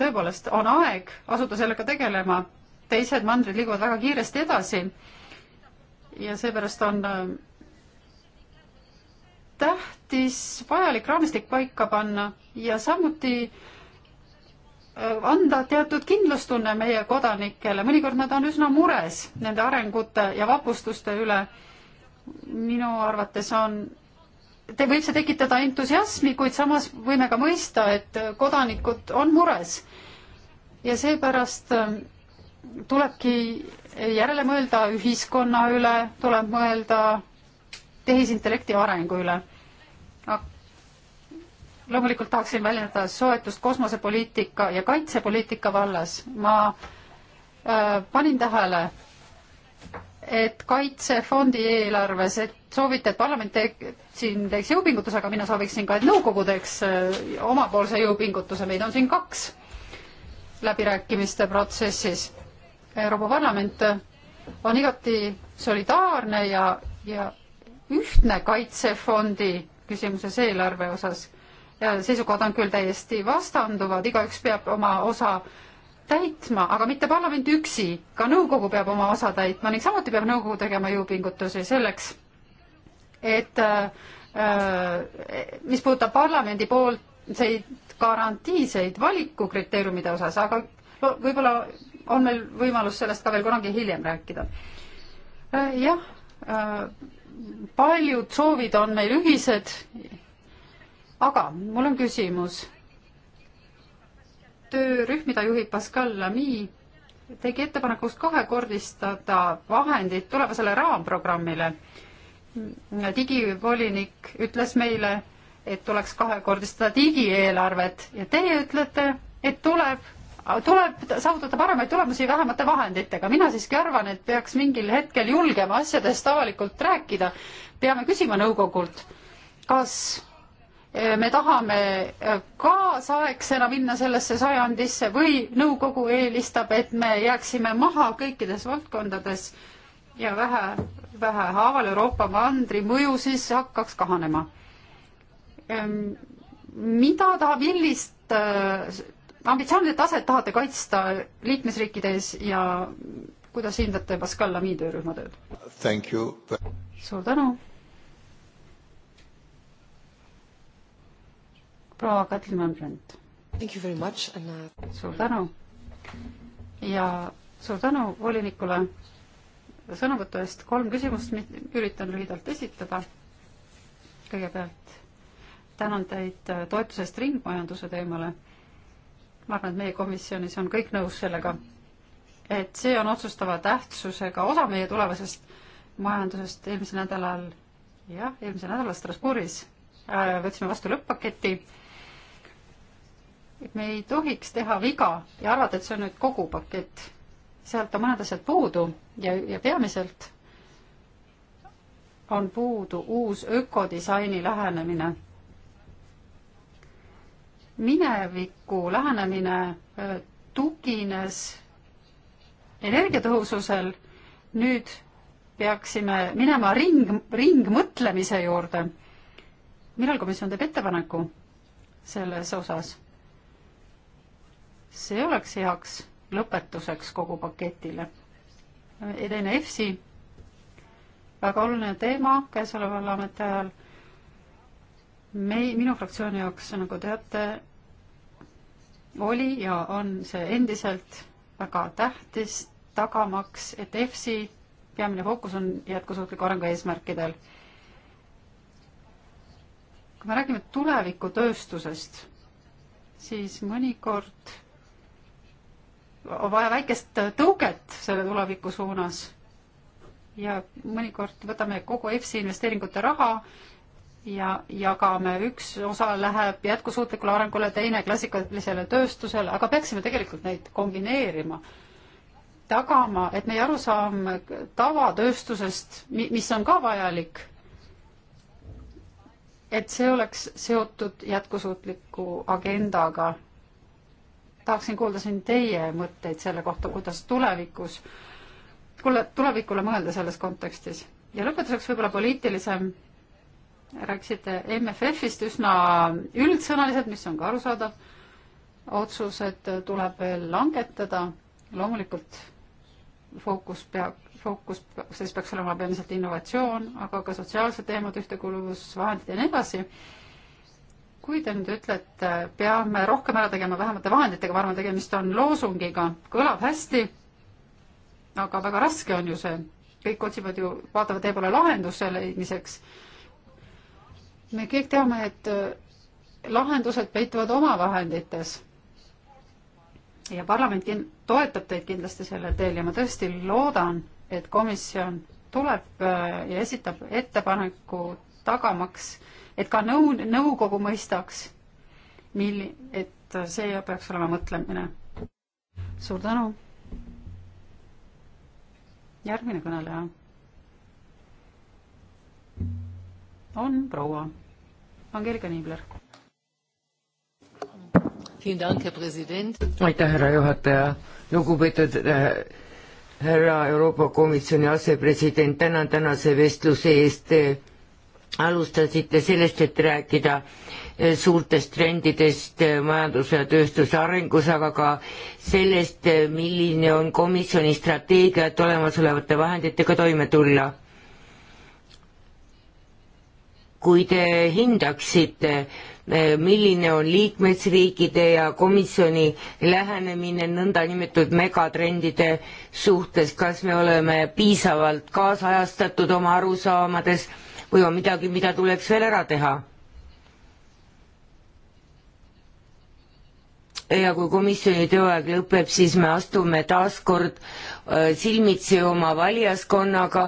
[SPEAKER 2] tõepoolest on aeg asuda sellega tegelema, teised mandrid liiguvad väga kiiresti edasi ja seepärast on äh, tähtis vajalik raamistik paika panna ja samuti äh, anda teatud kindlustunne meie kodanikele, mõnikord nad on üsna mures nende arengute ja vapustuste üle. minu arvates on te võib see tekitada entusiasmi, kuid samas võime ka mõista, et kodanikud on mures. ja seepärast ähm, tulebki järele mõelda ühiskonna üle, tuleb mõelda tehisintellekti arengu üle. loomulikult tahaksin väljendada soetust kosmosepoliitika ja kaitsepoliitika vallas. ma äh, panin tähele et kaitsefondi eelarves, et soovite, et parlament te siin teeks jõupingutuse, aga mina sooviksin ka, et nõukogu teeks äh, omapoolse jõupingutuse, meid on siin kaks läbirääkimiste protsessis. Euroopa Parlament on igati solidaarne ja, ja ühtne kaitsefondi küsimuses eelarve osas. seisukohad on küll täiesti vastanduvad, igaüks peab oma osa täitma, aga mitte parlament üksi, ka nõukogu peab oma osa täitma ning samuti peab nõukogu tegema jõupingutusi selleks, et äh, äh, mis puudutab parlamendi poolseid garantiiseid valikukriteeriumide osas, aga võib-olla on meil võimalus sellest ka veel kunagi hiljem rääkida. Äh, jah, paljud soovid on meil ühised, aga mul on küsimus töörühm, mida juhib Pascal Lamy, tegi ettepanekust kahekordistada vahendid tulevasele raamprogrammile. digivolinik ütles meile, et tuleks kahekordistada digieelarvet ja teie ütlete, et tuleb, tuleb saavutada paremaid tulemusi vähemate vahenditega. mina siiski arvan, et peaks mingil hetkel julgema asjadest avalikult rääkida. peame küsima nõukogult, kas Eh, me tahame eh, kaasaegsena minna sellesse sajandisse või nõukogu eelistab, et me jääksime maha kõikides valdkondades ja vähe, vähehaaval Euroopa mandri mõju siis hakkaks kahanema. Ehm, mida tahab, millist eh, ambitsioonide taset tahate kaitsta liikmesriikide ees ja kuidas hindate Pascal Lamy töörühma tööd? suur tänu proua Katrin Vanbrand. suur tänu ja suur tänu volinikule sõnavõtu eest. kolm küsimust üritan lühidalt esitada. kõigepealt tänan teid äh, toetusest ringmajanduse teemale. ma arvan, et meie komisjonis on kõik nõus sellega, et see on otsustava tähtsusega osa meie tulevasest majandusest. eelmisel nädalal, jah, eelmisel nädalal Strasbourgis äh, võtsime vastu lõpp-paketi et me ei tohiks teha viga ja arvata, et see on nüüd kogu pakett. sealt on mõned asjad puudu ja, ja peamiselt on puudu uus ökodisaini lähenemine. mineviku lähenemine äh, tugines energiatõhususel, nüüd peaksime minema ring, ringmõtlemise juurde. millal komisjon teeb ettepaneku selles osas? see oleks heaks lõpetuseks kogu paketile. Edene EFSI, väga oluline teema käesoleval ametiajal. mei-, minu fraktsiooni jaoks, nagu teate, oli ja on see endiselt väga tähtis, tagamaks, et EFSI peamine fookus on jätkusuutliku arengu eesmärkidel. kui me räägime tulevikutööstusest, siis mõnikord on vaja väikest tõuget selle tuleviku suunas. ja mõnikord võtame kogu EFSI investeeringute raha ja jagame, üks osa läheb jätkusuutlikule arengule, teine klassikalisele tööstusele, aga peaksime tegelikult neid kombineerima, tagama, et meie arusaam tavatööstusest, mis on ka vajalik, et see oleks seotud jätkusuutliku agendaga tahaksin kuulda siin teie mõtteid selle kohta, kuidas tulevikus, kuule, tulevikule mõelda selles kontekstis. ja lõpetuseks võib-olla poliitilisem, rääkisite MFF-ist üsna üldsõnaliselt, mis on ka arusaadav, otsused tuleb veel langetada, loomulikult fookus peab, fookus, selles peaks olema peamiselt innovatsioon, aga ka sotsiaalsed teemad, ühtekuuluvusvahendid ja nii edasi kui te nüüd ütlete, peame rohkem ära tegema vähemate vahenditega, ma arvan, tegemist on loosungiga, kõlab hästi, aga väga raske on ju see, kõik otsivad ju, vaatavad teie poole lahenduse leidmiseks. me kõik teame, et äh, lahendused peituvad omavahendites. ja parlament kin-, toetab teid kindlasti sellel teel ja ma tõesti loodan, et komisjon tuleb äh, ja esitab ettepaneku tagamaks äh, et ka nõu-, nõukogu mõistaks, milli-, et see peaks olema mõtlemine. suur tänu. järgmine kõneleja on proua Angelika Niibler.
[SPEAKER 3] aitäh, härra juhataja, lugupeetud äh, härra Euroopa Komisjoni asepresident, tänan tänase vestluse eest äh, alustasite sellest, et rääkida eh, suurtest trendidest eh, majanduse ja tööstuse arengus, aga ka sellest, eh, milline on komisjoni strateegia, et olemasolevate vahenditega toime tulla. kui te hindaksite, milline on liikmesriikide ja komisjoni lähenemine nõndanimetatud megatrendide suhtes, kas me oleme piisavalt kaasajastatud oma arusaamades või on midagi, mida tuleks veel ära teha? ja kui komisjoni tööaeg lõpeb, siis me astume taas kord äh, silmitsi oma valijaskonnaga.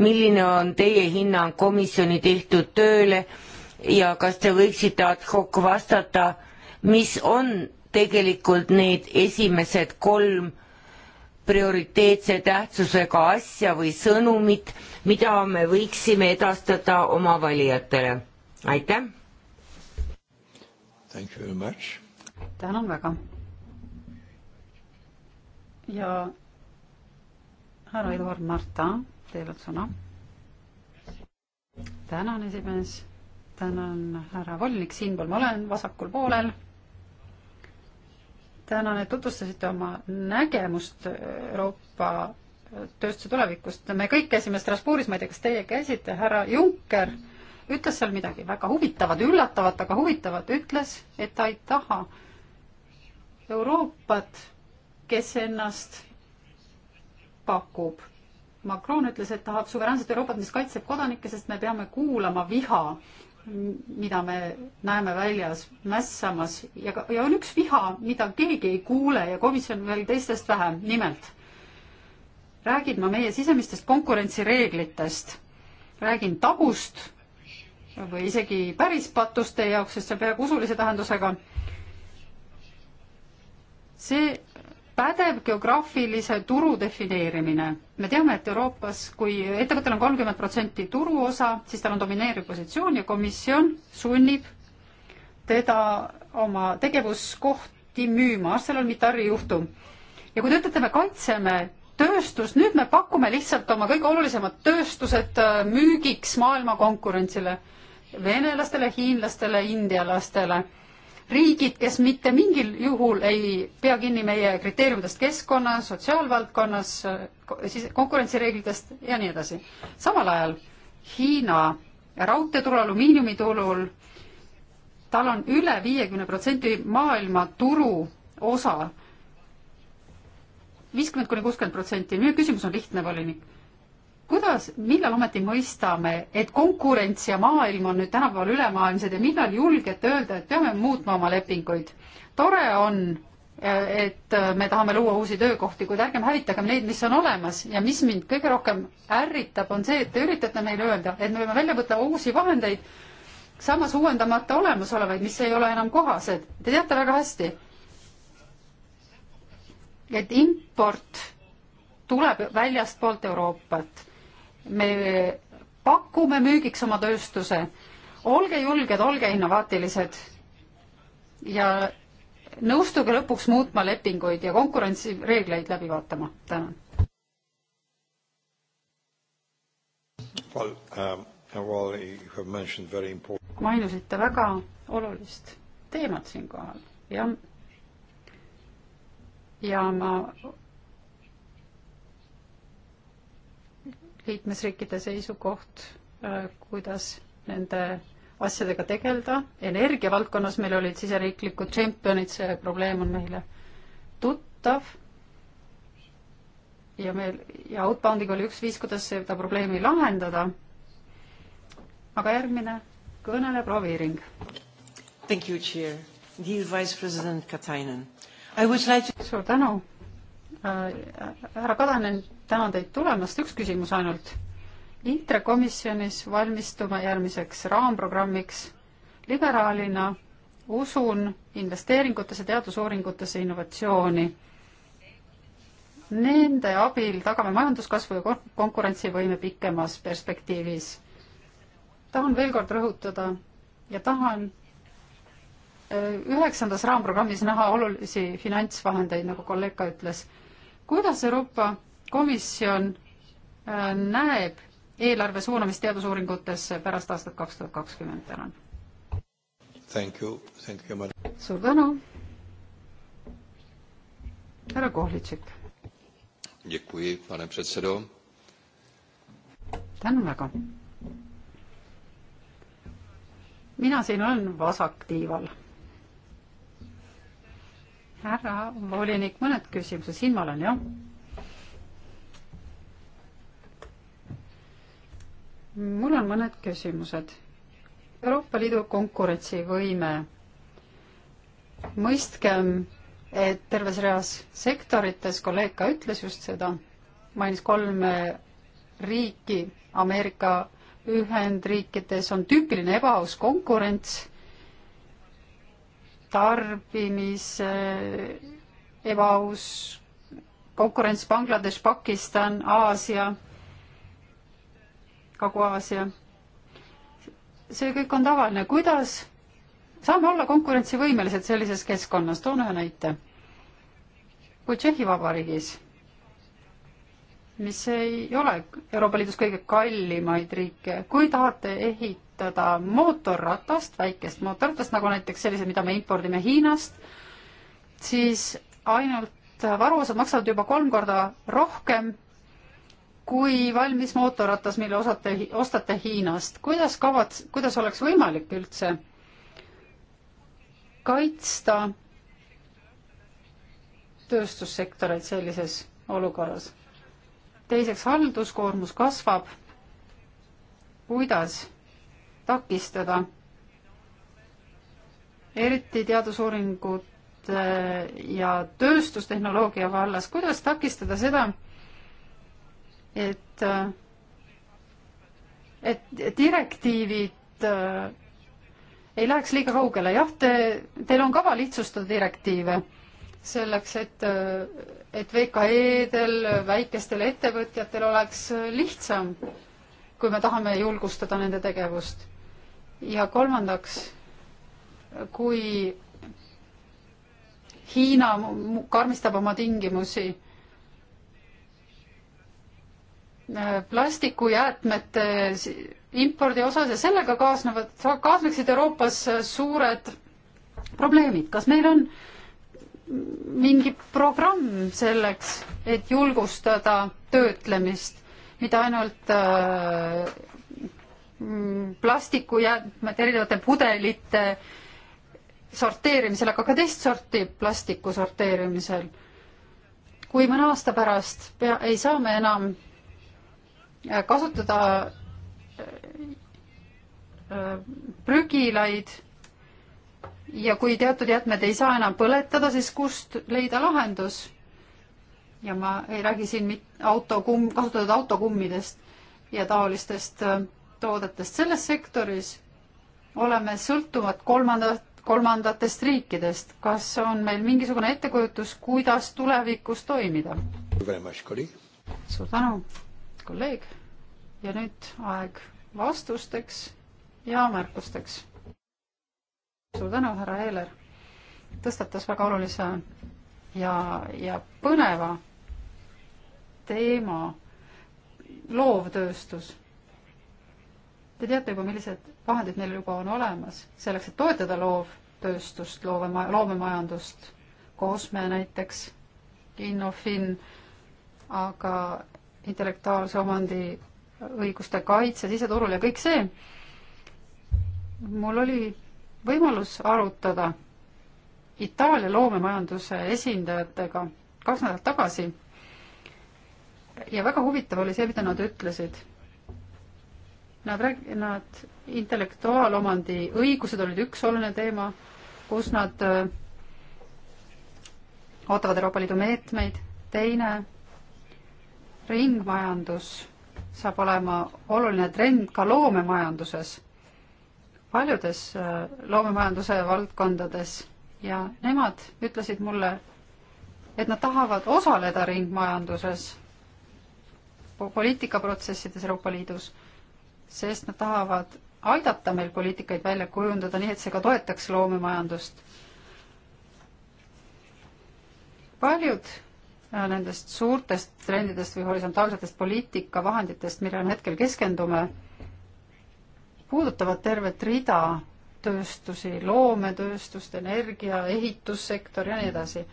[SPEAKER 3] milline on teie hinnang komisjoni tehtud tööle ja kas te võiksite ad hoc vastata, mis on tegelikult need esimesed kolm äh, prioriteetse tähtsusega asja või sõnumit, mida me võiksime edastada oma valijatele. aitäh!
[SPEAKER 2] tänan väga! ja härra Eduard Marta, teil on sõna. tänan, esimees, tänan, härra volinik, siinpool ma olen, vasakul poolel tänan, et tutvustasite oma nägemust Euroopa tööstuse tulevikust. me kõik käisime Strasbourgis, ma ei tea, kas teie käisite, härra Juncker ütles seal midagi väga huvitavat, üllatavat, aga huvitavat, ütles, et ta ei taha Euroopat, kes ennast pakub. Macron ütles, et tahab suveräänset Euroopat, mis kaitseb kodanikke, sest me peame kuulama viha mida me näeme väljas mässamas ja, ja on üks viha, mida keegi ei kuule ja komisjon veel teistest vähem, nimelt räägin ma meie sisemistest konkurentsireeglitest, räägin tabust või isegi päris patust teie jaoks, sest see on peaaegu usulise tähendusega. see pädev geograafilise turu defineerimine. me teame, et Euroopas, kui ettevõttel on kolmkümmend protsenti turuosa, siis tal on domineeriv positsioon ja komisjon sunnib teda oma tegevuskohti müüma, ArcelorMittali juhtum. ja kui te ütlete, me kaitseme tööstust, nüüd me pakume lihtsalt oma kõige olulisemad tööstused äh, müügiks maailma konkurentsile, venelastele, hiinlastele, indialastele riigid, kes mitte mingil juhul ei pea kinni meie kriteeriumidest keskkonna, sotsiaalvaldkonnas, siis konkurentsireeglitest ja nii edasi. samal ajal Hiina raudteeturul, alumiiniumiturul, tal on üle viiekümne protsendi maailma turu osa, viiskümmend kuni kuuskümmend protsenti. minu küsimus on lihtne, volinik kuidas, millal ometi mõistame, et konkurents ja maailm on nüüd tänapäeval ülemaailmsed ja millal julgete öelda, et peame muutma oma lepinguid? tore on, eh, et eh, me tahame luua uusi töökohti, kuid ärgem hävitagem neid, mis on olemas ja mis mind kõige rohkem ärritab, on see, et te üritate meile öelda, et me peame välja mõtlema uusi vahendeid, samas uuendamata olemasolevaid, mis ei ole enam kohased. Te teate väga hästi, et import tuleb väljastpoolt Euroopat me pakume müügiks oma tööstuse. olge julged, olge innovaatilised ja nõustuge lõpuks muutma lepinguid ja konkurentsireegleid läbi vaatama. tänan.
[SPEAKER 1] Well, um, well, important...
[SPEAKER 2] mainisite väga olulist teemat siinkohal ja, ja ma liikmesriikide seisukoht, äh, kuidas nende asjadega tegeleda. energia valdkonnas meil olid siseriiklikud tšempionid, see probleem on meile tuttav. ja meil ja outbound'iga oli üks viis, kuidas seda probleemi lahendada. aga järgmine kõneleja, proua Viiring. Thank you, chair. Dear vice president Katainen. I would like to. suur tänu äh,. äh härra Katainen tänan teid tulemast, üks küsimus ainult. ITRE komisjonis valmistume järgmiseks raamprogrammiks. liberaalina usun investeeringutesse, teadusuuringutesse, innovatsiooni. Nende abil tagame majanduskasvu ja konkurentsivõime pikemas perspektiivis. tahan veel kord rõhutada ja tahan äh, üheksandas raamprogrammis näha olulisi finantsvahendeid, nagu kolleeg ka ütles. kuidas Euroopa komisjon äh, näeb eelarve suunamist teadusuuringutesse pärast aastat kaks tuhat kakskümmend, tänan. suur tänu. härra Kohlitšik. tänan väga. mina siin olen vasaktiival. härra volinik, mõned küsimused, siin ma olen, jah mul on mõned küsimused. Euroopa Liidu konkurentsivõime. mõistkem, et terves reas sektorites, kolleeg ka ütles just seda, mainis kolme riiki, Ameerika Ühendriikides on tüüpiline ebaaus konkurents, tarbimise ebaaus konkurents Bangladesh, Pakistan, Aasia Kagu-Aasia. see kõik on tavaline, kuidas saame olla konkurentsivõimelised sellises keskkonnas, toon ühe näite. kui Tšehhi Vabariigis, mis ei ole Euroopa Liidus kõige kallimaid riike, kui tahate ehitada mootorratast, väikest mootorratast, nagu näiteks sellised, mida me impordime Hiinast, siis ainult varuosad maksavad juba kolm korda rohkem kui valmis mootorratas, mille osate, ostate Hiinast, kuidas kavats-, kuidas oleks võimalik üldse kaitsta tööstussektoreid sellises olukorras? teiseks, halduskoormus kasvab, kuidas takistada eriti teadusuuringute ja tööstustehnoloogia vallas, kuidas takistada seda, et, et direktiivid äh, ei läheks liiga kaugele. jah, te, teil on kava lihtsustada direktiive selleks, et, äh, et VKE-del, väikestel ettevõtjatel oleks lihtsam, kui me tahame julgustada nende tegevust. ja kolmandaks, kui Hiina karmistab oma tingimusi Äh, plastikujäätmete impordi osas ja sellega kaasnevad, kaasneksid Euroopas äh, suured probleemid. kas meil on mingi programm selleks, et julgustada töötlemist, mitte ainult äh, mm, plastikujäätmete, erinevate pudelite sorteerimisel, aga ka teist sorti plastiku sorteerimisel. kui mõne aasta pärast pea, ei saa me enam Äh, kasutada äh, äh, prügilaid ja kui teatud jäätmed ei saa enam põletada, siis kust leida lahendus? ja ma ei räägi siin mit-, autokumm, kasutatud autokummidest ja taolistest toodetest. selles sektoris oleme sõltuvad kolmandat, kolmandatest riikidest. kas on meil mingisugune ettekujutus, kuidas tulevikus toimida? suur tänu! kolleeg. ja nüüd aeg vastusteks ja märkusteks. suur tänu, härra Eeler. tõstatas väga olulise ja, ja põneva teema, loovtööstus. Te teate juba, millised vahendid neil juba on olemas selleks, et toetada loovtööstust, loovema-, loomemajandust, Koosme näiteks, Innofin, aga intellektuaalse omandi õiguste kaitse siseturul ja kõik see. mul oli võimalus arutada Itaalia loomemajanduse esindajatega kaks nädalat tagasi. ja väga huvitav oli see, mida nad ütlesid. Nad rääg-, nad, intellektuaalomandi õigused olid üks oluline teema, kus nad öö, äh, ootavad Euroopa Liidu meetmeid, teine ringmajandus saab olema oluline trend ka loomemajanduses, paljudes äh, loomemajanduse valdkondades ja nemad ütlesid mulle, et nad tahavad osaleda ringmajanduses, poliitikaprotsessides Euroopa Liidus, sest nad tahavad aidata meil poliitikaid välja kujundada, nii et see ka toetaks loomemajandust. paljud Äh, nendest suurtest trendidest või horisontaalsetest poliitikavahenditest, millele me hetkel keskendume, puudutavad tervet rida tööstusi, loometööstust, energia, ehitussektor ja nii edasi.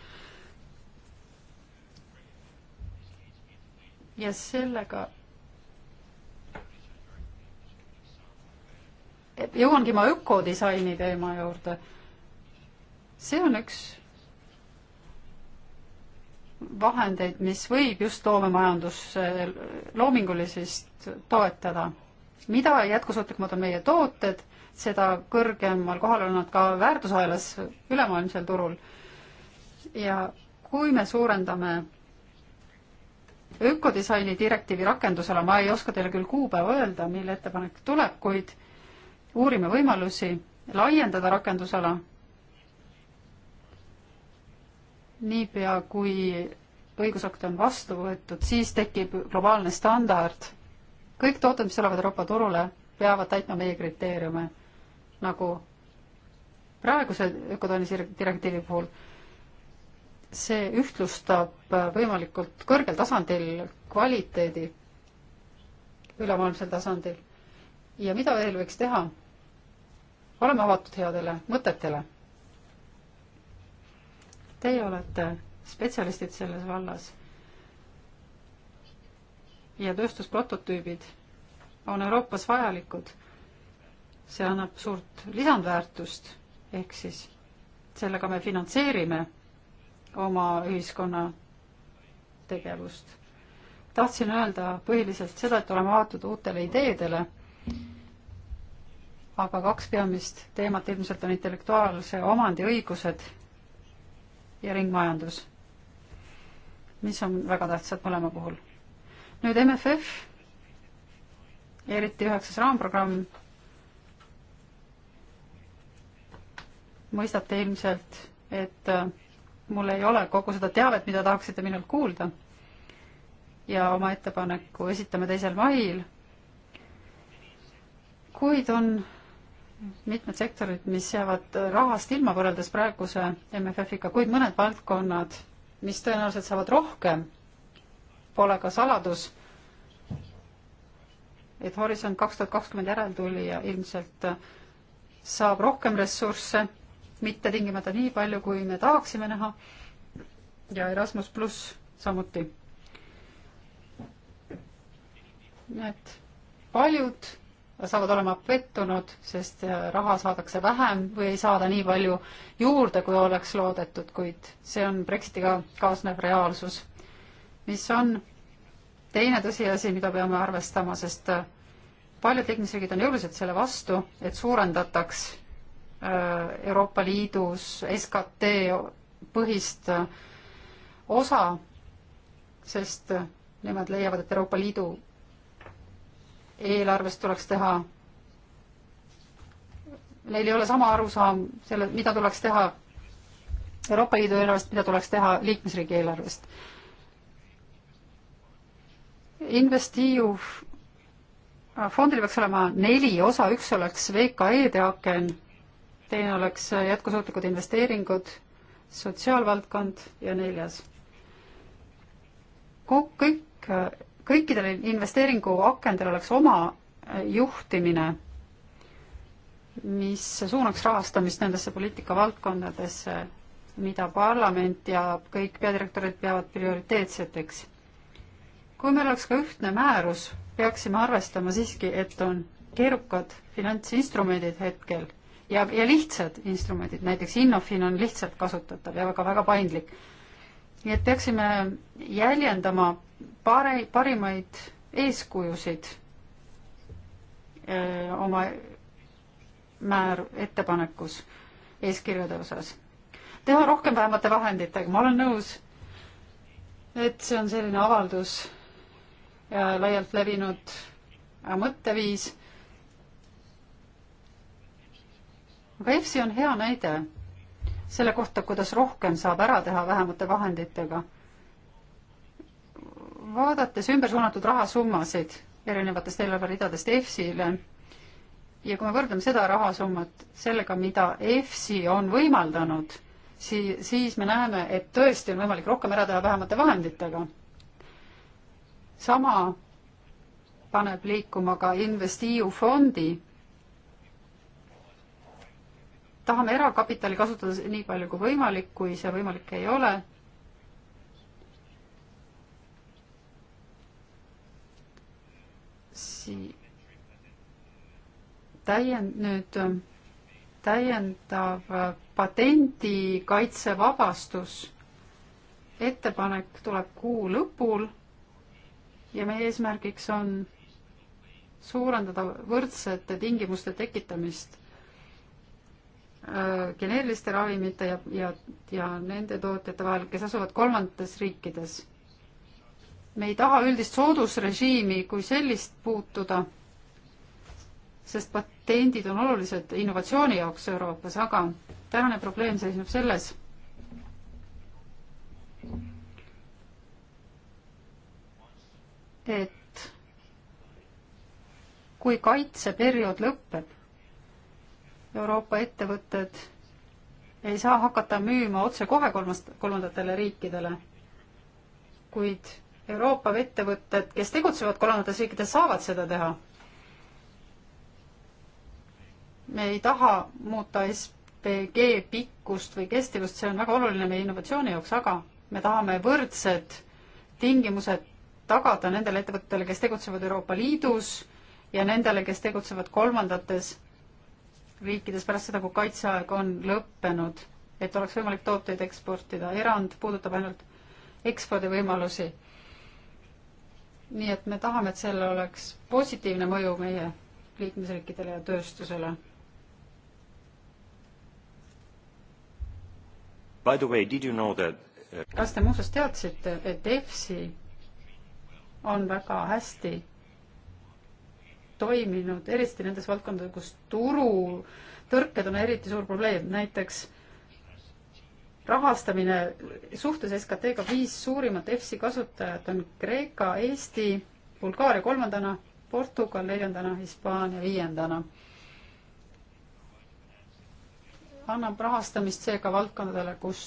[SPEAKER 2] ja sellega jõuangi ma ökodisaini teema juurde. see on üks vahendeid, mis võib just loomemajanduse loomingulisust toetada. mida jätkusuutlikumad on meie tooted, seda kõrgemal kohal on nad ka väärtusahelas ülemaailmsel turul. ja kui me suurendame ökodisaini direktiivi rakendusala, ma ei oska teile küll kuupäeva öelda, mille ettepanek tuleb, kuid uurime võimalusi laiendada rakendusala niipea, kui õigusakt on vastu võetud, siis tekib globaalne standard. kõik tooted, mis tulevad Euroopa turule, peavad täitma meie kriteeriume, nagu praeguse ökotooni direktiivi puhul. see ühtlustab võimalikult kõrgel tasandil kvaliteedi ülemaailmsel tasandil. ja mida veel võiks teha? oleme avatud headele mõtetele Teie olete spetsialistid selles vallas ja tööstusprototüübid on Euroopas vajalikud. see annab suurt lisandväärtust, ehk siis sellega me finantseerime oma ühiskonna tegevust. tahtsin öelda põhiliselt seda, et oleme avatud uutele ideedele, aga kaks peamist teemat ilmselt on intellektuaalse omandi õigused ja ringmajandus, mis on väga tähtsad mõlema puhul. nüüd MFF, eriti üheksas raamprogramm, mõistate ilmselt, et äh, mul ei ole kogu seda teavet, mida tahaksite minult kuulda. ja oma ettepaneku esitame teisel mail. kuid on mitmed sektorid, mis jäävad rahast ilma võrreldes praeguse MFF-iga, kuid mõned valdkonnad, mis tõenäoliselt saavad rohkem, pole ka saladus, et Horisont kaks tuhat kakskümmend järeltulija ilmselt saab rohkem ressursse, mitte tingimata nii palju, kui me tahaksime näha, ja Erasmus pluss samuti. nii et paljud saavad olema pettunud, sest äh, raha saadakse vähem või ei saada nii palju juurde, kui oleks loodetud, kuid see on Brexitiga kaasnev reaalsus, mis on teine tõsiasi, mida peame arvestama, sest äh, paljud liikmesriigid on jõuliselt selle vastu, et suurendataks äh, Euroopa Liidus SKT põhist osa, sest nemad leiavad, et Euroopa Liidu eelarvest tuleks teha. Neil ei ole sama arusaam selle, mida tuleks teha Euroopa Liidu eelarvest, mida tuleks teha liikmesriigi eelarvest. Investiu fondil peaks olema neli osa, üks oleks VKE-de aken, teine oleks jätkusuutlikud investeeringud, sotsiaalvaldkond ja neljas. kõik kõikidel investeeringuakendel oleks oma äh, juhtimine, mis suunaks rahastamist nendesse poliitikavaldkondadesse, mida parlament ja kõik peadirektorid peavad prioriteetseteks. kui meil oleks ka ühtne määrus, peaksime arvestama siiski, et on keerukad finantsinstrumendid hetkel ja, ja lihtsad instrumendid, näiteks Innofin on lihtsalt kasutatav ja väga-väga paindlik nii et peaksime jäljendama pare-, parimaid eeskujusid öö, äh, oma määr-, ettepanekus eeskirjade osas. teha rohkem vähemate vahenditega, ma olen nõus, et see on selline avaldus ja laialt levinud äh, mõtteviis. aga EFSI on hea näide selle kohta, kuidas rohkem saab ära teha vähemate vahenditega. vaadates ümber suunatud rahasummasid erinevatest eelarveridadest EFSile ja kui me võrdleme seda rahasummat sellega, mida EFSI on võimaldanud, sii-, siis me näeme, et tõesti on võimalik rohkem ära teha vähemate vahenditega. sama paneb liikuma ka InvestEU fondi tahame erakapitali kasutada nii palju kui võimalik, kui see võimalik ei ole. sii-, täiend-, nüüd täiendav äh, patendikaitsevabastus. ettepanek tuleb kuu lõpul ja meie eesmärgiks on suurendada võrdsete tingimuste tekitamist Äh, geneeriliste ravimite ja, ja, ja nende tootjate vahel, kes asuvad kolmandates riikides. me ei taha üldist soodusrežiimi kui sellist puutuda, sest patendid on olulised innovatsiooni jaoks Euroopas, aga tänane probleem seisneb selles, et kui kaitseperiood lõpeb, Euroopa ettevõtted ei saa hakata müüma otsekohe kolmast, kolmandatele riikidele, kuid Euroopa ettevõtted, kes tegutsevad kolmandates riikides, saavad seda teha. me ei taha muuta SPG pikkust või kestivust, see on väga oluline meie innovatsiooni jaoks, aga me tahame võrdsed tingimused tagada nendele ettevõtetele, kes tegutsevad Euroopa Liidus ja nendele, kes tegutsevad kolmandates riikides pärast seda, kui kaitseaeg on lõppenud, et oleks võimalik tooteid eksportida. erand puudutab ainult ekspordivõimalusi. nii et me tahame, et sellel oleks positiivne mõju meie liikmesriikidele ja tööstusele.
[SPEAKER 1] By the way, did you know that uh, kas
[SPEAKER 2] te muuseas teadsite, et EFSI on väga hästi toiminud, eriti nendes valdkondades, kus turutõrked on eriti suur probleem, näiteks rahastamine suhtes SKT-ga viis suurimat EFSI kasutajat on Kreeka, Eesti, Bulgaaria kolmandana, Portugal neljandana, Hispaania viiendana. annab rahastamist seega valdkondadele, kus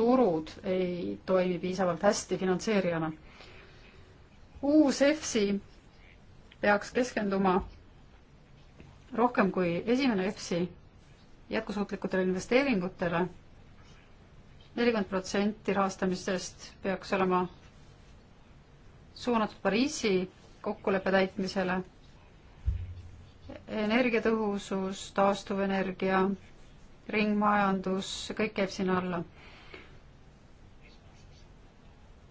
[SPEAKER 2] turud ei toimi piisavalt hästi finantseerijana. uus EFSI peaks keskenduma rohkem kui esimene EFSI jätkusuutlikutele investeeringutele. nelikümmend protsenti rahastamisest peaks olema suunatud Pariisi kokkuleppe täitmisele. energiatõhusus, taastuvenergia, ringmajandus, kõik käib sinna alla.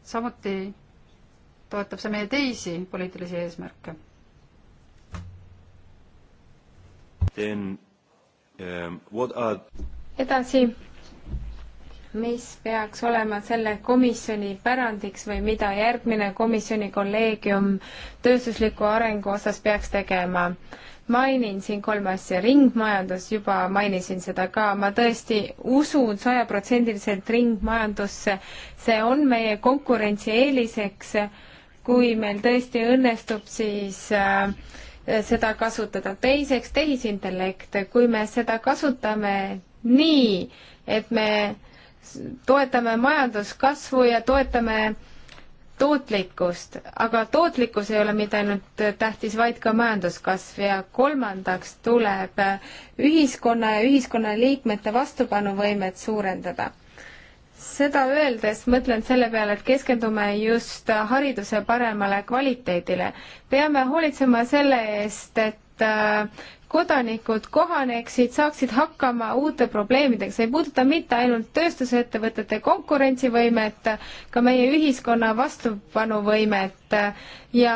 [SPEAKER 2] samuti toetab see meie teisi poliitilisi eesmärke
[SPEAKER 1] Then um, what are
[SPEAKER 2] edasi,
[SPEAKER 4] mis peaks olema selle komisjoni pärandiks või mida järgmine komisjoni kolleegium tööstusliku arengu osas peaks tegema? mainin siin kolm asja, ringmajandus, juba mainisin seda ka, ma tõesti usun sajaprotsendiliselt ringmajandusse, see on meie konkurentsieeliseks, kui meil tõesti õnnestub siis äh, Eh, seda kasutada. teiseks, tehisintellekt, kui me seda kasutame nii, et me toetame majanduskasvu ja toetame tootlikkust, aga tootlikkus ei ole mitte ainult tähtis, vaid ka majanduskasv ja kolmandaks tuleb ühiskonna ja ühiskonnaliikmete vastupanuvõimet suurendada seda öeldes mõtlen selle peale, et keskendume just hariduse paremale kvaliteedile. peame hoolitsema selle eest, et äh, kodanikud kohaneksid, saaksid hakkama uute probleemidega, see ei puuduta mitte ainult tööstusettevõtete konkurentsivõimet, ka meie ühiskonna vastupanuvõimet ja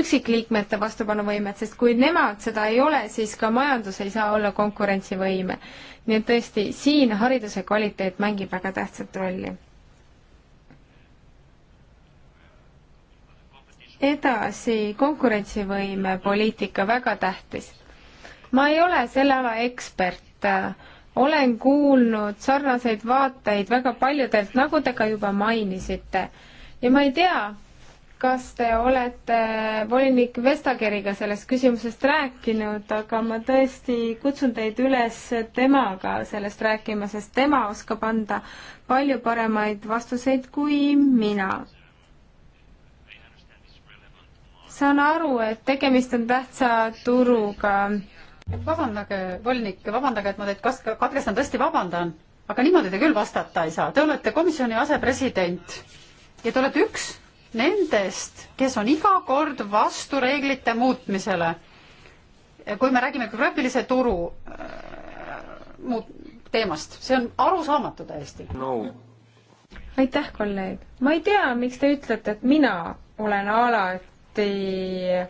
[SPEAKER 4] üksikliikmete vastupanuvõimet, sest kui nemad seda ei ole, siis ka majandus ei saa olla konkurentsivõime. nii et tõesti, siin hariduse kvaliteet mängib väga tähtsat rolli. edasi, konkurentsivõime poliitika, väga tähtis ma ei ole selle ala ekspert, olen kuulnud sarnaseid vaateid väga paljudelt, nagu te ka juba mainisite. ja ma ei tea, kas te olete volinik Vestageriga sellest küsimusest rääkinud, aga ma tõesti kutsun teid üles temaga sellest rääkima, sest tema oskab anda palju paremaid vastuseid kui mina. saan aru, et tegemist on tähtsa turuga
[SPEAKER 2] vabandage, volinik, vabandage, et ma teid kas-, katkestan, tõesti vabandan, aga niimoodi te küll vastata ei saa. Te olete komisjoni asepresident ja te olete üks nendest, kes on iga kord vastu reeglite muutmisele. kui me räägime krööpilise turu äh, muut-, teemast, see on arusaamatu täiesti no.. aitäh, kolleeg. ma ei tea, miks te ütlete, et
[SPEAKER 4] mina olen alati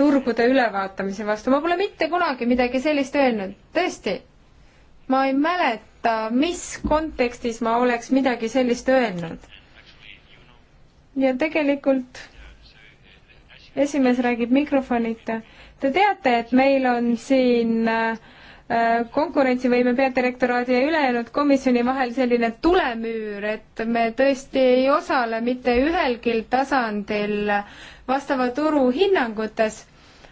[SPEAKER 4] turgude ülevaatamise vastu. ma pole mitte kunagi midagi sellist öelnud, tõesti. ma ei mäleta, mis kontekstis ma oleks midagi sellist öelnud. ja tegelikult esimees räägib mikrofonita. Te teate, et meil on siin äh, konkurentsivõime peadirektoraadi ja ülejäänud komisjoni vahel selline tulemüür, et me tõesti ei osale mitte ühelgi tasandil vastava turu hinnangutes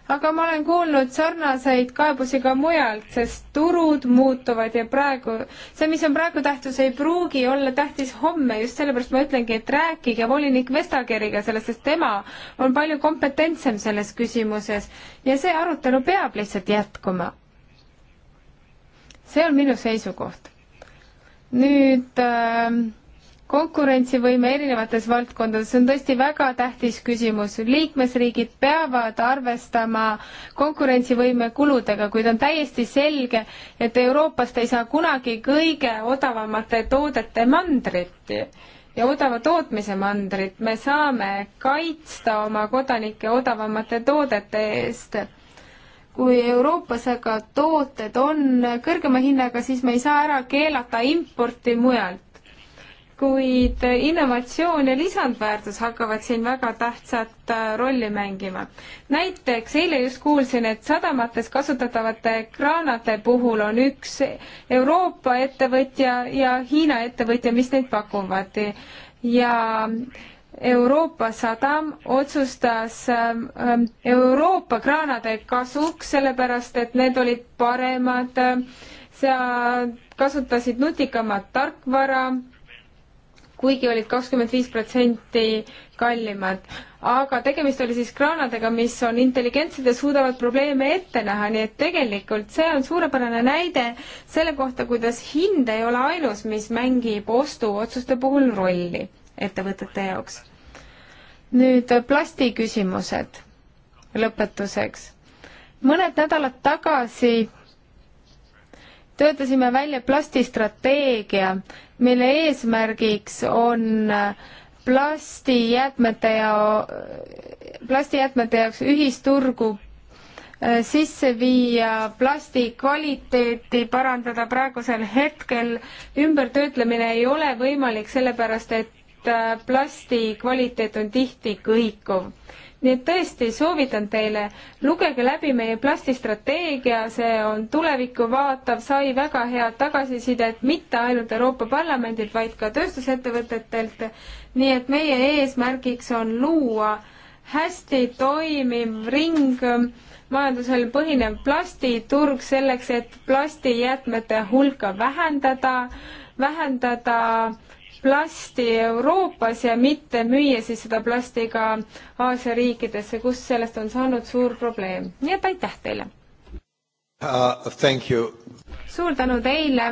[SPEAKER 4] aga ma olen kuulnud sarnaseid kaebusi ka mujalt, sest turud muutuvad ja praegu, see, mis on praegu tähtis, ei pruugi olla tähtis homme, just sellepärast ma ütlengi, et rääkige volinik Vestageriga sellest, sest tema on palju kompetentsem selles küsimuses ja see arutelu peab lihtsalt jätkuma. see on minu seisukoht. nüüd äh, konkurentsivõime erinevates valdkondades on tõesti väga tähtis küsimus. liikmesriigid peavad arvestama konkurentsivõime kuludega, kuid on täiesti selge, et Euroopast ei saa kunagi kõige odavamate toodete mandrit ja odava tootmise mandrit. me saame kaitsta oma kodanikke odavamate toodete eest kui Euroopas aga tooted on kõrgema hinnaga, siis me ei saa ära keelata importi mujalt kuid innovatsioon ja lisandväärtus hakkavad siin väga tähtsat äh, rolli mängima. näiteks eile just kuulsin, et sadamates kasutatavate kraanate puhul on üks Euroopa ettevõtja ja Hiina ettevõtja, mis neid pakuvad ja Euroopa sadam otsustas ähm, Euroopa kraanade kasuks, sellepärast et need olid paremad, seal kasutasid nutikamat tarkvara kuigi olid kakskümmend viis protsenti kallimad. aga tegemist oli siis kraanadega, mis on intelligentsed ja suudavad probleeme ette näha, nii et tegelikult see on suurepärane näide selle kohta, kuidas hind ei ole ainus, mis mängib ostuotsuste puhul rolli ettevõtete jaoks. nüüd plasti küsimused lõpetuseks. mõned nädalad tagasi töötasime välja plastistrateegia, mille eesmärgiks on äh, plastijäätmete ja, äh, plastijäätmete jaoks ühisturgu äh, sisse viia, plasti kvaliteeti parandada praegusel hetkel. ümbertöötlemine ei ole võimalik, sellepärast et plasti kvaliteet on tihti kõikuv nii et tõesti soovitan teile, lugege läbi meie plastistrateegia, see on tulevikku vaatav, sai väga head tagasisidet mitte ainult Euroopa Parlamendilt, vaid ka tööstusettevõtetelt. nii et meie eesmärgiks on luua hästi toimiv ring majandusel põhinev plastiturg selleks, et plastijäätmete hulka vähendada, vähendada äh, plasti Euroopas ja mitte müüa siis seda plasti ka Aasia riikidesse, kus sellest on saanud suur probleem. nii et aitäh teile
[SPEAKER 3] uh,!
[SPEAKER 4] suur tänu teile,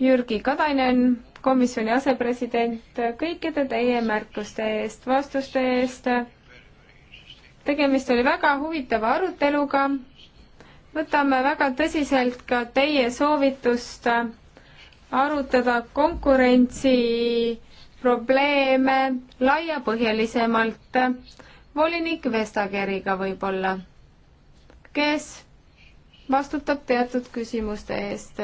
[SPEAKER 4] Jürgi Kadanen, komisjoni asepresident, kõikide teie märkuste eest, vastuste eest. tegemist oli väga huvitava aruteluga. võtame väga tõsiselt ka teie soovitust arutada konkurentsi probleeme laiapõhjalisemalt volinik Vestageriga võib-olla, kes vastutab teatud küsimuste eest,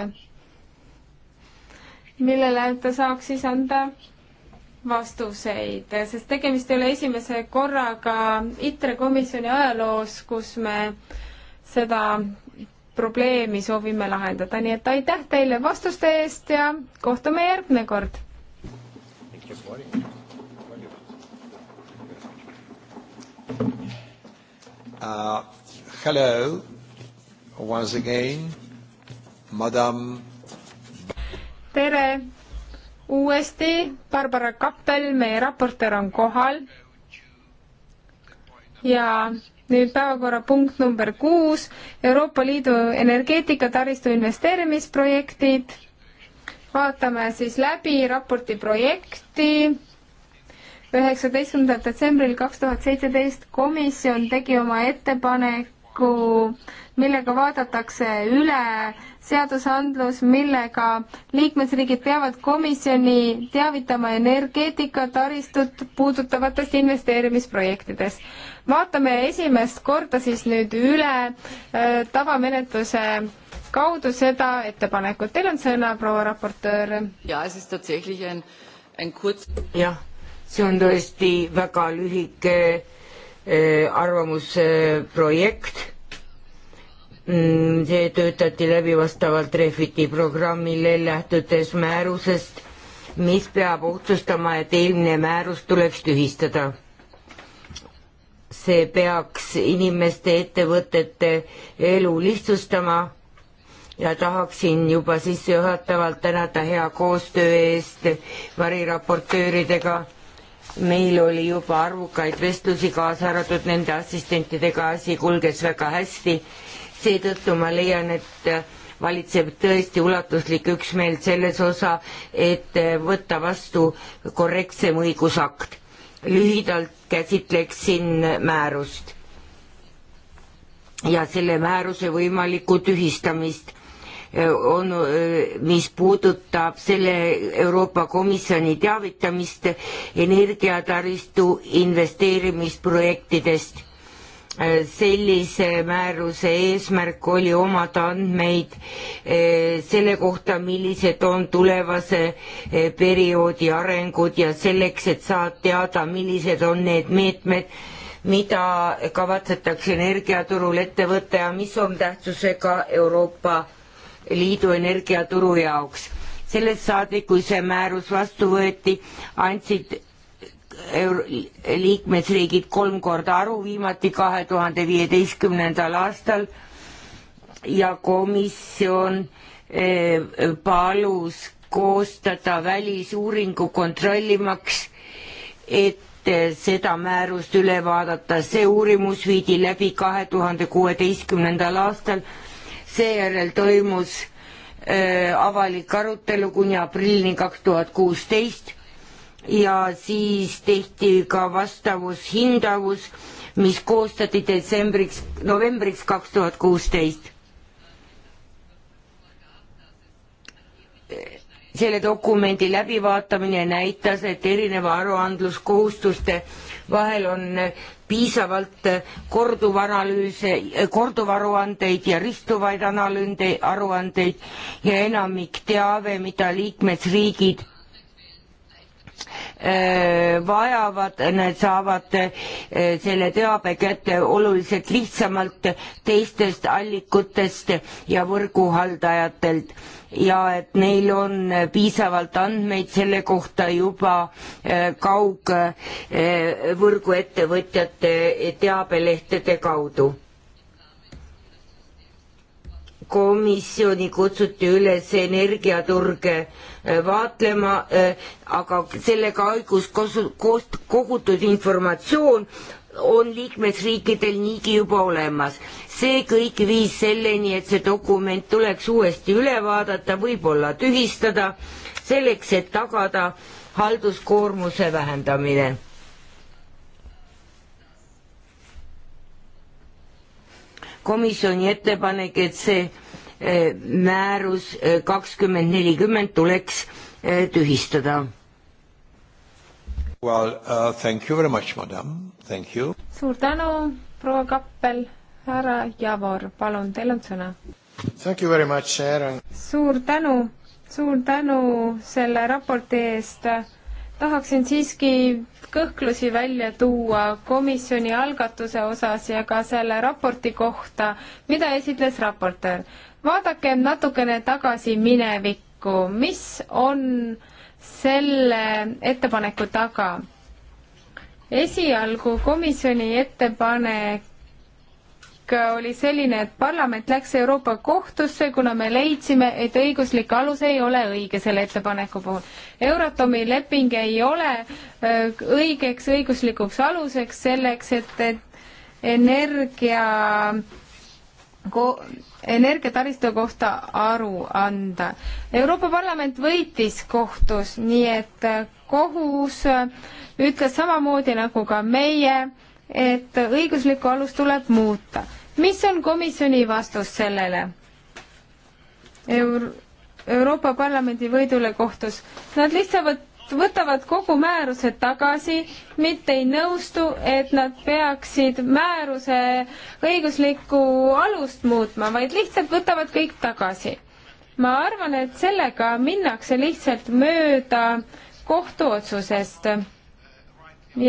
[SPEAKER 4] millele ta saaks siis anda vastuseid, sest tegemist ei ole esimese korraga ITRE komisjoni ajaloos, kus me seda probleemi soovime lahendada, nii et aitäh teile vastuste eest ja kohtume järgmine kord. Uh, hello once again, madam. tere uuesti, Barbara Kappel, meie raportöör on kohal ja nüüd päevakorrapunkt number kuus, Euroopa Liidu energeetikataristu investeerimisprojektid. vaatame siis läbi raporti projekti. üheksateistkümnendal detsembril kaks tuhat seitseteist komisjon tegi oma ettepaneku, millega vaadatakse üle seadusandlus, millega liikmesriigid peavad komisjoni teavitama energeetikataristut puudutavatest investeerimisprojektidest vaatame esimest korda siis nüüd üle äh, tavamenetluse kaudu seda ettepanekut. Teil on sõna, proua
[SPEAKER 2] raportöör. jah,
[SPEAKER 3] see on tõesti väga lühike äh, arvamusprojekt. Äh, mm, see töötati läbi vastavalt Refiti programmile, lähtudes määrusest, mis peab otsustama, et eelmine määrus tuleks tühistada see peaks inimeste, ettevõtete elu lihtsustama ja tahaksin juba sissejuhatavalt tänada hea koostöö eest variraportööridega. meil oli juba arvukaid vestlusi, kaasa arvatud nende assistentidega, asi kulges väga hästi. seetõttu ma leian, et valitseb tõesti ulatuslik üksmeel selles osa, et võtta vastu korrektsem õigusakt lühidalt käsitleksin määrust ja selle määruse võimalikku tühistamist eh, on, eh, mis puudutab selle Euroopa Komisjoni teavitamist energiataristu investeerimisprojektidest Äh, sellise määruse eesmärk oli omada andmeid äh, selle kohta, millised on tulevase äh, perioodi arengud ja selleks, et saad teada, millised on need meetmed, mida kavatsetakse energiaturul ette võtta ja mis on tähtsusega Euroopa Liidu energiaturu jaoks. sellest saadi, kui see määrus vastu võeti, andsid liikmesriigid kolm korda aru, viimati kahe tuhande viieteistkümnendal aastal ja komisjon eh, palus koostada välisuuringu kontrollimaks, et eh, seda määrust üle vaadata. see uurimus viidi läbi kahe tuhande kuueteistkümnendal aastal, seejärel toimus eh, avalik arutelu kuni aprillini kaks tuhat kuusteist ja siis tehti ka vastavus hindavus, mis koostati detsembriks, novembriks kaks tuhat kuusteist. selle dokumendi läbivaatamine näitas, et erineva aruandluskohustuste vahel on piisavalt korduvanalüüse, korduvaruandeid ja ristuvaid analüüde, aruandeid ja enamik teave, mida liikmesriigid Äh, vajavad, need saavad äh, selle teabe kätte oluliselt lihtsamalt teistest allikutest ja võrguhaldajatelt ja et neil on piisavalt andmeid selle kohta juba äh, kaugvõrguettevõtjate teabelehtede kaudu komisjoni kutsuti üles energiaturge äh, vaatlema, äh, aga sellega algus kogutud informatsioon on liikmesriikidel niigi juba olemas. see kõik viis selleni, et see dokument tuleks uuesti üle vaadata, võib-olla tühistada, selleks et tagada halduskoormuse vähendamine komisjoni ettepanek, et see eh, määrus eh, kakskümmend nelikümmend tuleks eh, tühistada.
[SPEAKER 1] Well uh, thank you very much, madam, thank you.
[SPEAKER 4] suur tänu, proua Kappel, härra Javor, palun, teil on sõna.
[SPEAKER 3] Thank you very much, Sharon.
[SPEAKER 4] suur tänu, suur tänu selle raporti eest tahaksin siiski kõhklusi välja tuua komisjoni algatuse osas ja ka selle raporti kohta, mida esitles raportöör. vaadakem natukene tagasi minevikku, mis on selle ettepaneku taga? esialgu komisjoni ettepanek Äh, oli selline, et parlament läks Euroopa kohtusse, kuna me leidsime, et õiguslik alus ei ole õige selle ettepaneku puhul. Euratomi leping ei ole äh, õigeks õiguslikuks aluseks selleks, et, et energia ko-, energiataristu kohta aru anda. Euroopa Parlament võitis kohtus, nii et äh, kohus ütles samamoodi nagu ka meie, et õiguslikku alust tuleb muuta mis on komisjoni vastus sellele Euro? Euroopa Parlamendi võidule kohtus, nad lihtsalt võtavad kogu määruse tagasi, mitte ei nõustu, et nad peaksid määruse õiguslikku alust muutma, vaid lihtsalt võtavad kõik tagasi. ma arvan, et sellega minnakse lihtsalt mööda kohtuotsusest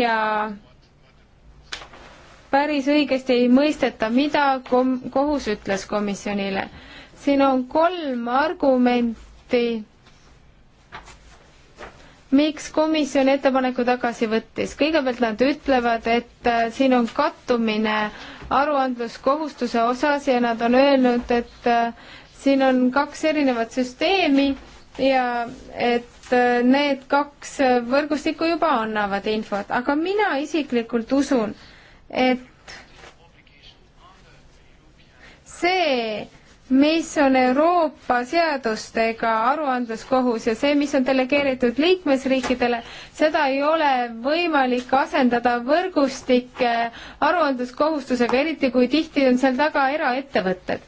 [SPEAKER 4] ja päris õigesti ei mõisteta, mida kom-, kohus ütles komisjonile. siin on kolm argumenti, miks komisjon ettepaneku tagasi võttis. kõigepealt nad ütlevad, et äh, siin on kattumine aruandluskohustuse osas ja nad on öelnud, et äh, siin on kaks erinevat süsteemi ja et äh, need kaks võrgustikku juba annavad infot, aga mina isiklikult usun, et see, mis on Euroopa seadustega aruandluskohus ja see, mis on delegeeritud liikmesriikidele, seda ei ole võimalik asendada võrgustike aruandluskohustusega, eriti kui tihti on seal taga eraettevõtted.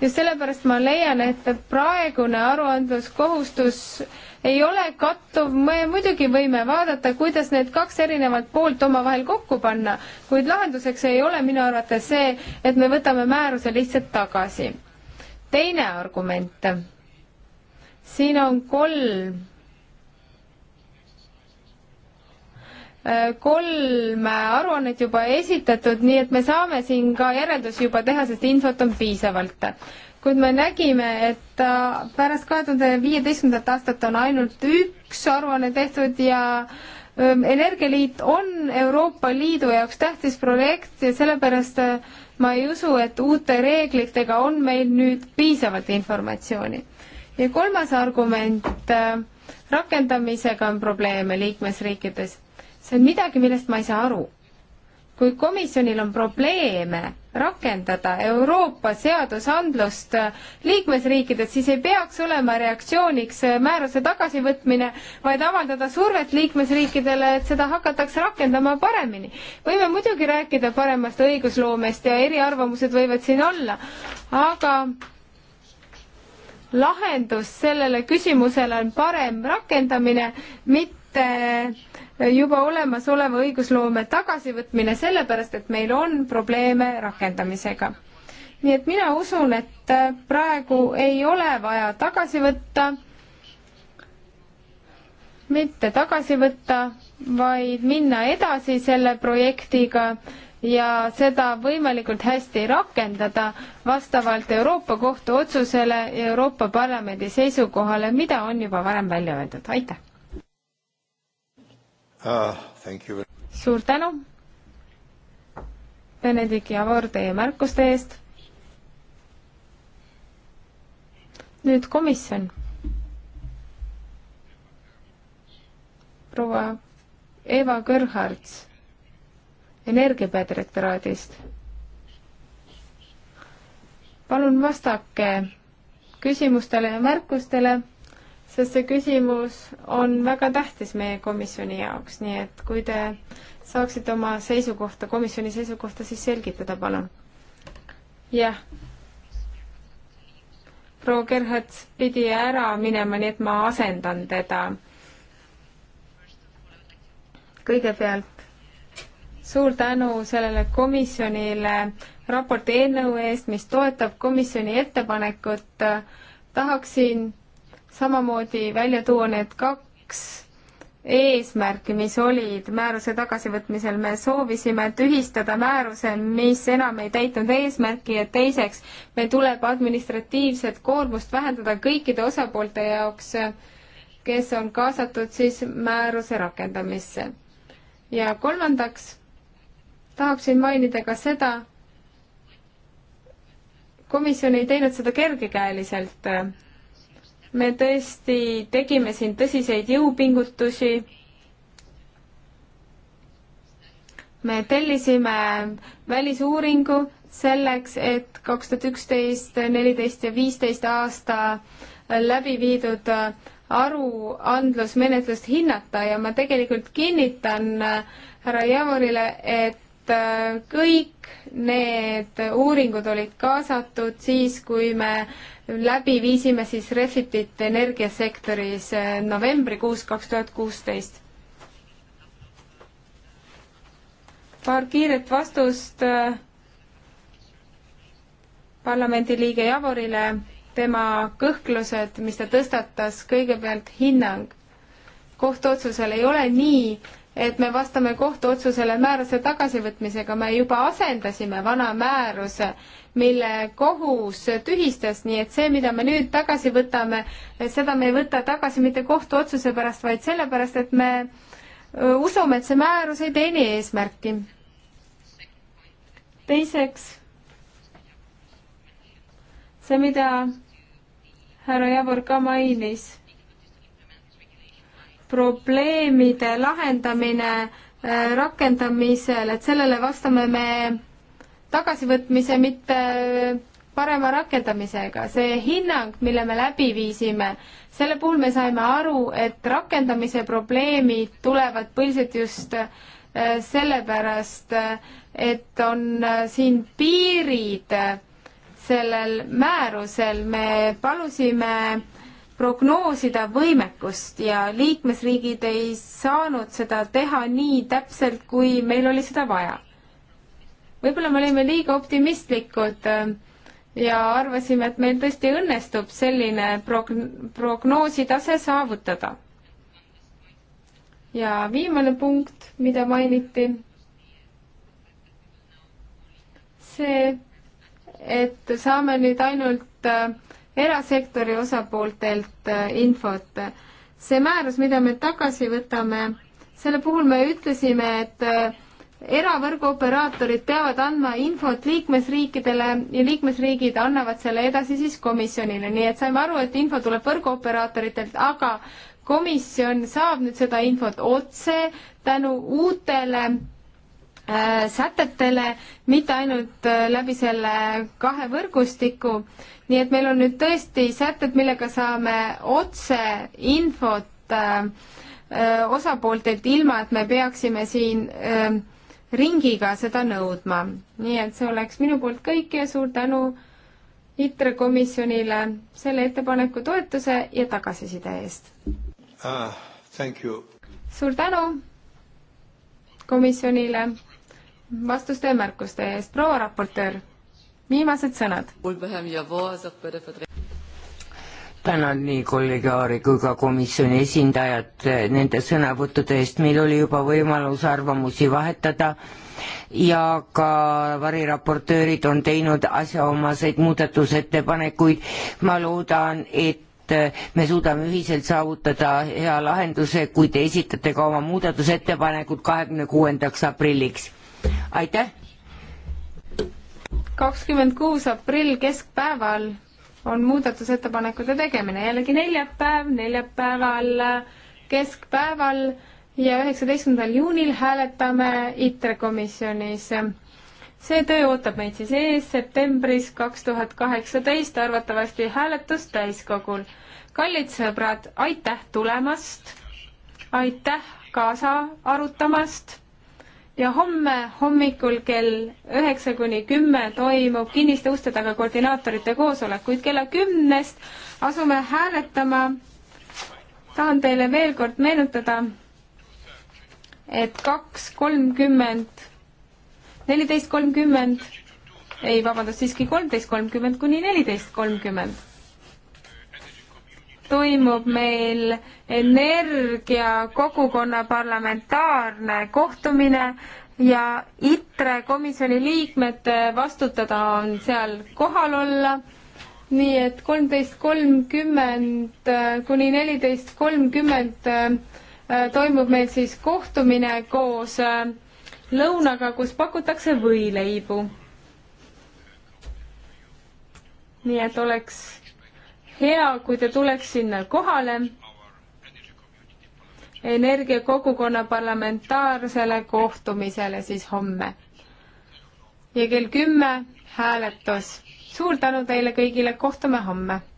[SPEAKER 4] just sellepärast ma leian, et praegune aruandluskohustus äh, ei ole kattuv, me muidugi võime vaadata, kuidas need kaks erinevat poolt omavahel kokku panna, kuid lahenduseks ei ole minu arvates see, et me võtame määruse lihtsalt tagasi. teine argument. siin on kolm äh, kolm aruannet juba esitatud, nii et me saame siin ka järeldusi juba teha, sest infot on piisavalt kuid me nägime, et äh, pärast kahe tuhande viieteistkümnendat aastat on ainult üks aruanne tehtud ja ähm, energialiit on Euroopa Liidu jaoks tähtis projekt ja sellepärast äh, ma ei usu, et uute reeglitega on meil nüüd piisavalt informatsiooni. ja kolmas argument, äh, rakendamisega on probleeme liikmesriikides. see on midagi, millest ma ei saa aru. kui komisjonil on probleeme rakendada Euroopa seadusandlust liikmesriikides, siis ei peaks olema reaktsiooniks määruse tagasivõtmine, vaid avaldada survet liikmesriikidele, et seda hakatakse rakendama paremini. võime muidugi rääkida paremast õigusloomest ja eriarvamused võivad siin olla, aga lahendus sellele küsimusele on parem rakendamine, mitte juba olemasoleva õigusloome tagasivõtmine, sellepärast et meil on probleeme rakendamisega. nii et mina usun, et praegu ei ole vaja tagasi võtta, mitte tagasi võtta, vaid minna edasi selle projektiga ja seda võimalikult hästi rakendada vastavalt Euroopa Kohtu otsusele ja Euroopa Parlamendi seisukohale, mida on juba varem välja öeldud. aitäh! uh,. suur tänu, Benedik Javor, teie märkuste eest. nüüd komisjon. proua Eva Kõrharts Energia peadirektoraadist. palun vastake küsimustele ja märkustele sest see küsimus on väga tähtis meie komisjoni jaoks, nii et kui te saaksite oma seisukohta, komisjoni seisukohta siis selgitada, palun. jah. proua Gerhards pidi ära minema, nii et ma asendan teda. kõigepealt suur tänu sellele komisjonile raporti eelnõu eest, mis toetab komisjoni ettepanekut. tahaksin samamoodi välja tuua need kaks eesmärki, mis olid määruse tagasivõtmisel, me soovisime tühistada määruse, mis enam ei täitnud eesmärki ja teiseks, meil tuleb administratiivset koormust vähendada kõikide osapoolte jaoks, kes on kaasatud siis määruse rakendamisse. ja kolmandaks tahaksin mainida ka seda, komisjon ei teinud seda kergekäeliselt me tõesti tegime siin tõsiseid jõupingutusi. me tellisime välisuuringu selleks, et kaks tuhat üksteist, neliteist ja viisteist aasta läbi viidud aruandlusmenetlust hinnata ja ma tegelikult kinnitan äh, härra Javorile, et Äh, kõik need uuringud olid kaasatud siis, kui me läbi viisime siis Refitit energiasektoris äh, novembrikuus kaks tuhat kuusteist. paar kiiret vastust äh, parlamendiliige Javorile, tema kõhklused, mis ta tõstatas, kõigepealt hinnang kohtuotsusel ei ole nii, et me vastame kohtuotsusele määruse tagasivõtmisega, me juba asendasime vana määruse, mille kohus tühistas, nii et see, mida me nüüd tagasi võtame, seda me ei võta tagasi mitte kohtuotsuse pärast, vaid sellepärast, et me äh, usume, et see määrus ei teeni eesmärki. teiseks, see, mida härra Javor ka mainis probleemide lahendamine äh, rakendamisel, et sellele vastame me tagasivõtmise, mitte parema rakendamisega. see hinnang, mille me läbi viisime, selle puhul me saime aru, et rakendamise probleemid tulevad põhiliselt just äh, sellepärast, et on äh, siin piirid sellel määrusel. me palusime äh, prognoosida võimekust ja liikmesriigid ei saanud seda teha nii täpselt, kui meil oli seda vaja. võib-olla me olime liiga optimistlikud äh, ja arvasime, et meil tõesti õnnestub selline progn-, prognoositase saavutada. ja viimane punkt, mida mainiti, see, et saame nüüd ainult äh, erasektori osapooltelt äh, infot. see määrus, mida me tagasi võtame, selle puhul me ütlesime, et äh, eravõrguoperaatorid peavad andma infot liikmesriikidele ja liikmesriigid annavad selle edasi siis komisjonile, nii et saime aru, et info tuleb võrguoperaatoritelt, aga komisjon saab nüüd seda infot otse tänu uutele Äh, sätetele, mitte ainult äh, läbi selle kahe võrgustiku. nii et meil on nüüd tõesti sätted, millega saame otse infot äh, osapooltelt, ilma et me peaksime siin ringiga seda nõudma. nii et see oleks minu poolt kõik ja suur tänu ITRE komisjonile selle ettepaneku toetuse ja tagasiside eest ah,. suur tänu komisjonile vastuste ja märkuste eest. proua raportöör, viimased sõnad.
[SPEAKER 3] tänan nii kolleeg Aari kui ka komisjoni esindajat eh, nende sõnavõttude eest, meil oli juba võimalus arvamusi vahetada ja ka variraportöörid on teinud asjaomaseid muudatusettepanekuid, ma loodan, et eh, me suudame ühiselt saavutada hea lahenduse, kui te esitate ka oma muudatusettepanekud kahekümne kuuendaks aprilliks aitäh! kakskümmend kuus aprill
[SPEAKER 4] keskpäeval on muudatusettepanekute tegemine, jällegi neljapäev, neljapäeval keskpäeval ja üheksateistkümnendal juunil hääletame ITRE komisjonis. see töö ootab meid siis ees septembris kaks tuhat kaheksateist, arvatavasti hääletus täiskogul. kallid sõbrad, aitäh tulemast, aitäh kaasa arutamast ja homme hommikul kell üheksa kuni kümme toimub kinniste uste taga koordinaatorite koosolek, kuid kella kümnest asume hääletama. tahan teile veel kord meenutada, et kaks kolmkümmend, neliteist kolmkümmend, ei vabandust, siiski kolmteist kolmkümmend kuni neliteist kolmkümmend toimub meil energiakogukonna parlamentaarne kohtumine ja ITRE komisjoni liikmete vastutada on seal kohal olla. nii et kolmteist kolmkümmend äh, kuni neliteist kolmkümmend äh, toimub meil siis kohtumine koos äh, lõunaga, kus pakutakse võileibu. nii et oleks hea, kui te tuleks sinna kohale energiakogukonna parlamentaarsele kohtumisele siis homme. ja kell kümme hääletus. suur tänu teile kõigile, kohtume homme!